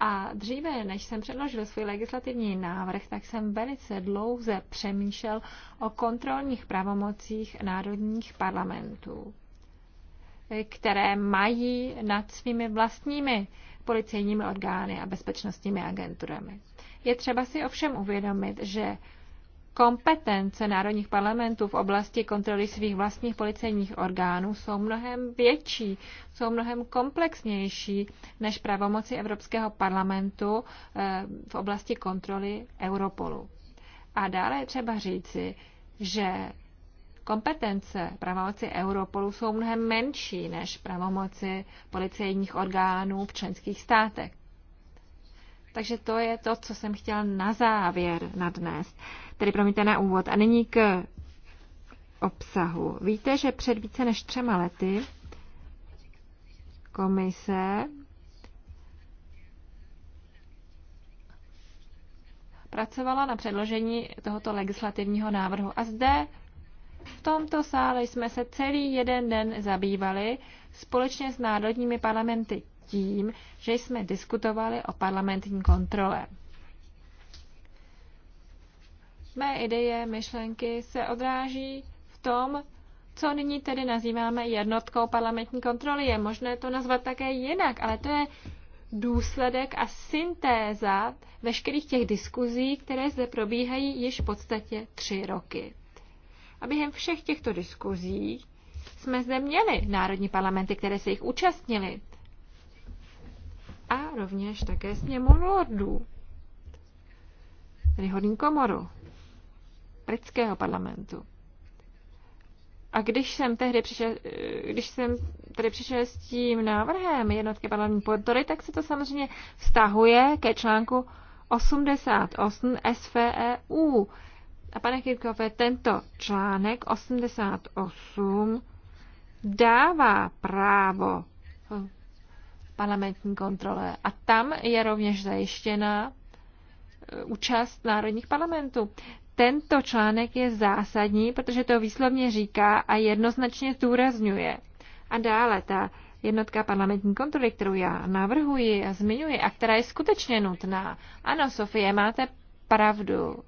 [SPEAKER 5] A dříve, než jsem předložil svůj legislativní návrh, tak jsem velice dlouze přemýšlel o kontrolních pravomocích národních parlamentů, které mají nad svými vlastními policejními orgány a bezpečnostními agenturami. Je třeba si ovšem uvědomit, že Kompetence národních parlamentů v oblasti kontroly svých vlastních policejních orgánů jsou mnohem větší, jsou mnohem komplexnější než pravomoci Evropského parlamentu eh, v oblasti kontroly Europolu. A dále je třeba říci, že kompetence pravomoci Europolu jsou mnohem menší než pravomoci policejních orgánů v členských státech. Takže to je to, co jsem chtěl na závěr na dnes. Tedy promiňte na úvod. A nyní k obsahu. Víte, že před více než třema lety komise pracovala na předložení tohoto legislativního návrhu. A zde v tomto sále jsme se celý jeden den zabývali společně s národními parlamenty tím, že jsme diskutovali o parlamentní kontrole. Mé ideje, myšlenky se odráží v tom, co nyní tedy nazýváme jednotkou parlamentní kontroly. Je možné to nazvat také jinak, ale to je důsledek a syntéza veškerých těch diskuzí, které zde probíhají již v podstatě tři roky. A během všech těchto diskuzí jsme zde měli národní parlamenty, které se jich účastnili a rovněž také sněmu lordů, tedy horní komoru britského parlamentu. A když jsem tehdy přišel, eh, když jsem tady přišel s tím návrhem jednotky parlamentní podpory, tak se to samozřejmě vztahuje ke článku 88 SFEU. A pane Kirkové, tento článek 88 dává právo parlamentní kontrole. A tam je rovněž zajištěna eh, účast národních parlamentů. Tento článek je zásadní, protože to výslovně říká a jednoznačně zdůrazňuje. A dále ta jednotka parlamentní kontroly, kterou já navrhuji a zmiňuji a která je skutečně nutná. Ano, Sofie, máte pravdu.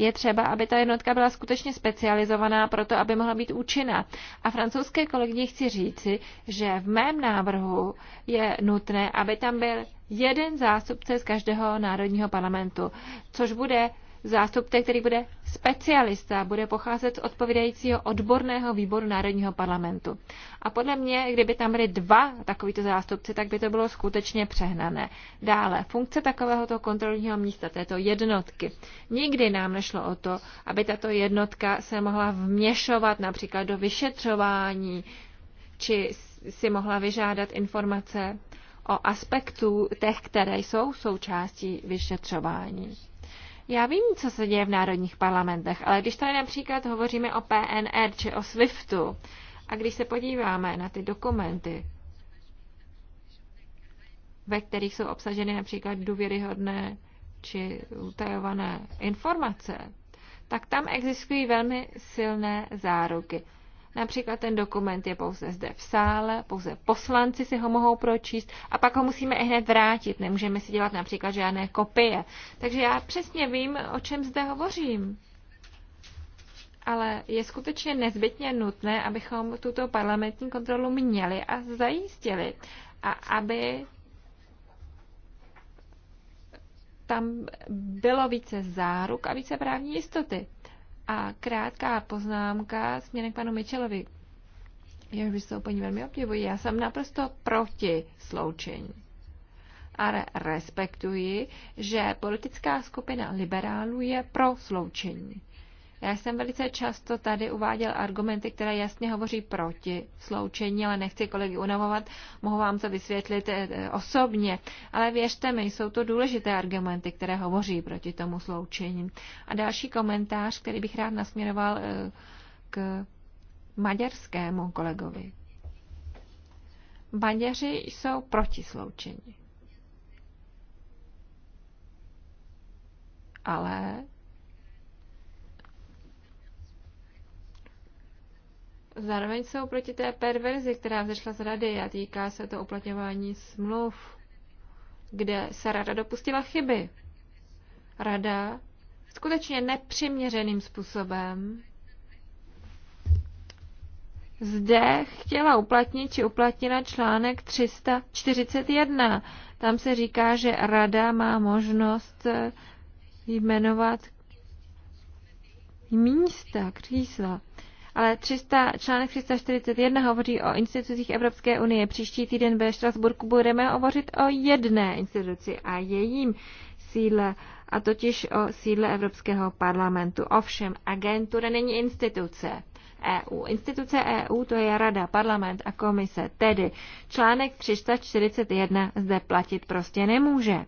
[SPEAKER 5] Je třeba, aby ta jednotka byla skutečně specializovaná pro to, aby mohla být účinná. A francouzské kolegyně chci říci, že v mém návrhu je nutné, aby tam byl jeden zástupce z každého národního parlamentu, což bude zástupce, který bude specialista, bude pocházet z odpovídajícího odborného výboru Národního parlamentu. A podle mě, kdyby tam byly dva takovýto zástupci, tak by to bylo skutečně přehnané. Dále, funkce takovéhoto kontrolního místa, této jednotky. Nikdy nám nešlo o to, aby tato jednotka se mohla vměšovat například do vyšetřování, či si mohla vyžádat informace o aspektu těch, které jsou součástí vyšetřování. Já vím, co se děje v národních parlamentech, ale když tady například hovoříme o PNR či o SWIFTu, a když se podíváme na ty dokumenty, ve kterých jsou obsaženy například důvěryhodné či utajované informace, tak tam existují velmi silné záruky. Například ten dokument je pouze zde v sále, pouze poslanci si ho mohou pročíst a pak ho musíme i hned vrátit. Nemůžeme si dělat například žádné kopie. Takže já přesně vím, o čem zde hovořím. Ale je skutečně nezbytně nutné, abychom tuto parlamentní kontrolu měli a zajistili. A aby tam bylo více záruk a více právní jistoty. A krátká poznámka směrem k panu Mitchellovi. Jeho vystoupení velmi obdivuji. Já jsem naprosto proti sloučení. Ale respektuji, že politická skupina liberálů je pro sloučení. Já jsem velice často tady uváděl argumenty, které jasně hovoří proti sloučení, ale nechci kolegy unavovat, mohu vám to vysvětlit eh, eh, osobně. Ale věřte mi, jsou to důležité argumenty, které hovoří proti tomu sloučení. A další komentář, který bych rád nasměroval eh, k maďarskému kolegovi. Maďaři jsou proti sloučení. Ale Zároveň jsou proti té perverzi, která vzešla z rady a týká se to uplatňování smluv, kde se rada dopustila chyby. Rada skutečně nepřiměřeným způsobem zde chtěla uplatnit či uplatnila článek 341. Tam se říká, že rada má možnost eh, jmenovat místa, křísla. Ale 300, článek 341 hovoří o institucích Evropské unie. Příští týden ve Štrasburku budeme hovořit o jedné instituci a jejím síle a totiž o síle Evropského parlamentu. Ovšem, agentura není instituce. EU. Instituce EU to je Rada, parlament a komise, tedy článek 341 zde platit prostě nemůže.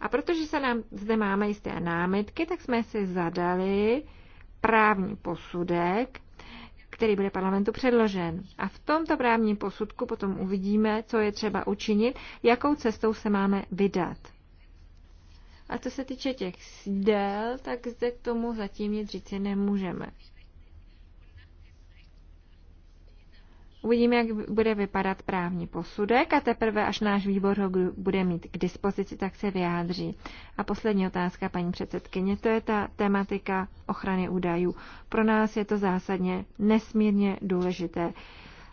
[SPEAKER 5] A protože se nám zde máme jisté námitky, tak jsme si zadali právní posudek který bude parlamentu předložen. A v tomto právním posudku potom uvidíme, co je třeba učinit, jakou cestou se máme vydat. A co se týče těch sdel, tak zde k tomu zatím nic říci nemůžeme. Uvidíme, jak bude vypadat právní posudek a teprve, až náš výbor ho bude mít k dispozici, tak se vyjádří. A poslední otázka, paní předsedkyně, to je ta tematika ochrany údajů. Pro nás je to zásadně nesmírně důležité,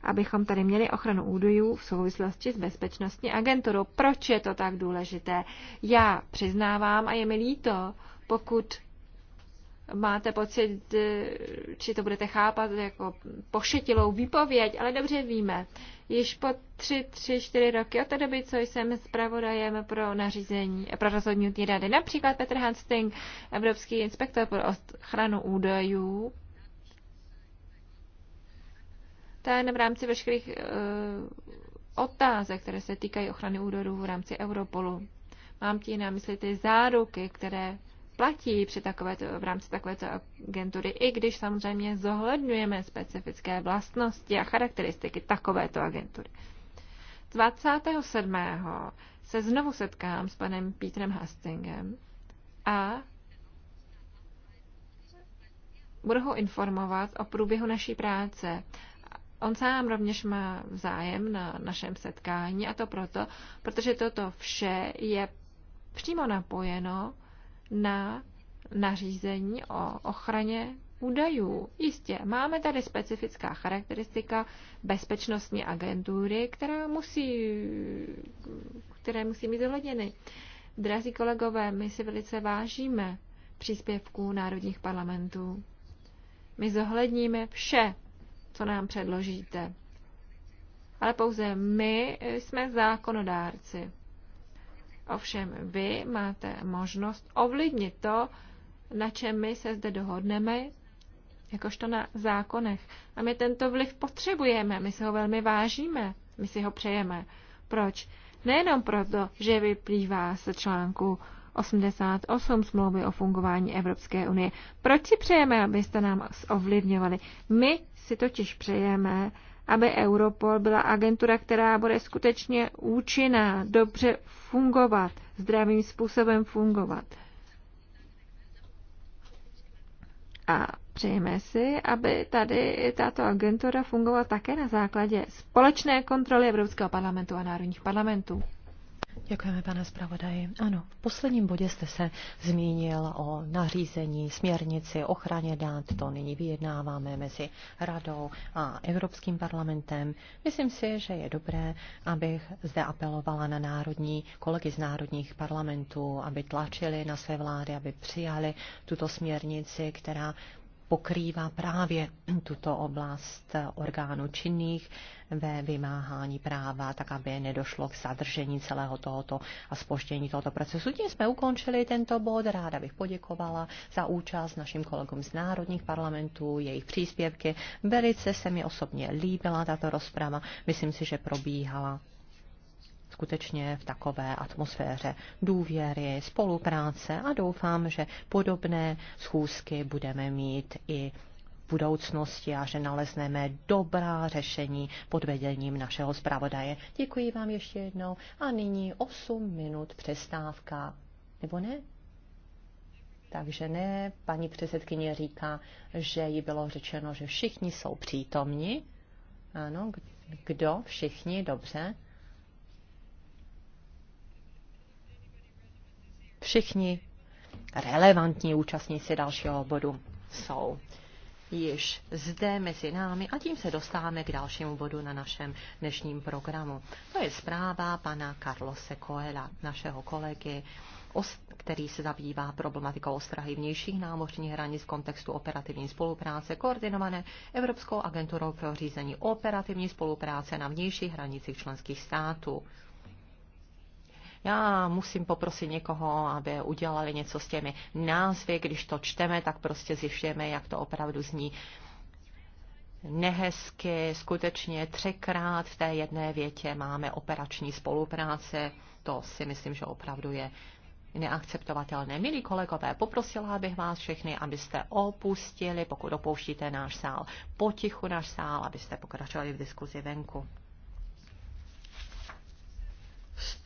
[SPEAKER 5] abychom tady měli ochranu údajů v souvislosti s bezpečnostní agenturou. Proč je to tak důležité? Já přiznávám a je mi líto, pokud máte pocit, eh, či to budete chápat jako pošetilou výpověď, ale dobře víme, již po tři, tři, čtyři roky od té doby, co jsem zpravodajem pro nařízení, pro rozhodnutí rady. Například Petr Hansting, Evropský inspektor pro ochranu údajů, ten v rámci veškerých uh, otázek, které se týkají ochrany údajů v rámci Europolu. Mám ti na mysli ty záruky, které platí při takovéto, v rámci takovéto agentury, i když samozřejmě zohledňujeme specifické vlastnosti a charakteristiky takovéto agentury. 27. se znovu setkám s panem Petrem Hastingem a budu ho informovat o průběhu naší práce. On sám rovněž má zájem na našem setkání a to proto, protože toto vše je přímo napojeno na nařízení o ochraně údajů. Jistě, máme tady specifická charakteristika bezpečnostní agentury, která musí, které musí být zohledněny. Drazí kolegové, my si velice vážíme příspěvků národních parlamentů. My zohledníme vše, co nám předložíte. Ale pouze my jsme zákonodárci. Ovšem vy máte možnost ovlivnit to, na čem my se zde dohodneme, jakožto na zákonech. A my tento vliv potřebujeme, my si ho velmi vážíme, my si ho přejeme. Proč? Nejenom proto, že vyplývá z článku 88 smlouvy o fungování Evropské unie. Proč si přejeme, abyste nám ovlivňovali? My si totiž přejeme, aby Europol byla agentura, která bude skutečně účinná, dobře fungovat, zdravým způsobem fungovat. A přejeme si, aby tady tato agentura fungovala také na základě společné kontroly Evropského parlamentu a národních
[SPEAKER 2] parlamentů. Děkujeme, pane zpravodaji. Ano, v posledním bodě jste se zmínil o nařízení, směrnici, ochraně dát. To nyní vyjednáváme mezi Radou a Evropským parlamentem. Myslím si, že je dobré, abych zde apelovala na národní kolegy z národních parlamentů, aby tlačili na své vlády, aby přijali tuto směrnici, která pokrývá právě tuto oblast orgánů činných ve vymáhání práva, tak aby nedošlo k zadržení celého tohoto a spoždění tohoto procesu. Tím jsme ukončili tento bod. Ráda bych poděkovala za účast našim kolegům z národních parlamentů, jejich příspěvky. Velice se mi osobně líbila tato rozprava. Myslím si, že probíhala skutečně v takové atmosféře důvěry, spolupráce a doufám, že podobné schůzky budeme mít i budoucnosti a že nalezneme dobrá řešení pod vedením našeho zpravodaje. Děkuji vám ještě jednou a nyní 8 minut přestávka. Nebo ne? Takže ne, paní předsedkyně říká, že jí bylo řečeno, že všichni jsou přítomni. Ano, kdo? Všichni, dobře. všichni relevantní účastníci dalšího bodu jsou již zde mezi námi a tím se dostáváme k dalšímu bodu na našem dnešním programu. To je zpráva pana Carlose Coela, našeho kolegy, který se zabývá problematikou ostrahy vnějších námořních hranic v kontextu operativní spolupráce koordinované Evropskou agenturou pro řízení operativní spolupráce na vnějších hranicích členských států. Já musím poprosit někoho, aby udělali něco s těmi názvy. Když to čteme, tak prostě zjišťujeme, jak to opravdu zní nehezky, skutečně třikrát v té jedné větě máme operační spolupráce. To si myslím, že opravdu je neakceptovatelné. Milí kolegové, poprosila bych vás všechny, abyste opustili, pokud opouštíte náš sál, potichu náš sál, abyste pokračovali v diskuzi venku.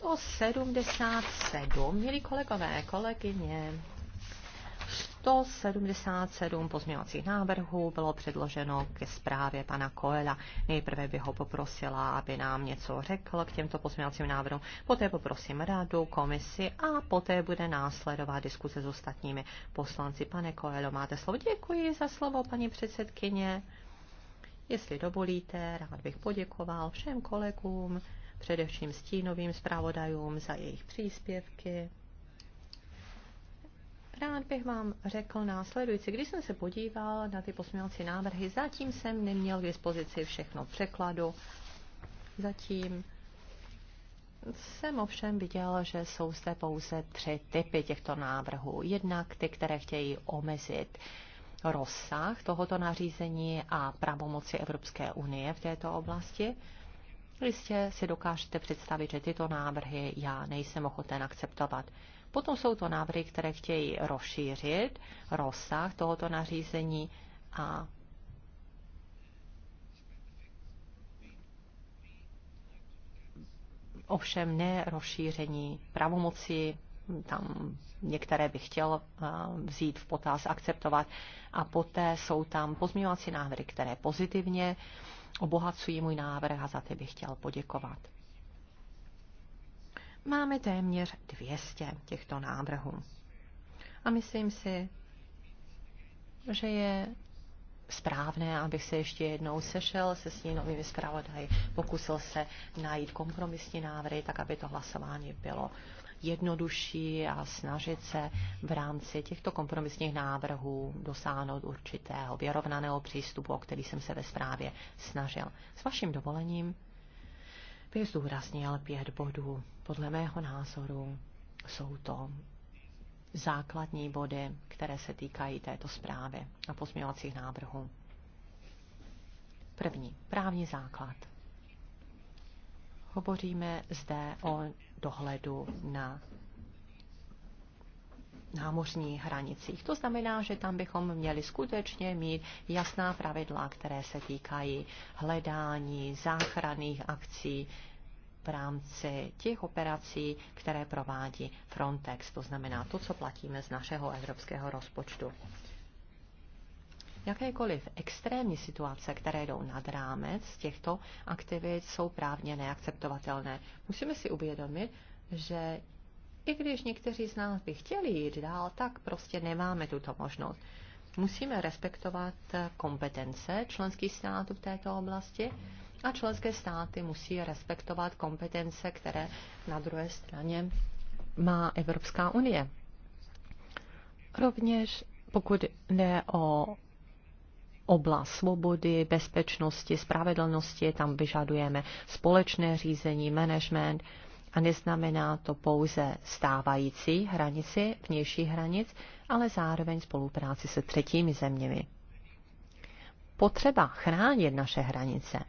[SPEAKER 2] 177, milí kolegové, kolegyně, 177 pozměňovacích návrhů bylo předloženo ke zprávě pana Koela. Nejprve bych ho poprosila, aby nám něco řekl k těmto pozměňovacím návrhům, poté poprosím radu, komisi a poté bude následovat diskuse s ostatními poslanci. Pane Koelo, máte slovo. Děkuji za slovo, paní předsedkyně. Jestli dovolíte, rád bych poděkoval všem kolegům především stínovým zpravodajům za jejich příspěvky. Rád bych vám řekl následující. Když jsem se podíval na ty posměvací návrhy, zatím jsem neměl k dispozici všechno překladu. Zatím jsem ovšem viděl, že jsou zde pouze tři typy těchto návrhů. Jednak ty, které chtějí omezit rozsah tohoto nařízení a pravomoci Evropské unie v této oblasti. Jistě si dokážete představit, že tyto návrhy já nejsem ochoten akceptovat. Potom jsou to návrhy, které chtějí rozšířit rozsah tohoto nařízení a ovšem ne rozšíření pravomoci, tam některé bych chtěl eh, vzít v potaz, akceptovat. A poté jsou tam pozměňovací návrhy, které pozitivně uh, obohacují můj návrh a za ty bych chtěl poděkovat. Máme téměř 200 těchto návrhů. A myslím si, že je správné, abych se ještě jednou sešel se s novými zpravodaji, pokusil se najít kompromisní návrhy, tak aby to hlasování bylo jednodušší a snažit se v rámci těchto kompromisních návrhů dosáhnout určitého vyrovnaného přístupu, o který jsem se ve zprávě snažil. S vaším dovolením bych zdůraznil pět bodů. Podle mého názoru jsou to základní body, které se týkají této zprávy a pozměňovacích návrhů. První, právní základ. Hovoříme zde o dohledu na námořní hranicích. To znamená, že tam bychom měli skutečně mít jasná pravidla, které se týkají hledání, záchranných akcí v rámci těch operací, které provádí Frontex. To znamená to, co platíme z našeho evropského rozpočtu. Jakékoliv extrémní situace, které jdou nad rámec těchto aktivit, jsou právně neakceptovatelné. Musíme si uvědomit, že i když někteří z nás by chtěli jít dál, tak prostě nemáme tuto možnost. Musíme respektovat kompetence členských států v této oblasti a členské státy musí respektovat kompetence, které na druhé straně má Evropská unie. Rovněž pokud jde o oblast svobody, bezpečnosti, spravedlnosti, tam vyžadujeme společné řízení, management a neznamená to pouze stávající hranici, vnější hranic, ale zároveň spolupráci se třetími zeměmi. Potřeba chránit naše hranice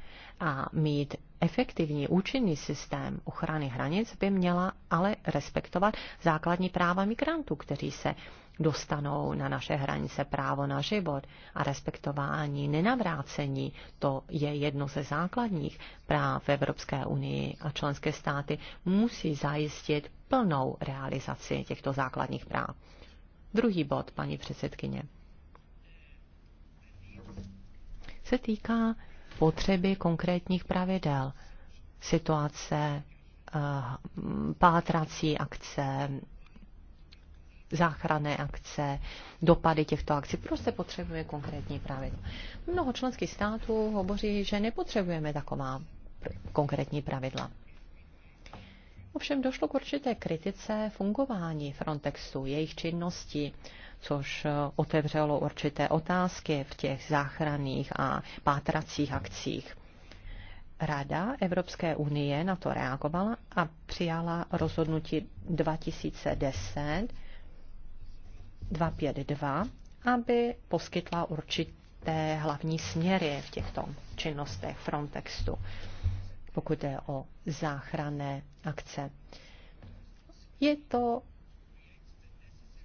[SPEAKER 2] a mít efektivní účinný systém ochrany hranic by měla ale respektovat základní práva migrantů, kteří se dostanou na naše hranice právo na život a respektování nenavrácení. To je jedno ze základních práv v Evropské unii a členské státy musí zajistit plnou realizaci těchto základních práv. Druhý bod, paní předsedkyně, se týká potřeby konkrétních pravidel, situace, eh, hm, pátrací akce, záchranné akce, dopady těchto akcí. Prostě potřebuje konkrétní pravidla. Mnoho členských států hovoří, že nepotřebujeme taková konkrétní pravidla. Ovšem došlo k určité kritice fungování Frontexu, jejich činnosti, což eh, otevřelo určité otázky v těch záchranných a pátracích akcích. Rada Evropské unie na to reagovala a přijala rozhodnutí 2010 252, aby poskytla určité hlavní směry v těchto činnostech Frontextu, pokud je o záchranné akce. Je to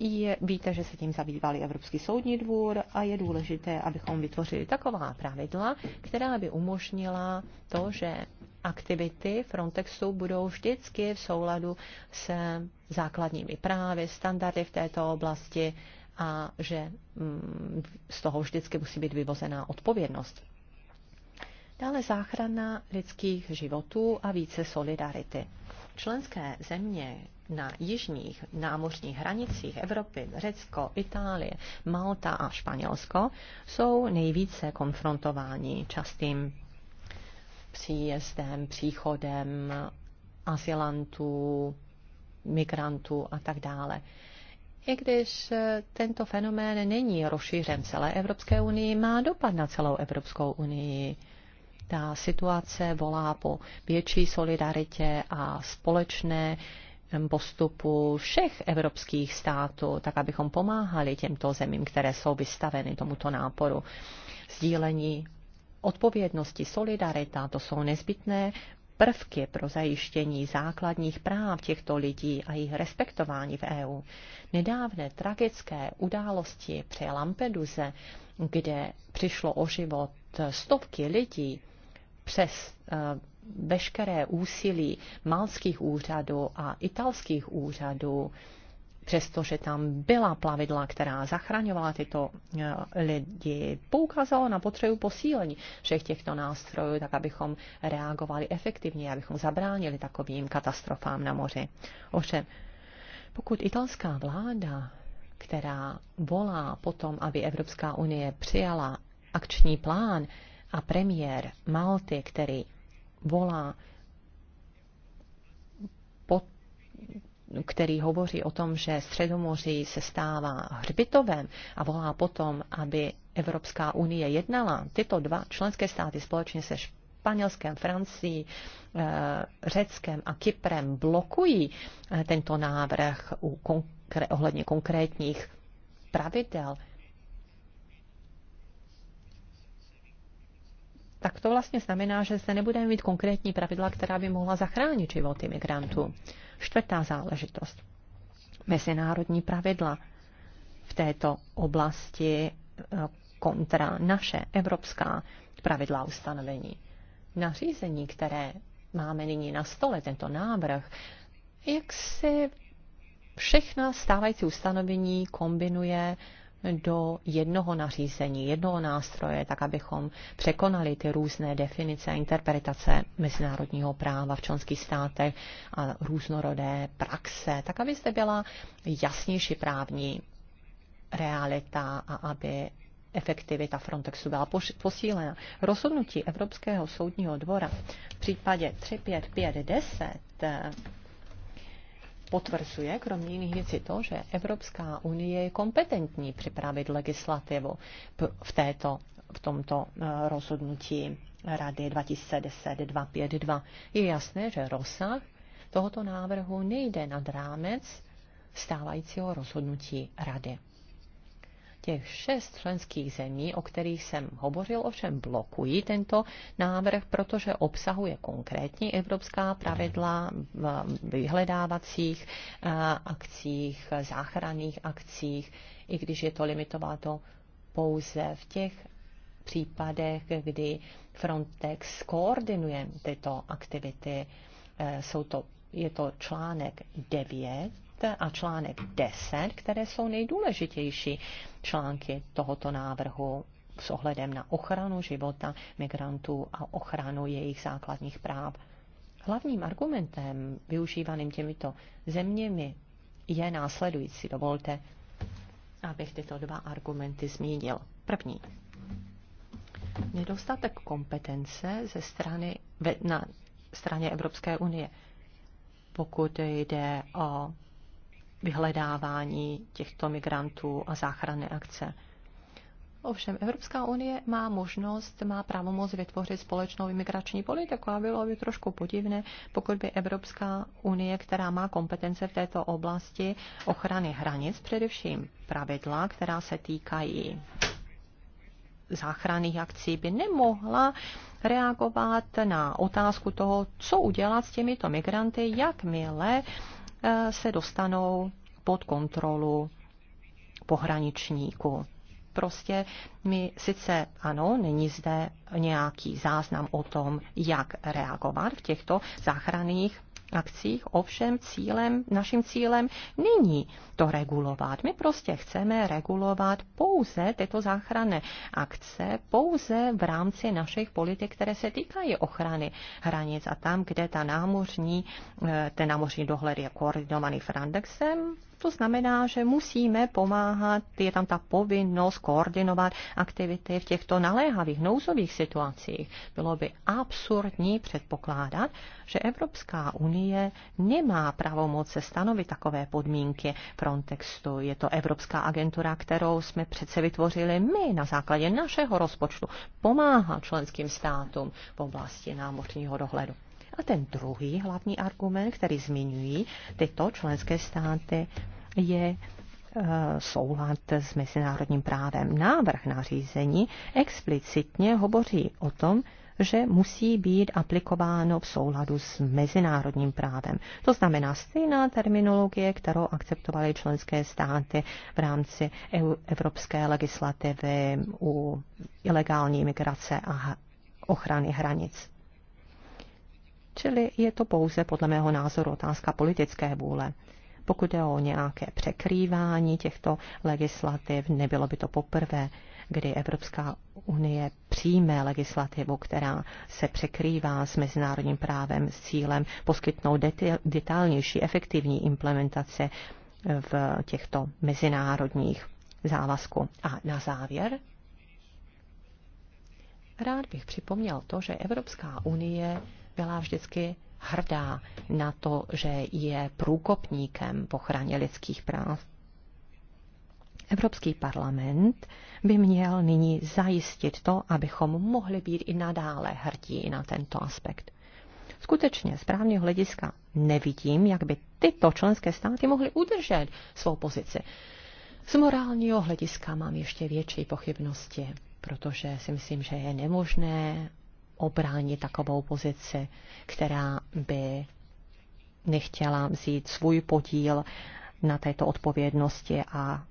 [SPEAKER 2] je, víte, že se tím zabývali Evropský soudní dvůr a je důležité, abychom vytvořili taková pravidla, která by umožnila to, že aktivity Frontexu budou vždycky v souladu se základními právy, standardy v této oblasti a že mm, z toho vždycky musí být vyvozená odpovědnost. Dále záchrana lidských životů a více solidarity. Členské země, na jižních námořních hranicích Evropy, Řecko, Itálie, Malta a Španělsko, jsou nejvíce konfrontováni častým příjezdem, příchodem asilantů, migrantů a tak dále. I když tento fenomén není rozšířen celé Evropské unii, má dopad na celou Evropskou unii. Ta situace volá po větší solidaritě a společné postupu všech evropských států, tak abychom pomáhali těmto zemím, které jsou vystaveny tomuto náporu. Sdílení odpovědnosti, solidarita, to jsou nezbytné prvky pro zajištění základních práv těchto lidí a jejich respektování v EU. Nedávné tragické události při Lampeduze, kde přišlo o život stovky lidí přes eh, veškeré úsilí malských úřadů a italských úřadů, přestože tam byla plavidla, která zachraňovala tyto eh, lidi, poukázalo na potřebu posílení všech těchto nástrojů, tak abychom reagovali efektivně, abychom zabránili takovým katastrofám na moři. Ovšem, pokud italská vláda, která volá potom, aby Evropská unie přijala akční plán a premiér Malty, který volá, pod, který hovoří o tom, že Středomoří se stává hřbitovem a volá potom, aby Evropská unie jednala. Tyto dva členské státy společně se Španělskem, Francii, eh, Řeckem a Kyprem blokují eh, tento návrh u konkr- ohledně konkrétních pravidel. tak to vlastně znamená, že se nebudeme mít konkrétní pravidla, která by mohla zachránit životy migrantů. Čtvrtá záležitost. Mezinárodní pravidla v této oblasti e, kontra naše evropská pravidla ustanovení. Nařízení, které máme nyní na stole, tento návrh, jak si všechna stávající ustanovení kombinuje uh, do jednoho nařízení, jednoho nástroje, tak abychom překonali ty různé definice a interpretace mezinárodního práva v členských státech a různorodé praxe, tak aby zde byla jasnější právní realita a aby efektivita Frontexu byla posílena. Rozhodnutí Evropského soudního dvora v případě 35510 potvrzuje kromě jiných věcí to, že Evropská unie je kompetentní připravit legislativu v, této, v tomto eh, rozhodnutí Rady 2010-252. Je jasné, že rozsah tohoto návrhu nejde nad rámec stávajícího rozhodnutí Rady. Těch šest členských zemí, o kterých jsem hovořil, ovšem blokují tento návrh, protože obsahuje konkrétní evropská pravidla v vyhledávacích eh, akcích, záchranných akcích, i když je to limitováno pouze v těch případech, kdy Frontex koordinuje tyto aktivity. Eh, jsou to, je to článek 9 a článek 10, které jsou nejdůležitější články tohoto návrhu s ohledem na ochranu života migrantů a ochranu jejich základních práv. Hlavním argumentem využívaným těmito zeměmi je následující. Dovolte, abych tyto dva argumenty zmínil. První. Nedostatek kompetence ze strany, na straně Evropské unie, pokud jde o vyhledávání těchto migrantů a záchranné akce. Ovšem, Evropská unie má možnost, má pravomoc vytvořit společnou imigrační politiku a bylo by trošku podivné, pokud by Evropská unie, která má kompetence v této oblasti ochrany hranic, především pravidla, která se týkají záchranných akcí, by nemohla reagovat na otázku toho, co udělat s těmito migranty, jakmile Eh, se dostanou pod kontrolu pohraničníku. Prostě my sice ano, není zde nějaký záznam o tom, jak reagovat v těchto záchranných akcích, ovšem cílem, naším cílem není to regulovat. My prostě chceme regulovat pouze tyto záchranné akce, pouze v rámci našich politik, které se týkají ochrany hranic a tam, kde ta námořní, eh, ten námořní dohled je koordinovaný Frandexem, to znamená, že musíme pomáhat, je tam ta povinnost koordinovat aktivity v těchto naléhavých nouzových situacích. Bylo by absurdní předpokládat, že Evropská unie nemá pravomoce stanovit takové podmínky Frontextu. Je to Evropská agentura, kterou jsme přece vytvořili my na základě našeho rozpočtu. Pomáhá členským státům v oblasti námořního dohledu. A ten druhý hlavní argument, který zmiňují tyto členské státy, je eh, soulad s mezinárodním právem. Návrh nařízení explicitně hovoří o tom, že musí být aplikováno v souladu s mezinárodním právem. To znamená stejná terminologie, kterou akceptovaly členské státy v rámci evropské legislativy u ilegální migrace a ochrany hranic. Čili je to pouze podle mého názoru otázka politické vůle. Pokud je o nějaké překrývání těchto legislativ, nebylo by to poprvé, kdy Evropská unie přijme legislativu, která se překrývá s mezinárodním právem s cílem poskytnout detailnější, efektivní implementace v těchto mezinárodních závazků. A na závěr rád bych připomněl to, že Evropská unie byla vždycky hrdá na to, že je průkopníkem v ochraně lidských práv. Evropský parlament by měl nyní zajistit to, abychom mohli být i nadále hrdí na tento aspekt. Skutečně z právního hlediska nevidím, jak by tyto členské státy mohly udržet svou pozici. Z morálního hlediska mám ještě větší pochybnosti, protože si myslím, že je nemožné obránit takovou pozici, která by nechtěla vzít svůj podíl na této odpovědnosti a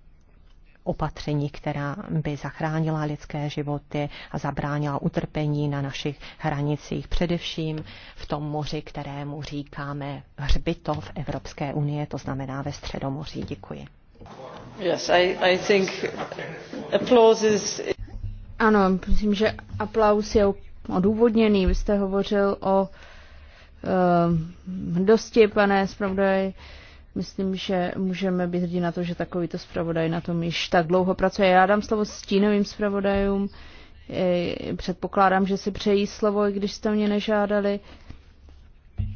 [SPEAKER 2] opatření, která by zachránila lidské životy a zabránila utrpení na našich hranicích, především v tom moři, kterému říkáme hřbitov Evropské unie, to znamená ve Středomoří. Děkuji.
[SPEAKER 1] Yes, I, I
[SPEAKER 3] think applause is... Ano, myslím, že aplaus je odůvodněný. Vy jste hovořil o uh, eh, dosti, pane zpravodaj. Myslím, že můžeme být hrdí na to, že takovýto zpravodaj na tom již tak dlouho pracuje. Já dám slovo stínovým zpravodajům. Eh, předpokládám, že si přejí slovo, i když jste mě nežádali.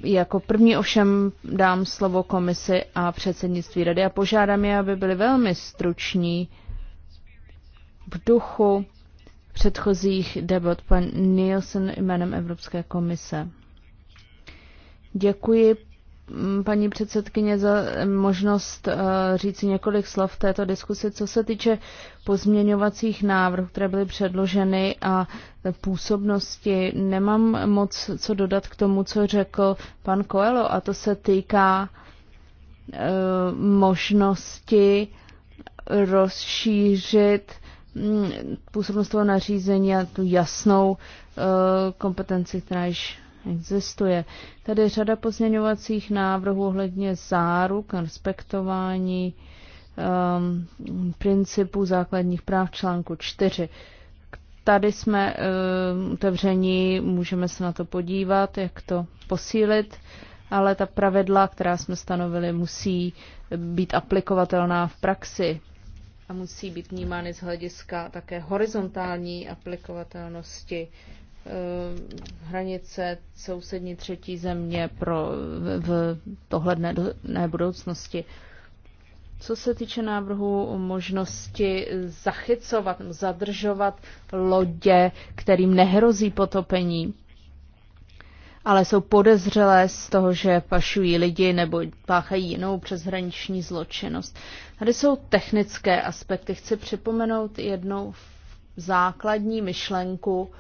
[SPEAKER 3] Jako první ovšem dám slovo komisi a předsednictví rady a požádám je, aby byli velmi struční v duchu předchozích debat pan Nielsen jménem Evropské komise. Děkuji mm, paní předsedkyně za eh, možnost eh, říci několik slov v této diskusi, co se týče pozměňovacích návrhů, které byly předloženy a působnosti. Nemám moc co dodat k tomu, co řekl pan Coelho a to se týká eh, možnosti rozšířit Mm, působnost toho nařízení a tu jasnou eh, kompetenci, která již existuje. Tady je řada pozměňovacích návrhů ohledně záruk a respektování um, principů základních práv článku 4. Tady jsme um, otevření, můžeme se na to podívat, jak to posílit, ale ta pravidla, která jsme stanovili, musí být aplikovatelná v praxi a musí být vnímány z hlediska také horizontální aplikovatelnosti ehm, hranice sousední třetí země pro v do, ne budoucnosti. Co se týče návrhu možnosti zachycovat, zadržovat lodě, kterým nehrozí potopení, ale jsou podezřelé z toho, že pašují lidi nebo páchají jinou přeshraniční zločinnost. Tady jsou technické aspekty. Chci připomenout jednu základní myšlenku,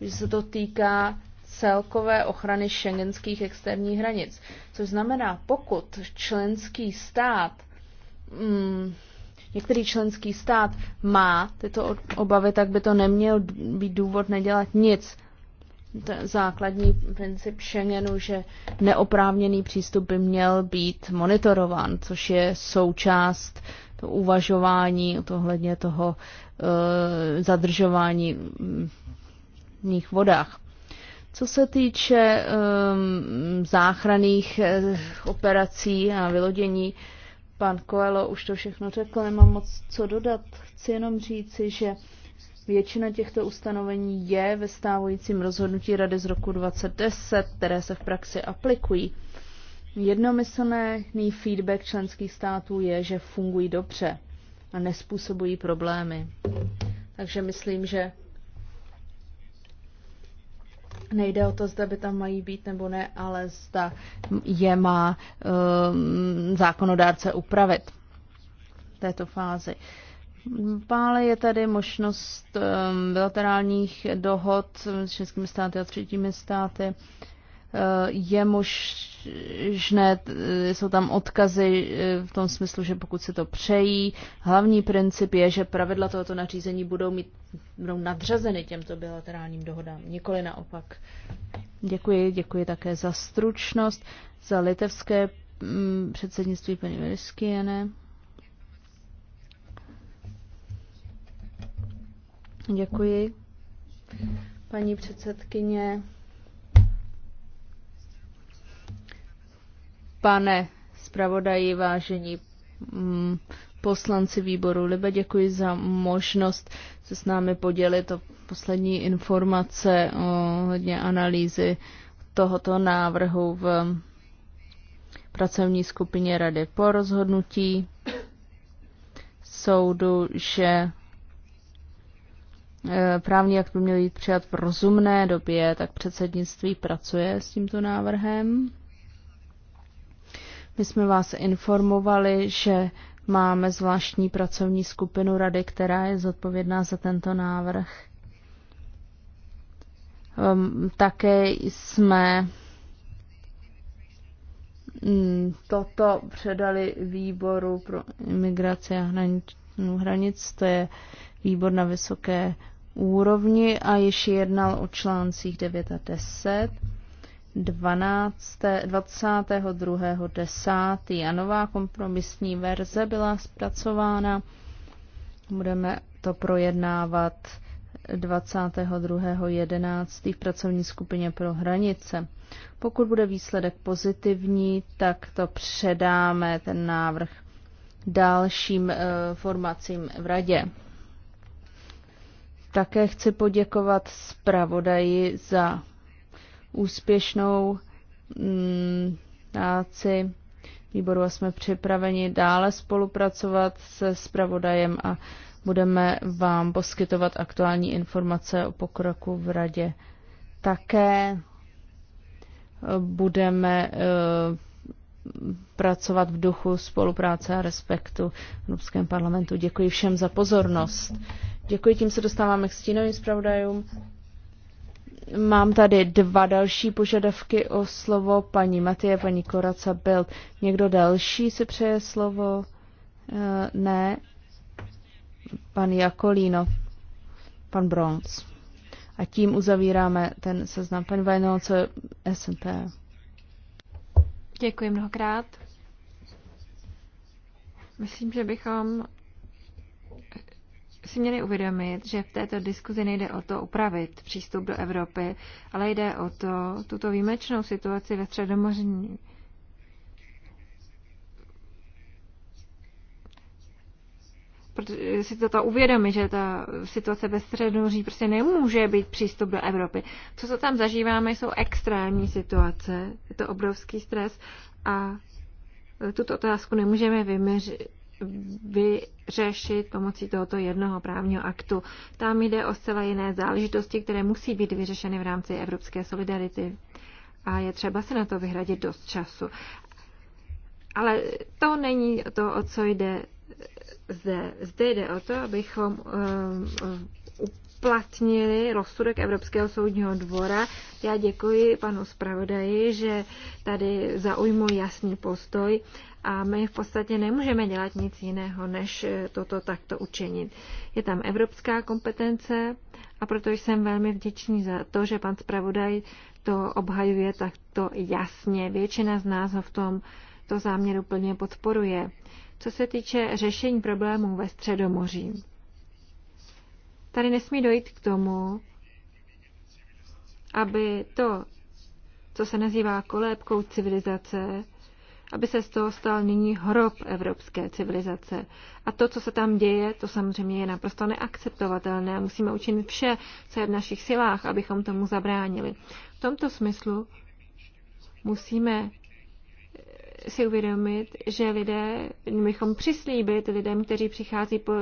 [SPEAKER 3] že se to týká celkové ochrany šengenských externích hranic. Což znamená, pokud členský stát, mm, některý členský stát má tyto obavy, tak by to neměl být důvod nedělat nic základní princip Schengenu, že neoprávněný přístup by měl být monitorován, což je součást to uvažování ohledně toho e, zadržování mm, v nich vodách. Co se týče e, záchranných e, operací a vylodění, pan Coelho už to všechno řekl, nemám moc co dodat. Chci jenom říci, že Většina těchto ustanovení je ve stávajícím rozhodnutí Rady z roku 2010, které se v praxi aplikují. Jednomyslný feedback členských států je, že fungují dobře a nespůsobují problémy. Takže myslím, že nejde o to, zda by tam mají být nebo ne, ale zda je má um, zákonodárce upravit v této fázi. Uh, Pále je tady možnost um, bilaterálních dohod s českými státy a třetími státy. Uh, je možné, uh, jsou tam odkazy uh, v tom smyslu, že pokud se to přejí, hlavní princip je, že pravidla tohoto nařízení budou, mít, budou nadřazeny těmto bilaterálním dohodám, nikoli naopak. Děkuji, děkuji také za stručnost, za litevské mm, předsednictví paní Veriskiene. Děkuji. Paní předsedkyně, pane zpravodaji, vážení mm, poslanci výboru Libe, děkuji za možnost se s námi podělit o poslední informace ohledně analýzy tohoto návrhu v pracovní skupině Rady po rozhodnutí soudu, že Eh, Právní akt by měl být přijat v rozumné době, tak předsednictví pracuje s tímto návrhem. My jsme vás informovali, že máme zvláštní pracovní skupinu rady, která je zodpovědná za tento návrh. Ehm, také jsme mm, toto předali výboru pro imigraci a hranic, hranic to je výbor na vysoké úrovni a již jednal o článcích 9 a 10. 12. 22.10. a nová kompromisní verze byla zpracována. Budeme to projednávat 22.11. v pracovní skupině pro hranice. Pokud bude výsledek pozitivní, tak to předáme ten návrh dalším eh, formacím v radě. Také chci poděkovat zpravodaji za úspěšnou mm, práci výboru a jsme připraveni dále spolupracovat se zpravodajem a budeme vám poskytovat aktuální informace o pokroku v radě. Také eh, budeme eh, pracovat v duchu spolupráce a respektu v Evropském parlamentu. Děkuji všem za pozornost. Děkuji, tím se dostáváme k stínovým zpravodajům. Mám tady dva další požadavky o slovo paní Matěje, paní Koraca byl Někdo další si přeje slovo? Eh, ne. Pan Jakolíno, pan Bronz. A tím uzavíráme ten seznam. Paní je SNP.
[SPEAKER 5] Děkuji mnohokrát. Myslím, že bychom si měli uvědomit, že v této diskuzi nejde o to upravit přístup do Evropy, ale jde o to tuto výjimečnou situaci ve Středomoří si toto uvědomí, že ta situace ve říct, prostě nemůže být přístup do Evropy. Co se tam zažíváme, jsou extrémní situace, je to obrovský stres a tuto otázku nemůžeme vyměřit vyřešit pomocí tohoto jednoho právního aktu. Tam jde o zcela jiné záležitosti, které musí být vyřešeny v rámci evropské solidarity. A je třeba se na to vyhradit dost času. Ale to není to, o co jde zde. Zde jde o to, abychom um, uplatnili rozsudek Evropského soudního dvora. Já děkuji panu zpravodaji, že tady zaujmu jasný postoj a my v podstatě nemůžeme dělat nic jiného, než toto takto učinit. Je tam evropská kompetence a proto jsem velmi vděčný za to, že pan zpravodaj to obhajuje takto jasně. Většina z nás ho v tom to záměru plně podporuje. Co se týče řešení problémů ve Středomoří, Tady nesmí dojít k tomu, aby to, co se nazývá kolébkou civilizace, aby se z toho stal nyní hrob evropské civilizace. A to, co se tam děje, to samozřejmě je naprosto neakceptovatelné musíme učinit vše, co je v našich silách, abychom tomu zabránili. V tomto smyslu musíme si uvědomit, že lidé, bychom přislíbit lidem, kteří přichází po,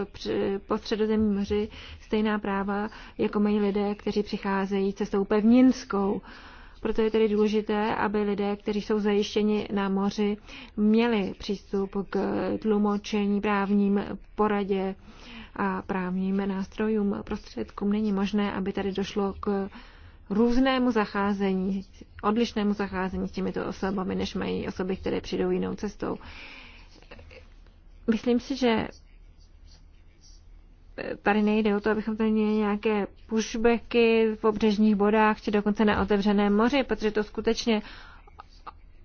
[SPEAKER 5] po středozemní moři, stejná práva, jako mají lidé, kteří přicházejí cestou pevninskou. Proto je tedy důležité, aby lidé, kteří jsou zajištěni na moři, měli přístup k tlumočení, právním poradě a právním nástrojům, prostředkům. Není možné, aby tady došlo k různému zacházení, odlišnému zacházení s těmito osobami, než mají osoby, které přijdou jinou cestou. Myslím si, že tady nejde o to, abychom tady měli nějaké pushbacky v pobřežních bodách, či dokonce na otevřeném moři, protože to skutečně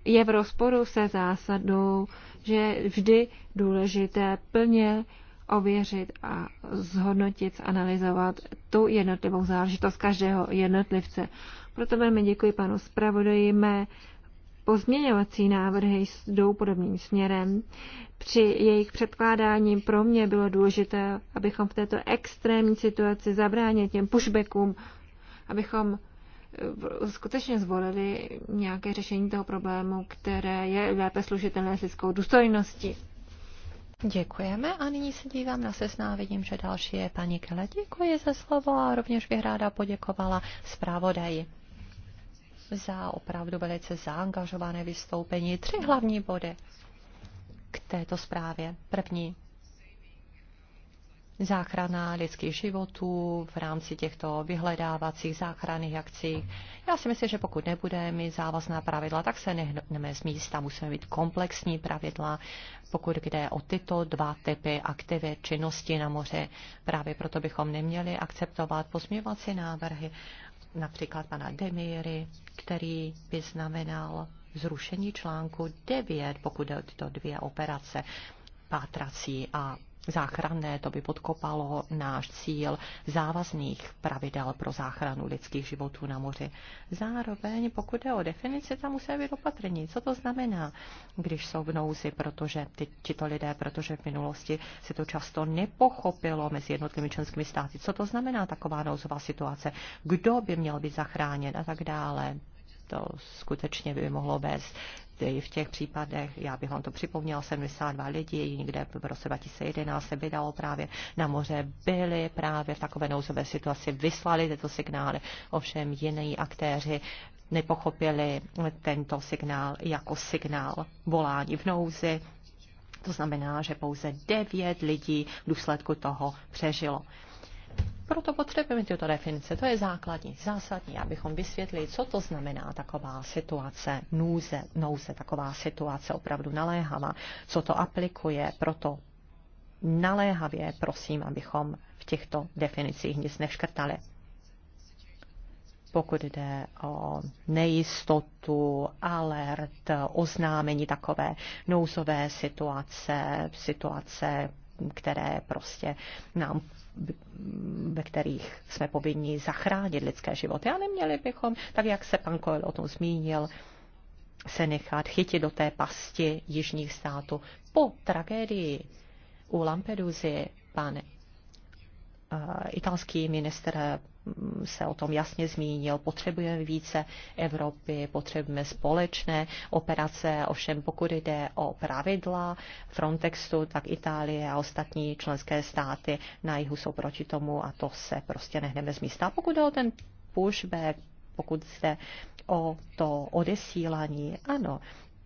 [SPEAKER 5] je v rozporu se zásadou, že je vždy důležité plně ověřit a zhodnotit, analyzovat tu jednotlivou záležitost každého jednotlivce. Proto velmi děkuji panu zpravodaji. Mé pozměňovací návrhy jdou podobným směrem. Při jejich předkládání pro mě bylo důležité, abychom v této extrémní situaci zabránili těm pushbackům, abychom eh, skutečně zvolili nějaké řešení toho problému, které je lépe služitelné
[SPEAKER 2] s lidskou důstojností. Děkujeme a nyní se dívám na seznám, vidím, že další je paní Kele. Děkuji za slovo a rovněž bych ráda poděkovala zpravodaji za opravdu velice zaangažované vystoupení. Tři hlavní body k této zprávě. První, záchrana lidských životů v rámci těchto vyhledávacích záchranných akcí. Já si myslím, že pokud nebudeme mi závazná pravidla, tak se nehneme z místa, musíme mít komplexní pravidla, pokud jde o tyto dva typy aktivy činnosti na moře Právě proto bychom neměli akceptovat pozměvací návrhy například pana Demiry, který by znamenal zrušení článku 9, pokud jde o tyto dvě operace pátrací a záchranné, to by podkopalo náš cíl závazných pravidel pro záchranu lidských životů na moři. Zároveň, pokud jde o definici, tam musí být opatrní. Co to znamená, když jsou v nouzi, protože ty, tito lidé, protože v minulosti se to často nepochopilo mezi jednotlivými členskými státy. Co to znamená taková nouzová situace? Kdo by měl být zachráněn a tak dále? to skutečně by mohlo vést i v těch případech, já bych vám to připomněla, 72 lidí někde v roce 2011 se vydalo právě na moře, byli právě v takové nouzové situaci, vyslali tyto signály, ovšem jiní aktéři nepochopili tento signál jako signál volání v nouzi. To znamená, že pouze devět lidí v důsledku toho přežilo. Proto potřebujeme tyto definice. To je základní, zásadní, abychom vysvětlili, co to znamená taková situace, nůze, nouze, taková situace opravdu naléhavá, co to aplikuje, proto naléhavě prosím, abychom v těchto definicích nic neškrtali. Pokud jde o nejistotu, alert, oznámení takové nouzové situace, situace, které prostě nám, ve kterých jsme povinni zachránit lidské životy. A neměli bychom, tak jak se pan Koel o tom zmínil, se nechat chytit do té pasti jižních států. Po tragédii u Lampedusy pan eh, italský minister se o tom jasně zmínil. Potřebujeme více Evropy, potřebujeme společné operace, ovšem pokud jde o pravidla Frontexu, tak Itálie a ostatní členské státy na jihu jsou proti tomu a to se prostě nehneme z místa. A pokud jde o ten pushback, pokud jste o to odesílání. Ano,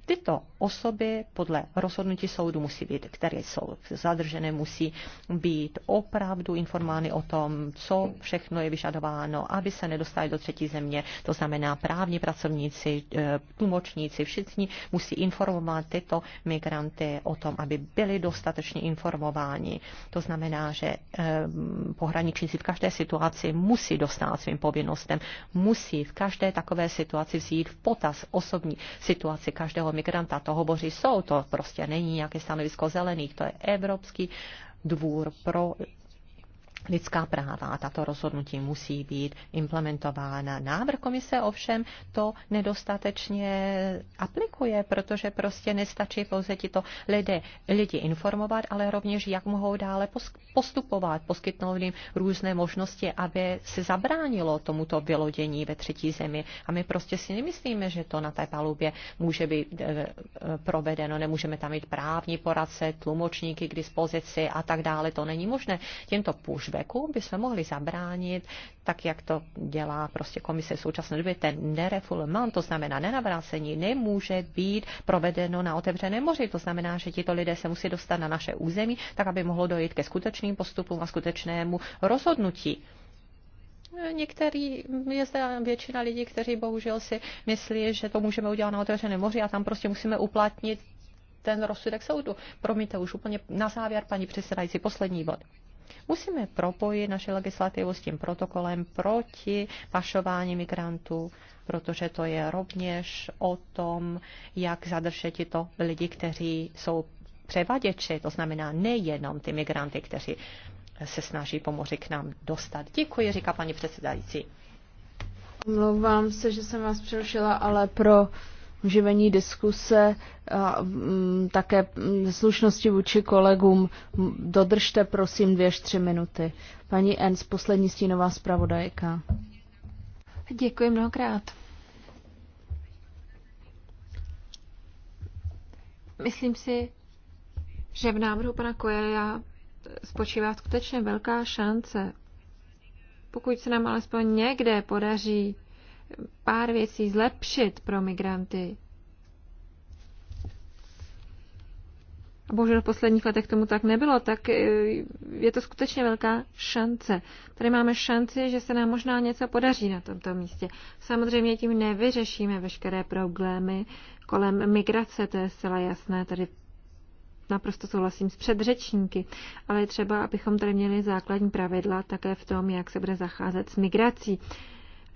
[SPEAKER 2] Tyto osoby podle rozhodnutí soudu musí být, které jsou zadržené, musí být opravdu informány o tom, co všechno je vyžadováno, aby se nedostali do třetí země. To znamená právní pracovníci, eh, tlumočníci, všichni musí informovat tyto migranty o tom, aby byli dostatečně informováni. To znamená, že eh, pohraničníci v každé situaci musí dostat svým povinnostem, musí v každé takové situaci vzít v potaz osobní situaci každého migranta, to hovoří soud, to prostě není nějaké stanovisko zelených, to je Evropský dvůr pro lidská práva a tato rozhodnutí musí být implementována. Návrh komise ovšem to nedostatečně aplikuje, protože prostě nestačí pouze tito lidé, lidi informovat, ale rovněž jak mohou dále postupovat, poskytnout jim různé možnosti, aby se zabránilo tomuto vylodění ve třetí zemi. A my prostě si nemyslíme, že to na té palubě může být eh, eh, provedeno, nemůžeme tam mít právní poradce, tlumočníky k dispozici a tak dále. To není možné. Těmto pushback veku by se mohli zabránit, tak jak to dělá prostě komise v současné době, ten nerefulement, to znamená nenavrácení, nemůže být provedeno na otevřeném moři. To znamená, že tito lidé se musí dostat na naše území, tak aby mohlo dojít ke skutečným postupům a skutečnému rozhodnutí. Některý, je zde většina lidí, kteří bohužel si myslí, že to můžeme udělat na otevřeném moři a tam prostě musíme uplatnit ten rozsudek soudu. Promiňte, už úplně na závěr, paní předsedající, poslední bod. Musíme propojit naši legislativu s tím protokolem proti pašování migrantů, protože to je rovněž o tom, jak zadržet tyto lidi, kteří jsou převaděči, to znamená nejenom ty migranty, kteří se snaží pomoci k nám dostat. Děkuji, říká paní předsedající. Omlouvám se,
[SPEAKER 3] že jsem vás přerušila, ale pro živení diskuse a mm, také slušnosti vůči kolegům. Dodržte prosím dvě až tři minuty. Paní Enz, poslední stínová zpravodajka.
[SPEAKER 5] Děkuji mnohokrát. Myslím si, že v návrhu pana Koelia spočívá skutečně velká šance. Pokud se nám alespoň někde podaří pár věcí zlepšit pro migranty. A bohužel v posledních letech tomu tak nebylo, tak e, je to skutečně velká šance. Tady máme šanci, že se nám možná něco podaří na tomto místě. Samozřejmě tím nevyřešíme veškeré problémy kolem migrace, to je zcela jasné. Tady naprosto souhlasím s předřečníky, ale je třeba, abychom tady měli základní pravidla také v tom, jak se bude zacházet s migrací.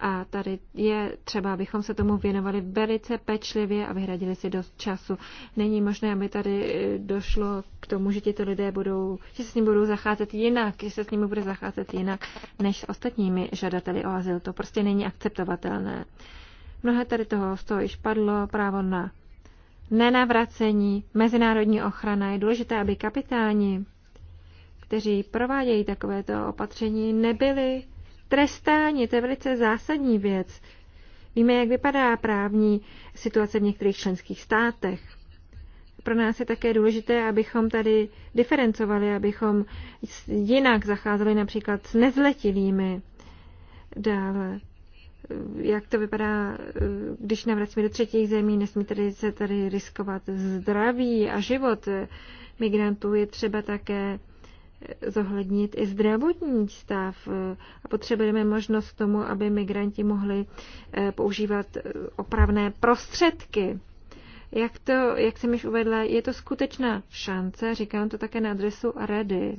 [SPEAKER 5] A tady je třeba, abychom se tomu věnovali velice pečlivě a vyhradili si dost času. Není možné, aby tady eh, došlo k tomu, že tyto lidé budou, že se s ním budou zacházet jinak, že se s nimi bude zacházet jinak než s ostatními žadateli o azyl. To prostě není akceptovatelné. Mnohé tady toho z toho již padlo, právo na nenavracení, mezinárodní ochrana. Je důležité, aby kapitáni, kteří provádějí takovéto opatření, nebyli Trestání To je velice zásadní věc. Víme, jak vypadá právní situace v některých členských státech. Pro nás je také důležité, abychom tady diferencovali, abychom jinak zacházeli například s nezletilými. Dále, jak to vypadá, když navracíme do třetích zemí, nesmí tady se tady riskovat zdraví a život migrantů. Je třeba také zohlednit i zdravotní stav a potřebujeme možnost k tomu, aby migranti mohli eh, používat eh, opravné prostředky. Jak, to, jak jsem již uvedla, je to skutečná šance, říkám to také na adresu Rady.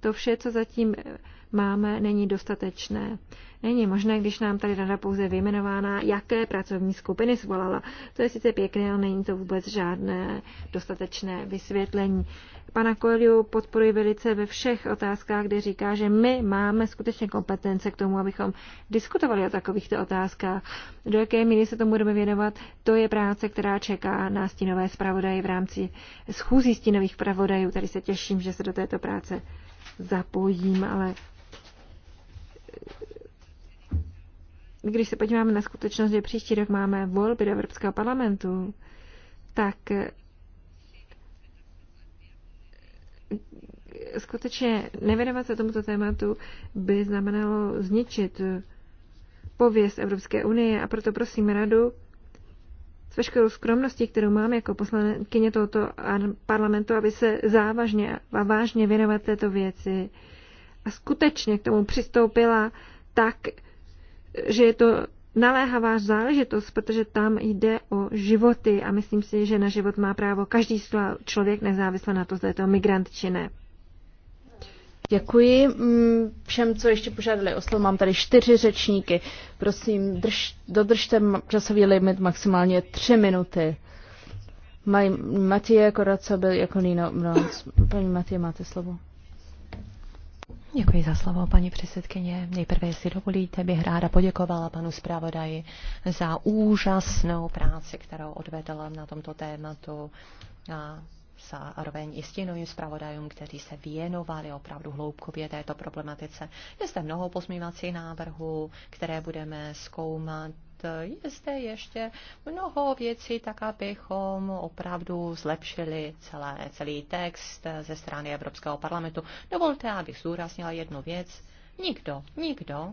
[SPEAKER 5] To vše, co zatím eh, máme, není dostatečné. Není možné, když nám tady rada pouze vyjmenována, jaké pracovní skupiny zvolala, To je sice pěkné, ale není to vůbec žádné dostatečné vysvětlení. Pana Koeliu podporuji velice ve všech otázkách, kde říká, že my máme skutečně kompetence k tomu, abychom diskutovali o takovýchto otázkách. Do jaké míry se tomu budeme věnovat, to je práce, která čeká na stínové zpravodaje v rámci schůzí stínových zpravodajů. Tady se těším, že se do této práce zapojím, ale když se podíváme na skutečnost, že příští rok máme volby do Evropského parlamentu, tak eh, skutečně nevěnovat se tomuto tématu by znamenalo zničit pověst Evropské unie a proto prosím radu s veškerou skromností, kterou mám jako poslankyně tohoto parlamentu, aby se závažně a vážně věnovat této věci a skutečně k tomu přistoupila tak, že je to naléhavá záležitost, protože tam jde o životy a myslím si, že na život má právo každý
[SPEAKER 3] člověk nezávisle na to, zda je to migrant či ne. Děkuji mm, všem, co ještě požádali o slovo. Mám tady čtyři řečníky. Prosím, drž, dodržte časový limit maximálně tři minuty. Mají Matěje Koraca byl jako Nino Bronz. Paní Matěje, máte slovo.
[SPEAKER 2] Děkuji za slovo, paní předsedkyně. Nejprve, jestli dovolíte, bych ráda poděkovala panu zpravodaji za úžasnou práci, kterou odvedla na tomto tématu a zároveň i stěnovým zpravodajům, kteří se věnovali opravdu hloubkově této problematice. Je zde mnoho pozměňovacích návrhů, které budeme zkoumat je zde ještě mnoho věcí, tak abychom opravdu zlepšili celé, celý text ze strany Evropského parlamentu. Dovolte, abych zúraznila jednu věc. Nikdo, nikdo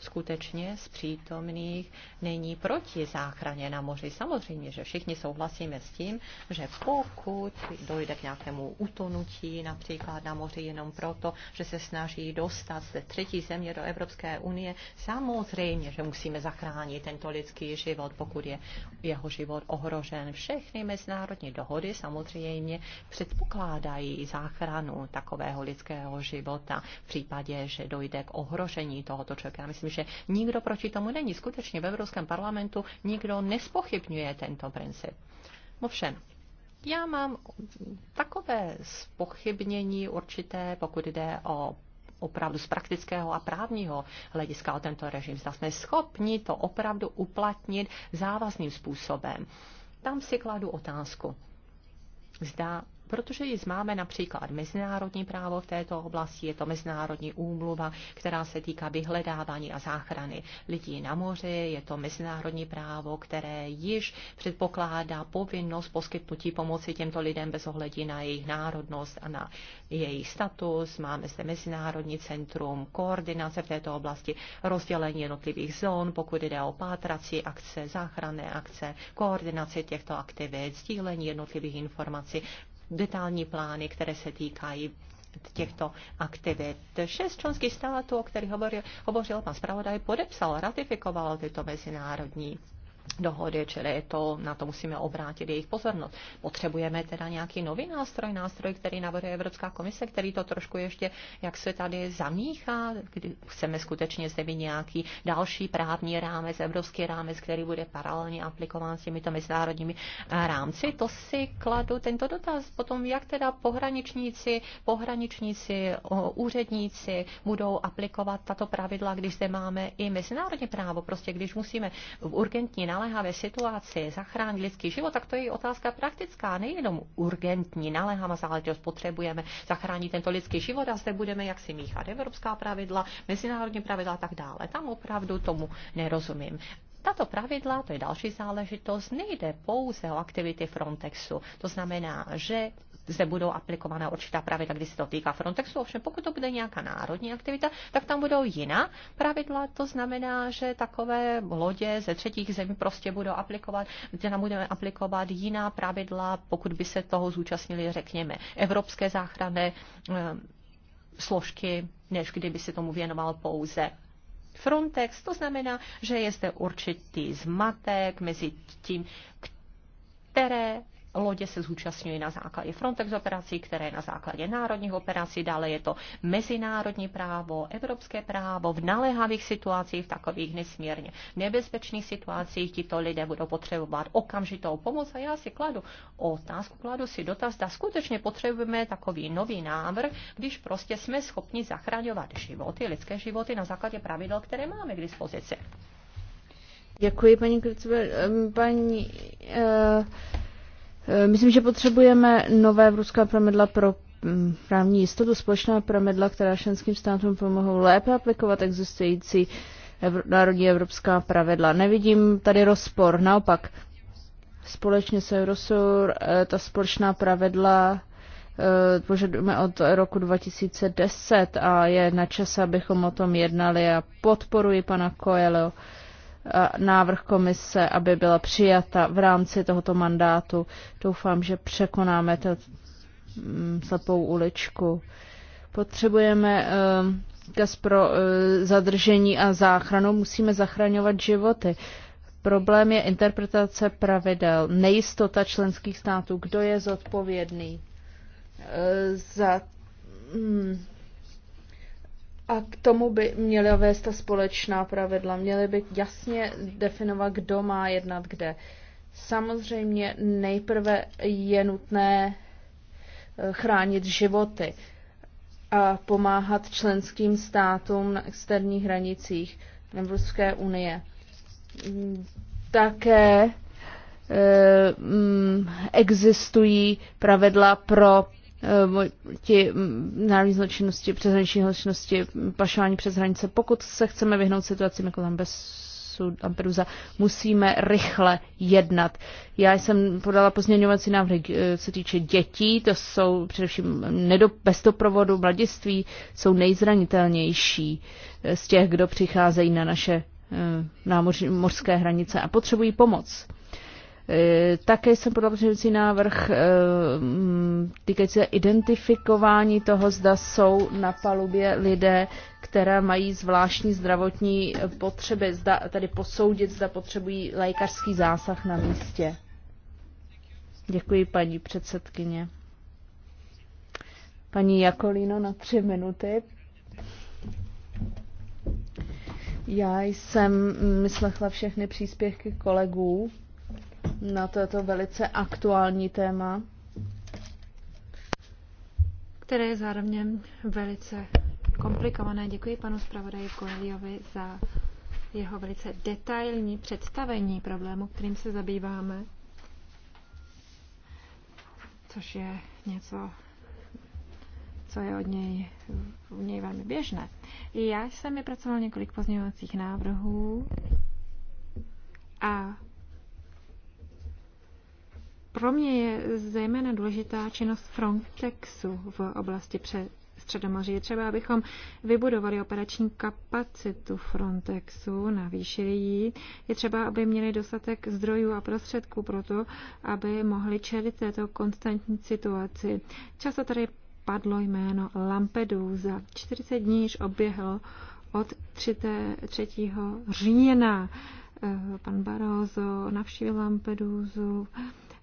[SPEAKER 2] skutečně z přítomných není proti záchraně na moři. Samozřejmě, že všichni souhlasíme s tím, že pokud dojde k nějakému utonutí například na moři jenom proto, že se snaží dostat ze třetí země do Evropské unie, samozřejmě, že musíme zachránit tento lidský život, pokud je jeho život ohrožen. Všechny mezinárodní dohody samozřejmě předpokládají záchranu takového lidského života v případě, že dojde k ohrožení tohoto člověka. Myslím, že nikdo proti tomu není. Skutečně v Evropském parlamentu nikdo nespochybňuje tento princip. Ovšem, já mám takové spochybnění určité, pokud jde o opravdu z praktického a právního hlediska o tento režim. Zda jsme schopni to opravdu uplatnit závazným způsobem. Tam si kladu otázku. Zda protože ji máme například mezinárodní právo v této oblasti, je to mezinárodní úmluva, která se týká vyhledávání a záchrany lidí na moři, je to mezinárodní právo, které již předpokládá povinnost poskytnutí pomoci těmto lidem bez ohledu na jejich národnost a na jejich status. Máme zde Mezinárodní centrum koordinace v této oblasti, rozdělení jednotlivých zón, pokud jde o pátrací akce, záchranné akce, koordinaci těchto aktivit, sdílení jednotlivých informací, detailní plány, které se týkají těchto aktivit. Šest členských států, o kterých hovoril, hovořil pan zpravodaj, podepsal, ratifikoval tyto mezinárodní dohody, čili je to, na to musíme obrátit jejich pozornost. Potřebujeme teda nějaký nový nástroj, nástroj, který navrhuje Evropská komise, který to trošku ještě, jak se tady zamíchá, kdy chceme skutečně zde nějaký další právní rámec, evropský rámec, který bude paralelně aplikován s těmito mezinárodními eh, rámci. To si kladu tento dotaz. Potom, jak teda pohraničníci, pohraničníci, úředníci budou aplikovat tato pravidla, když zde máme i mezinárodní právo. Prostě když musíme v urgentní nástroj naléhavé situaci zachránit lidský život, tak to je otázka praktická, nejenom urgentní, naléhavá záležitost, potřebujeme zachránit tento lidský život a zde budeme jak si míchat evropská pravidla, mezinárodní pravidla a tak dále. Tam opravdu tomu nerozumím. Tato pravidla, to je další záležitost, nejde pouze o aktivity Frontexu. To znamená, že zde budou aplikovaná určitá pravidla, když se to týká Frontexu. Ovšem, pokud to bude nějaká národní aktivita, tak tam budou jiná pravidla. To znamená, že takové lodě ze třetích zemí prostě budou aplikovat, kde nám budeme aplikovat jiná pravidla, pokud by se toho zúčastnili, řekněme, evropské záchranné eh, složky, než kdyby se tomu věnoval pouze Frontex. To znamená, že je zde určitý zmatek mezi tím, které lodě se zúčastňují na základě Frontex operací, které na základě národních operací, dále je to mezinárodní právo, evropské právo, v naléhavých situacích, v takových nesmírně nebezpečných situacích tito lidé budou potřebovat okamžitou pomoc a já si kladu otázku, kladu si dotaz, zda skutečně potřebujeme takový nový návrh, když prostě jsme schopni zachraňovat životy, lidské životy na základě pravidel, které máme k dispozici.
[SPEAKER 3] Děkuji, paní Kricové. Ehm, paní, uh... Eh, myslím, že potřebujeme nové evropská pravidla pro mm, právní jistotu, společná pravidla, která členským státům pomohou lépe aplikovat existující evro, národní evropská pravidla. Nevidím tady rozpor, naopak společně se Eurosur eh, ta společná pravidla eh, požadujeme od roku 2010 a je na čase, abychom o tom jednali a podporuji pana Coelho návrh komise, aby byla přijata v rámci tohoto mandátu. Doufám, že překonáme to mm, slepou uličku. Potřebujeme ehm, kas pro eh, zadržení a záchranu, musíme zachraňovat životy. Problém je interpretace pravidel, nejistota členských států, kdo je zodpovědný eh, za mm, a k tomu by měly vést ta společná pravidla. Měly by jasně definovat, kdo má jednat kde. Samozřejmě nejprve je nutné eh, chránit životy a pomáhat členským státům na externích hranicích Evropské unie. Také eh, mm, existují pravidla pro ti národní zločinnosti, přeshraniční zločinnosti, pašování přes hranice. Pokud se chceme vyhnout situacím jako tam bez Lampedusa, musíme rychle jednat. Já jsem podala pozměňovací návrhy, eh, co týče dětí, to jsou především nedop, bez doprovodu mladiství, jsou nejzranitelnější eh, z těch, kdo přicházejí na naše eh, námořské hranice a potřebují pomoc. Eh, také jsem podala předchozí návrh eh, mm, týkající se identifikování toho, zda jsou na palubě lidé, které mají zvláštní zdravotní potřeby, zda, tedy posoudit, zda potřebují lékařský zásah na místě. Děkuji, paní předsedkyně. Paní Jakolino na tři minuty. Já jsem myslela mm, všechny příspěvky kolegů na toto velice aktuální téma,
[SPEAKER 5] které je zároveň velice komplikované. Děkuji panu zpravodaji Koeliovi za jeho velice detailní představení problému, kterým se zabýváme, což je něco, co je od něj, od něj velmi běžné. Já jsem vypracoval několik pozměňovacích návrhů a pro mě je zejména důležitá činnost Frontexu v oblasti pře Středomoří. Je třeba, abychom vybudovali operační kapacitu Frontexu, navýšili ji. Je třeba, aby měli dostatek zdrojů a prostředků pro to, aby mohli čelit této konstantní situaci. Často tady padlo jméno Lampedusa. 40 dní již oběhlo od 3. 3. října. Eh, pan Barozo navštívil Lampedusu.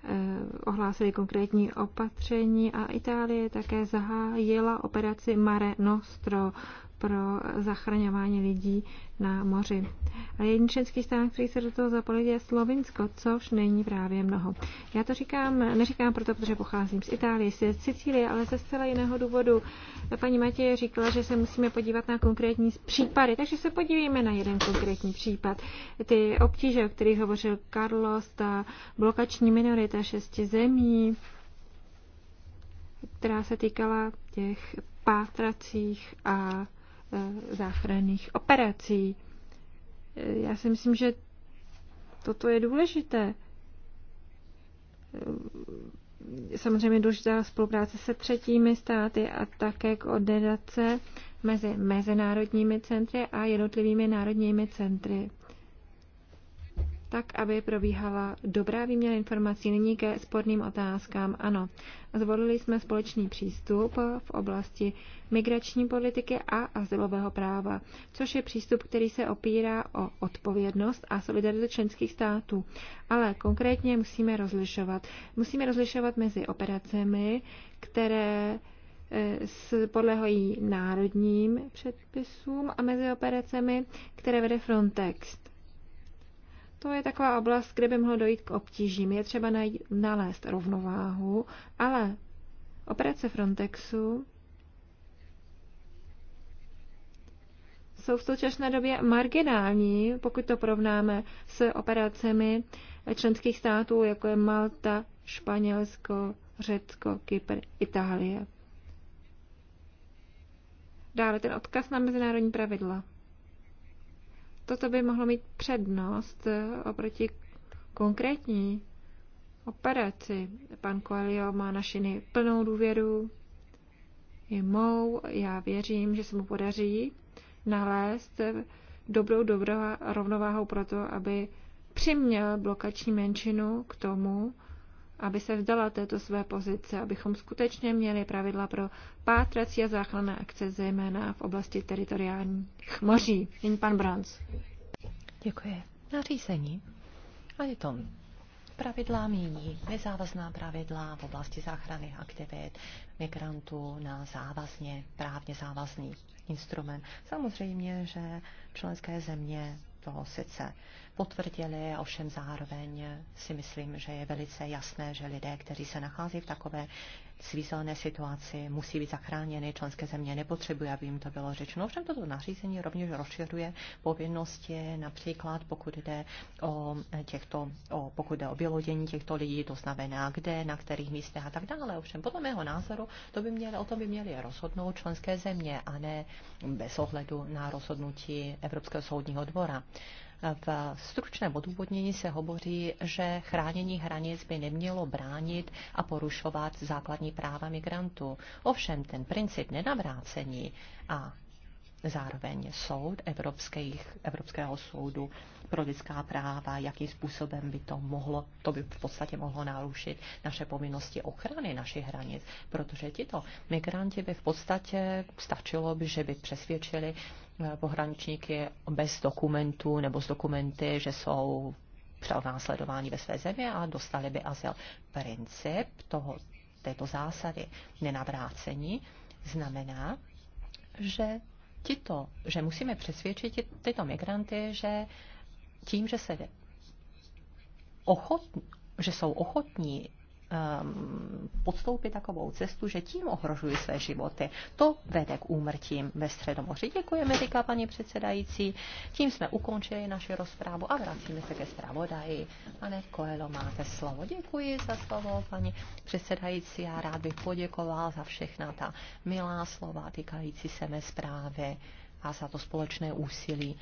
[SPEAKER 5] Eh, ohlásili konkrétní opatření a Itálie také zahájila operaci Mare Nostro pro zachraňování lidí na moři. A jediný členský stát, který se do toho zapojil, je Slovinsko, což není právě mnoho. Já to říkám, neříkám proto, protože pocházím z Itálie, z Sicílie, ale ze zcela jiného důvodu. Paní Matěje říkala, že se musíme podívat na konkrétní případy, takže se podívejme na jeden konkrétní případ. Ty obtíže, o kterých hovořil Carlos, ta blokační minorita šesti zemí, která se týkala těch pátracích a Eh, záchranných operací. Eh, já si myslím, že toto je důležité.
[SPEAKER 1] Eh, samozřejmě
[SPEAKER 5] důležitá spolupráce se třetími státy a také koordinace mezi mezinárodními centry a jednotlivými národními centry tak, aby probíhala dobrá výměna informací. Nyní ke sporným otázkám. Ano, zvolili jsme společný přístup v oblasti migrační politiky a azylového práva, což je přístup, který se opírá o odpovědnost a solidaritu členských států. Ale konkrétně musíme rozlišovat. Musíme rozlišovat mezi operacemi, které eh, podlehají národním předpisům a mezi operacemi, které vede Frontex to je taková oblast, kde by mohlo dojít k obtížím. Je třeba najít, nalézt rovnováhu, ale operace Frontexu jsou v současné době marginální, pokud to porovnáme s operacemi členských států, jako je Malta, Španělsko, Řecko, Kypr, Itálie. Dále ten odkaz na mezinárodní pravidla toto by mohlo mít přednost eh, oproti konkrétní operaci. Pan Coelho má našiny plnou důvěru, je mou. Já věřím, že se mu podaří nalézt eh, dobrou dobrou rovnováhu pro to, aby přiměl blokační menšinu k tomu, aby se vzdala této své pozice, abychom skutečně měli pravidla pro pátrací a záchranné akce, zejména v oblasti teritoriálních moří. Nyní pan Brans.
[SPEAKER 2] Děkuji. Nařízení. A je to pravidla mění, nezávazná pravidla v oblasti záchrany aktivit migrantů na závazně, právně závazný instrument. Samozřejmě, že členské země toho sice potvrdili, ovšem zároveň si myslím, že je velice jasné, že lidé, kteří se nachází v takové svízelné situaci, musí být zachráněny, členské země nepotřebují, aby jim to bylo řečeno. Ovšem toto nařízení rovněž rozšiřuje povinnosti, například pokud jde o, těchto, o, pokud jde o vylodění těchto lidí, to znamená kde, na kterých místech a tak dále. Ovšem podle mého názoru to by měli, o tom by měly rozhodnout členské země a ne bez ohledu na rozhodnutí Evropského soudního dvora. V stručném odůvodnění se hovoří, že chránění hranic by nemělo bránit a porušovat základní práva migrantů. Ovšem ten princip nenavrácení a zároveň soud Evropských, Evropského soudu pro lidská práva, jakým způsobem by to mohlo, to by v podstatě mohlo narušit naše povinnosti ochrany našich hranic, protože tito migranti by v podstatě stačilo, by, že by přesvědčili pohraničníky bez dokumentů nebo s dokumenty, že jsou pronásledováni ve své zemi a dostali by azyl. Princip toho, této zásady nenavrácení znamená, že tito, že musíme přesvědčit tyto migranty, že tím, že se ochotní, že jsou ochotní Um, podstoupit takovou cestu, že tím ohrožují své životy. To vede k úmrtím ve Středomoři. Děkujeme, říká paní předsedající. Tím jsme ukončili naši rozprávu a vracíme se ke zpravodaji. Pane Koelo, máte slovo. Děkuji za slovo, paní předsedající. Já rád bych poděkoval za všechna ta milá slova týkající se mé zprávy a za to společné úsilí,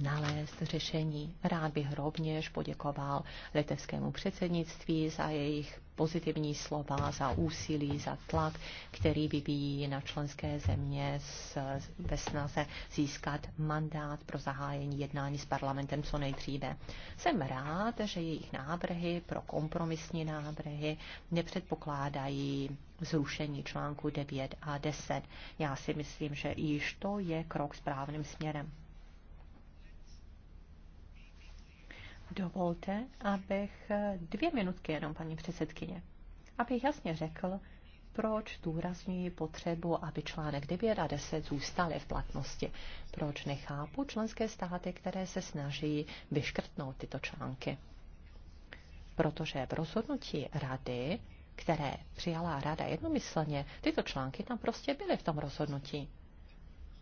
[SPEAKER 2] nalézt řešení. Rád bych rovněž poděkoval litevskému předsednictví za jejich pozitivní slova, za úsilí, za tlak, který vyvíjí na členské země s, ve snaze získat mandát pro zahájení jednání s parlamentem co nejdříve. Jsem rád, že jejich návrhy pro kompromisní návrhy nepředpokládají zrušení článku 9 a 10. Já si myslím, že již to je krok správným směrem. Dovolte, abych eh, dvě minutky jenom, paní předsedkyně, abych jasně řekl, proč důrazňuji potřebu, aby článek 9 a 10 zůstaly v platnosti. Proč nechápu členské státy, které se snaží vyškrtnout tyto články. Protože v rozhodnutí rady, které přijala rada jednomyslně, tyto články tam prostě byly v tom rozhodnutí.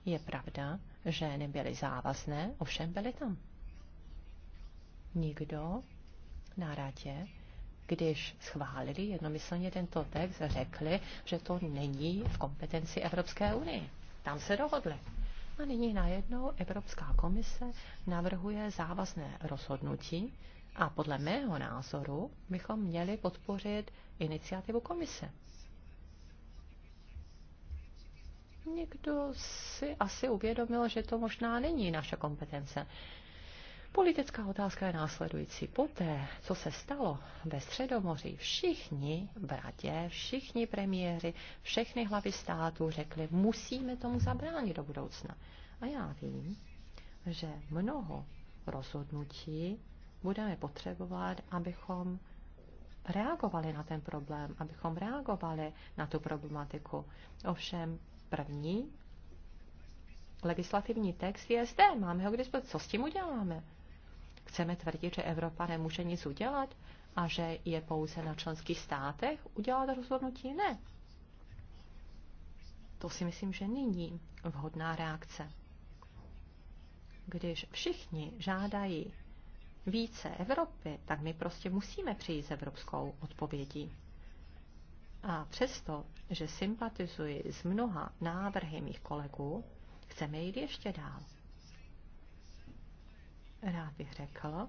[SPEAKER 2] Je pravda, že nebyly závazné, ovšem byly tam nikdo na radě, když schválili jednomyslně tento text, řekli, že to není v kompetenci Evropské unie. Tam se dohodli. A nyní najednou Evropská komise navrhuje závazné rozhodnutí a podle mého názoru bychom měli podpořit iniciativu komise.
[SPEAKER 1] Někdo si
[SPEAKER 2] asi uvědomil, že to možná není naše kompetence. Politická otázka je následující. Poté, co se stalo ve Středomoří, všichni bratě, všichni premiéři, všechny hlavy států řekli, musíme tomu zabránit do budoucna. A já vím, že mnoho rozhodnutí budeme potřebovat, abychom reagovali na ten problém, abychom reagovali na tu problematiku. Ovšem první legislativní text je zde, máme ho k dispozici. Co s tím uděláme? Chceme tvrdit, že Evropa nemůže nic udělat a že je pouze na členských státech udělat rozhodnutí? Ne. To si myslím, že není vhodná reakce. Když všichni žádají více Evropy, tak my prostě musíme přijít s evropskou odpovědí. A přesto, že sympatizuji s mnoha návrhy mých kolegů, chceme jít ještě dál. Rád bych řekl,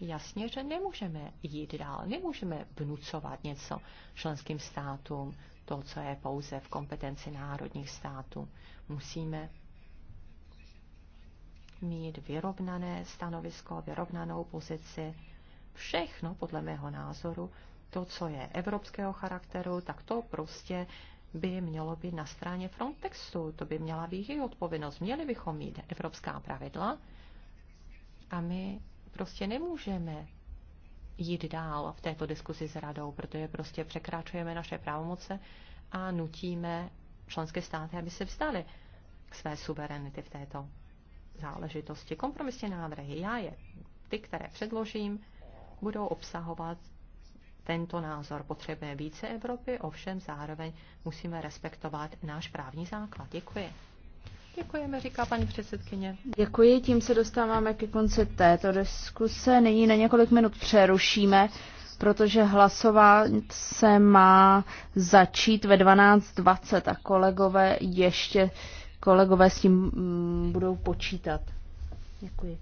[SPEAKER 2] jasně, že nemůžeme jít dál, nemůžeme vnucovat něco členským státům, to, co je pouze v kompetenci národních států. Musíme mít vyrovnané stanovisko, vyrovnanou pozici. Všechno, podle mého názoru, to, co je evropského charakteru, tak to prostě by mělo být na straně Frontexu. To by měla být její odpovědnost. Měli bychom mít evropská pravidla, a my prostě nemůžeme jít dál v této diskusi s radou, protože prostě překračujeme naše pravomoce a nutíme členské státy, aby se vzdali k své suverenity v této záležitosti. Kompromisní návrhy, já je, ty, které předložím, budou obsahovat tento názor. Potřebujeme více Evropy, ovšem zároveň musíme respektovat náš právní základ. Děkuji. Děkujeme, říká paní předsedkyně.
[SPEAKER 3] Děkuji, tím se dostáváme ke konci této diskuse. Nyní na několik minut přerušíme, protože hlasování se má začít ve 12.20 a kolegové ještě kolegové s tím mm, budou počítat. Děkuji.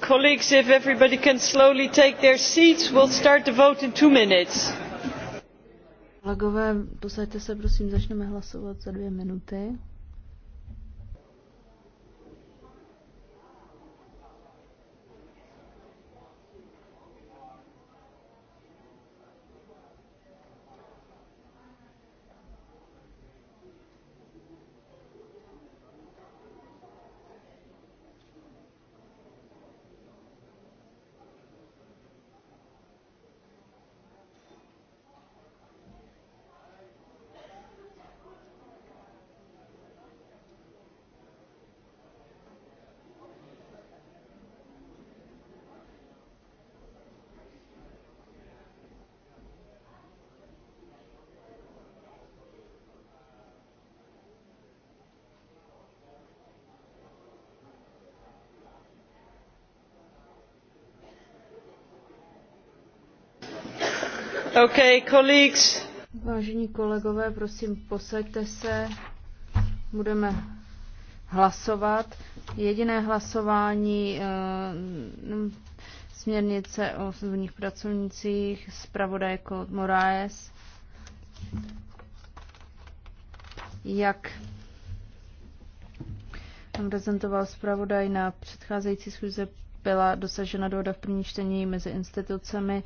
[SPEAKER 1] colleagues if everybody can slowly take their seats we'll start the vote in two minutes.
[SPEAKER 3] Kolegové, posaďte se prosím, začneme hlasovat za dvě minuty. Okay, colleagues. Vážení kolegové, prosím, posaďte se. Budeme hlasovat. Jediné hlasování uh, směrnice o sezónních pracovnicích zpravodajko Moraes. Jak prezentoval zpravodaj na předcházející schůze byla dosažena dohoda v první čtení mezi institucemi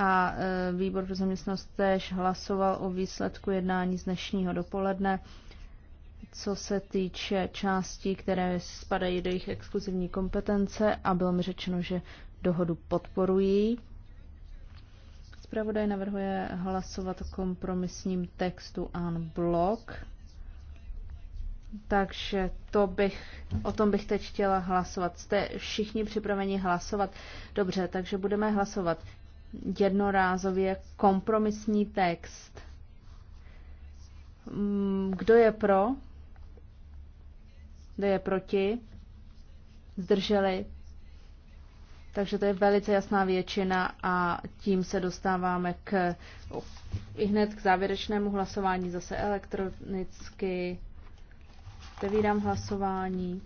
[SPEAKER 3] a e, výbor pro zaměstnanost též hlasoval o výsledku jednání z dnešního dopoledne, co se týče částí, které spadají do jejich exkluzivní kompetence a bylo mi řečeno, že dohodu podporují. Zpravodaj navrhuje hlasovat o kompromisním textu an blok. Takže to bych, o tom bych teď chtěla hlasovat. Jste všichni připraveni hlasovat? Dobře, takže budeme hlasovat jednorázově kompromisní text. Mm, kdo je pro? Kdo je proti? Zdrželi? Takže to je velice jasná většina a tím se dostáváme k i hned k závěrečnému hlasování zase elektronicky. Otevírám hlasování.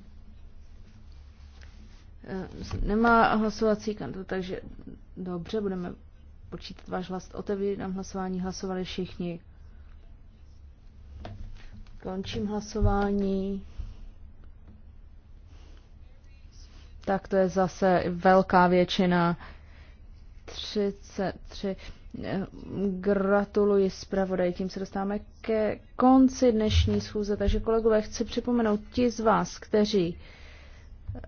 [SPEAKER 3] E, nemá hlasovací kartu, takže Dobře, budeme počítat váš hlas. Otevírám hlasování, hlasovali všichni. Končím hlasování. Tak to je zase velká většina. 33. Gratuluji zpravodaj, tím se dostáváme ke konci dnešní schůze. Takže kolegové, chci připomenout ti z vás, kteří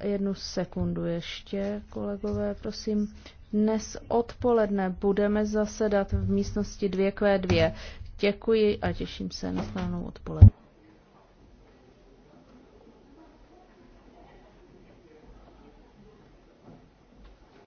[SPEAKER 3] jednu sekundu ještě, kolegové, prosím, dnes odpoledne budeme zasedat v místnosti 2Q2. Děkuji a těším se na stranou odpoledne.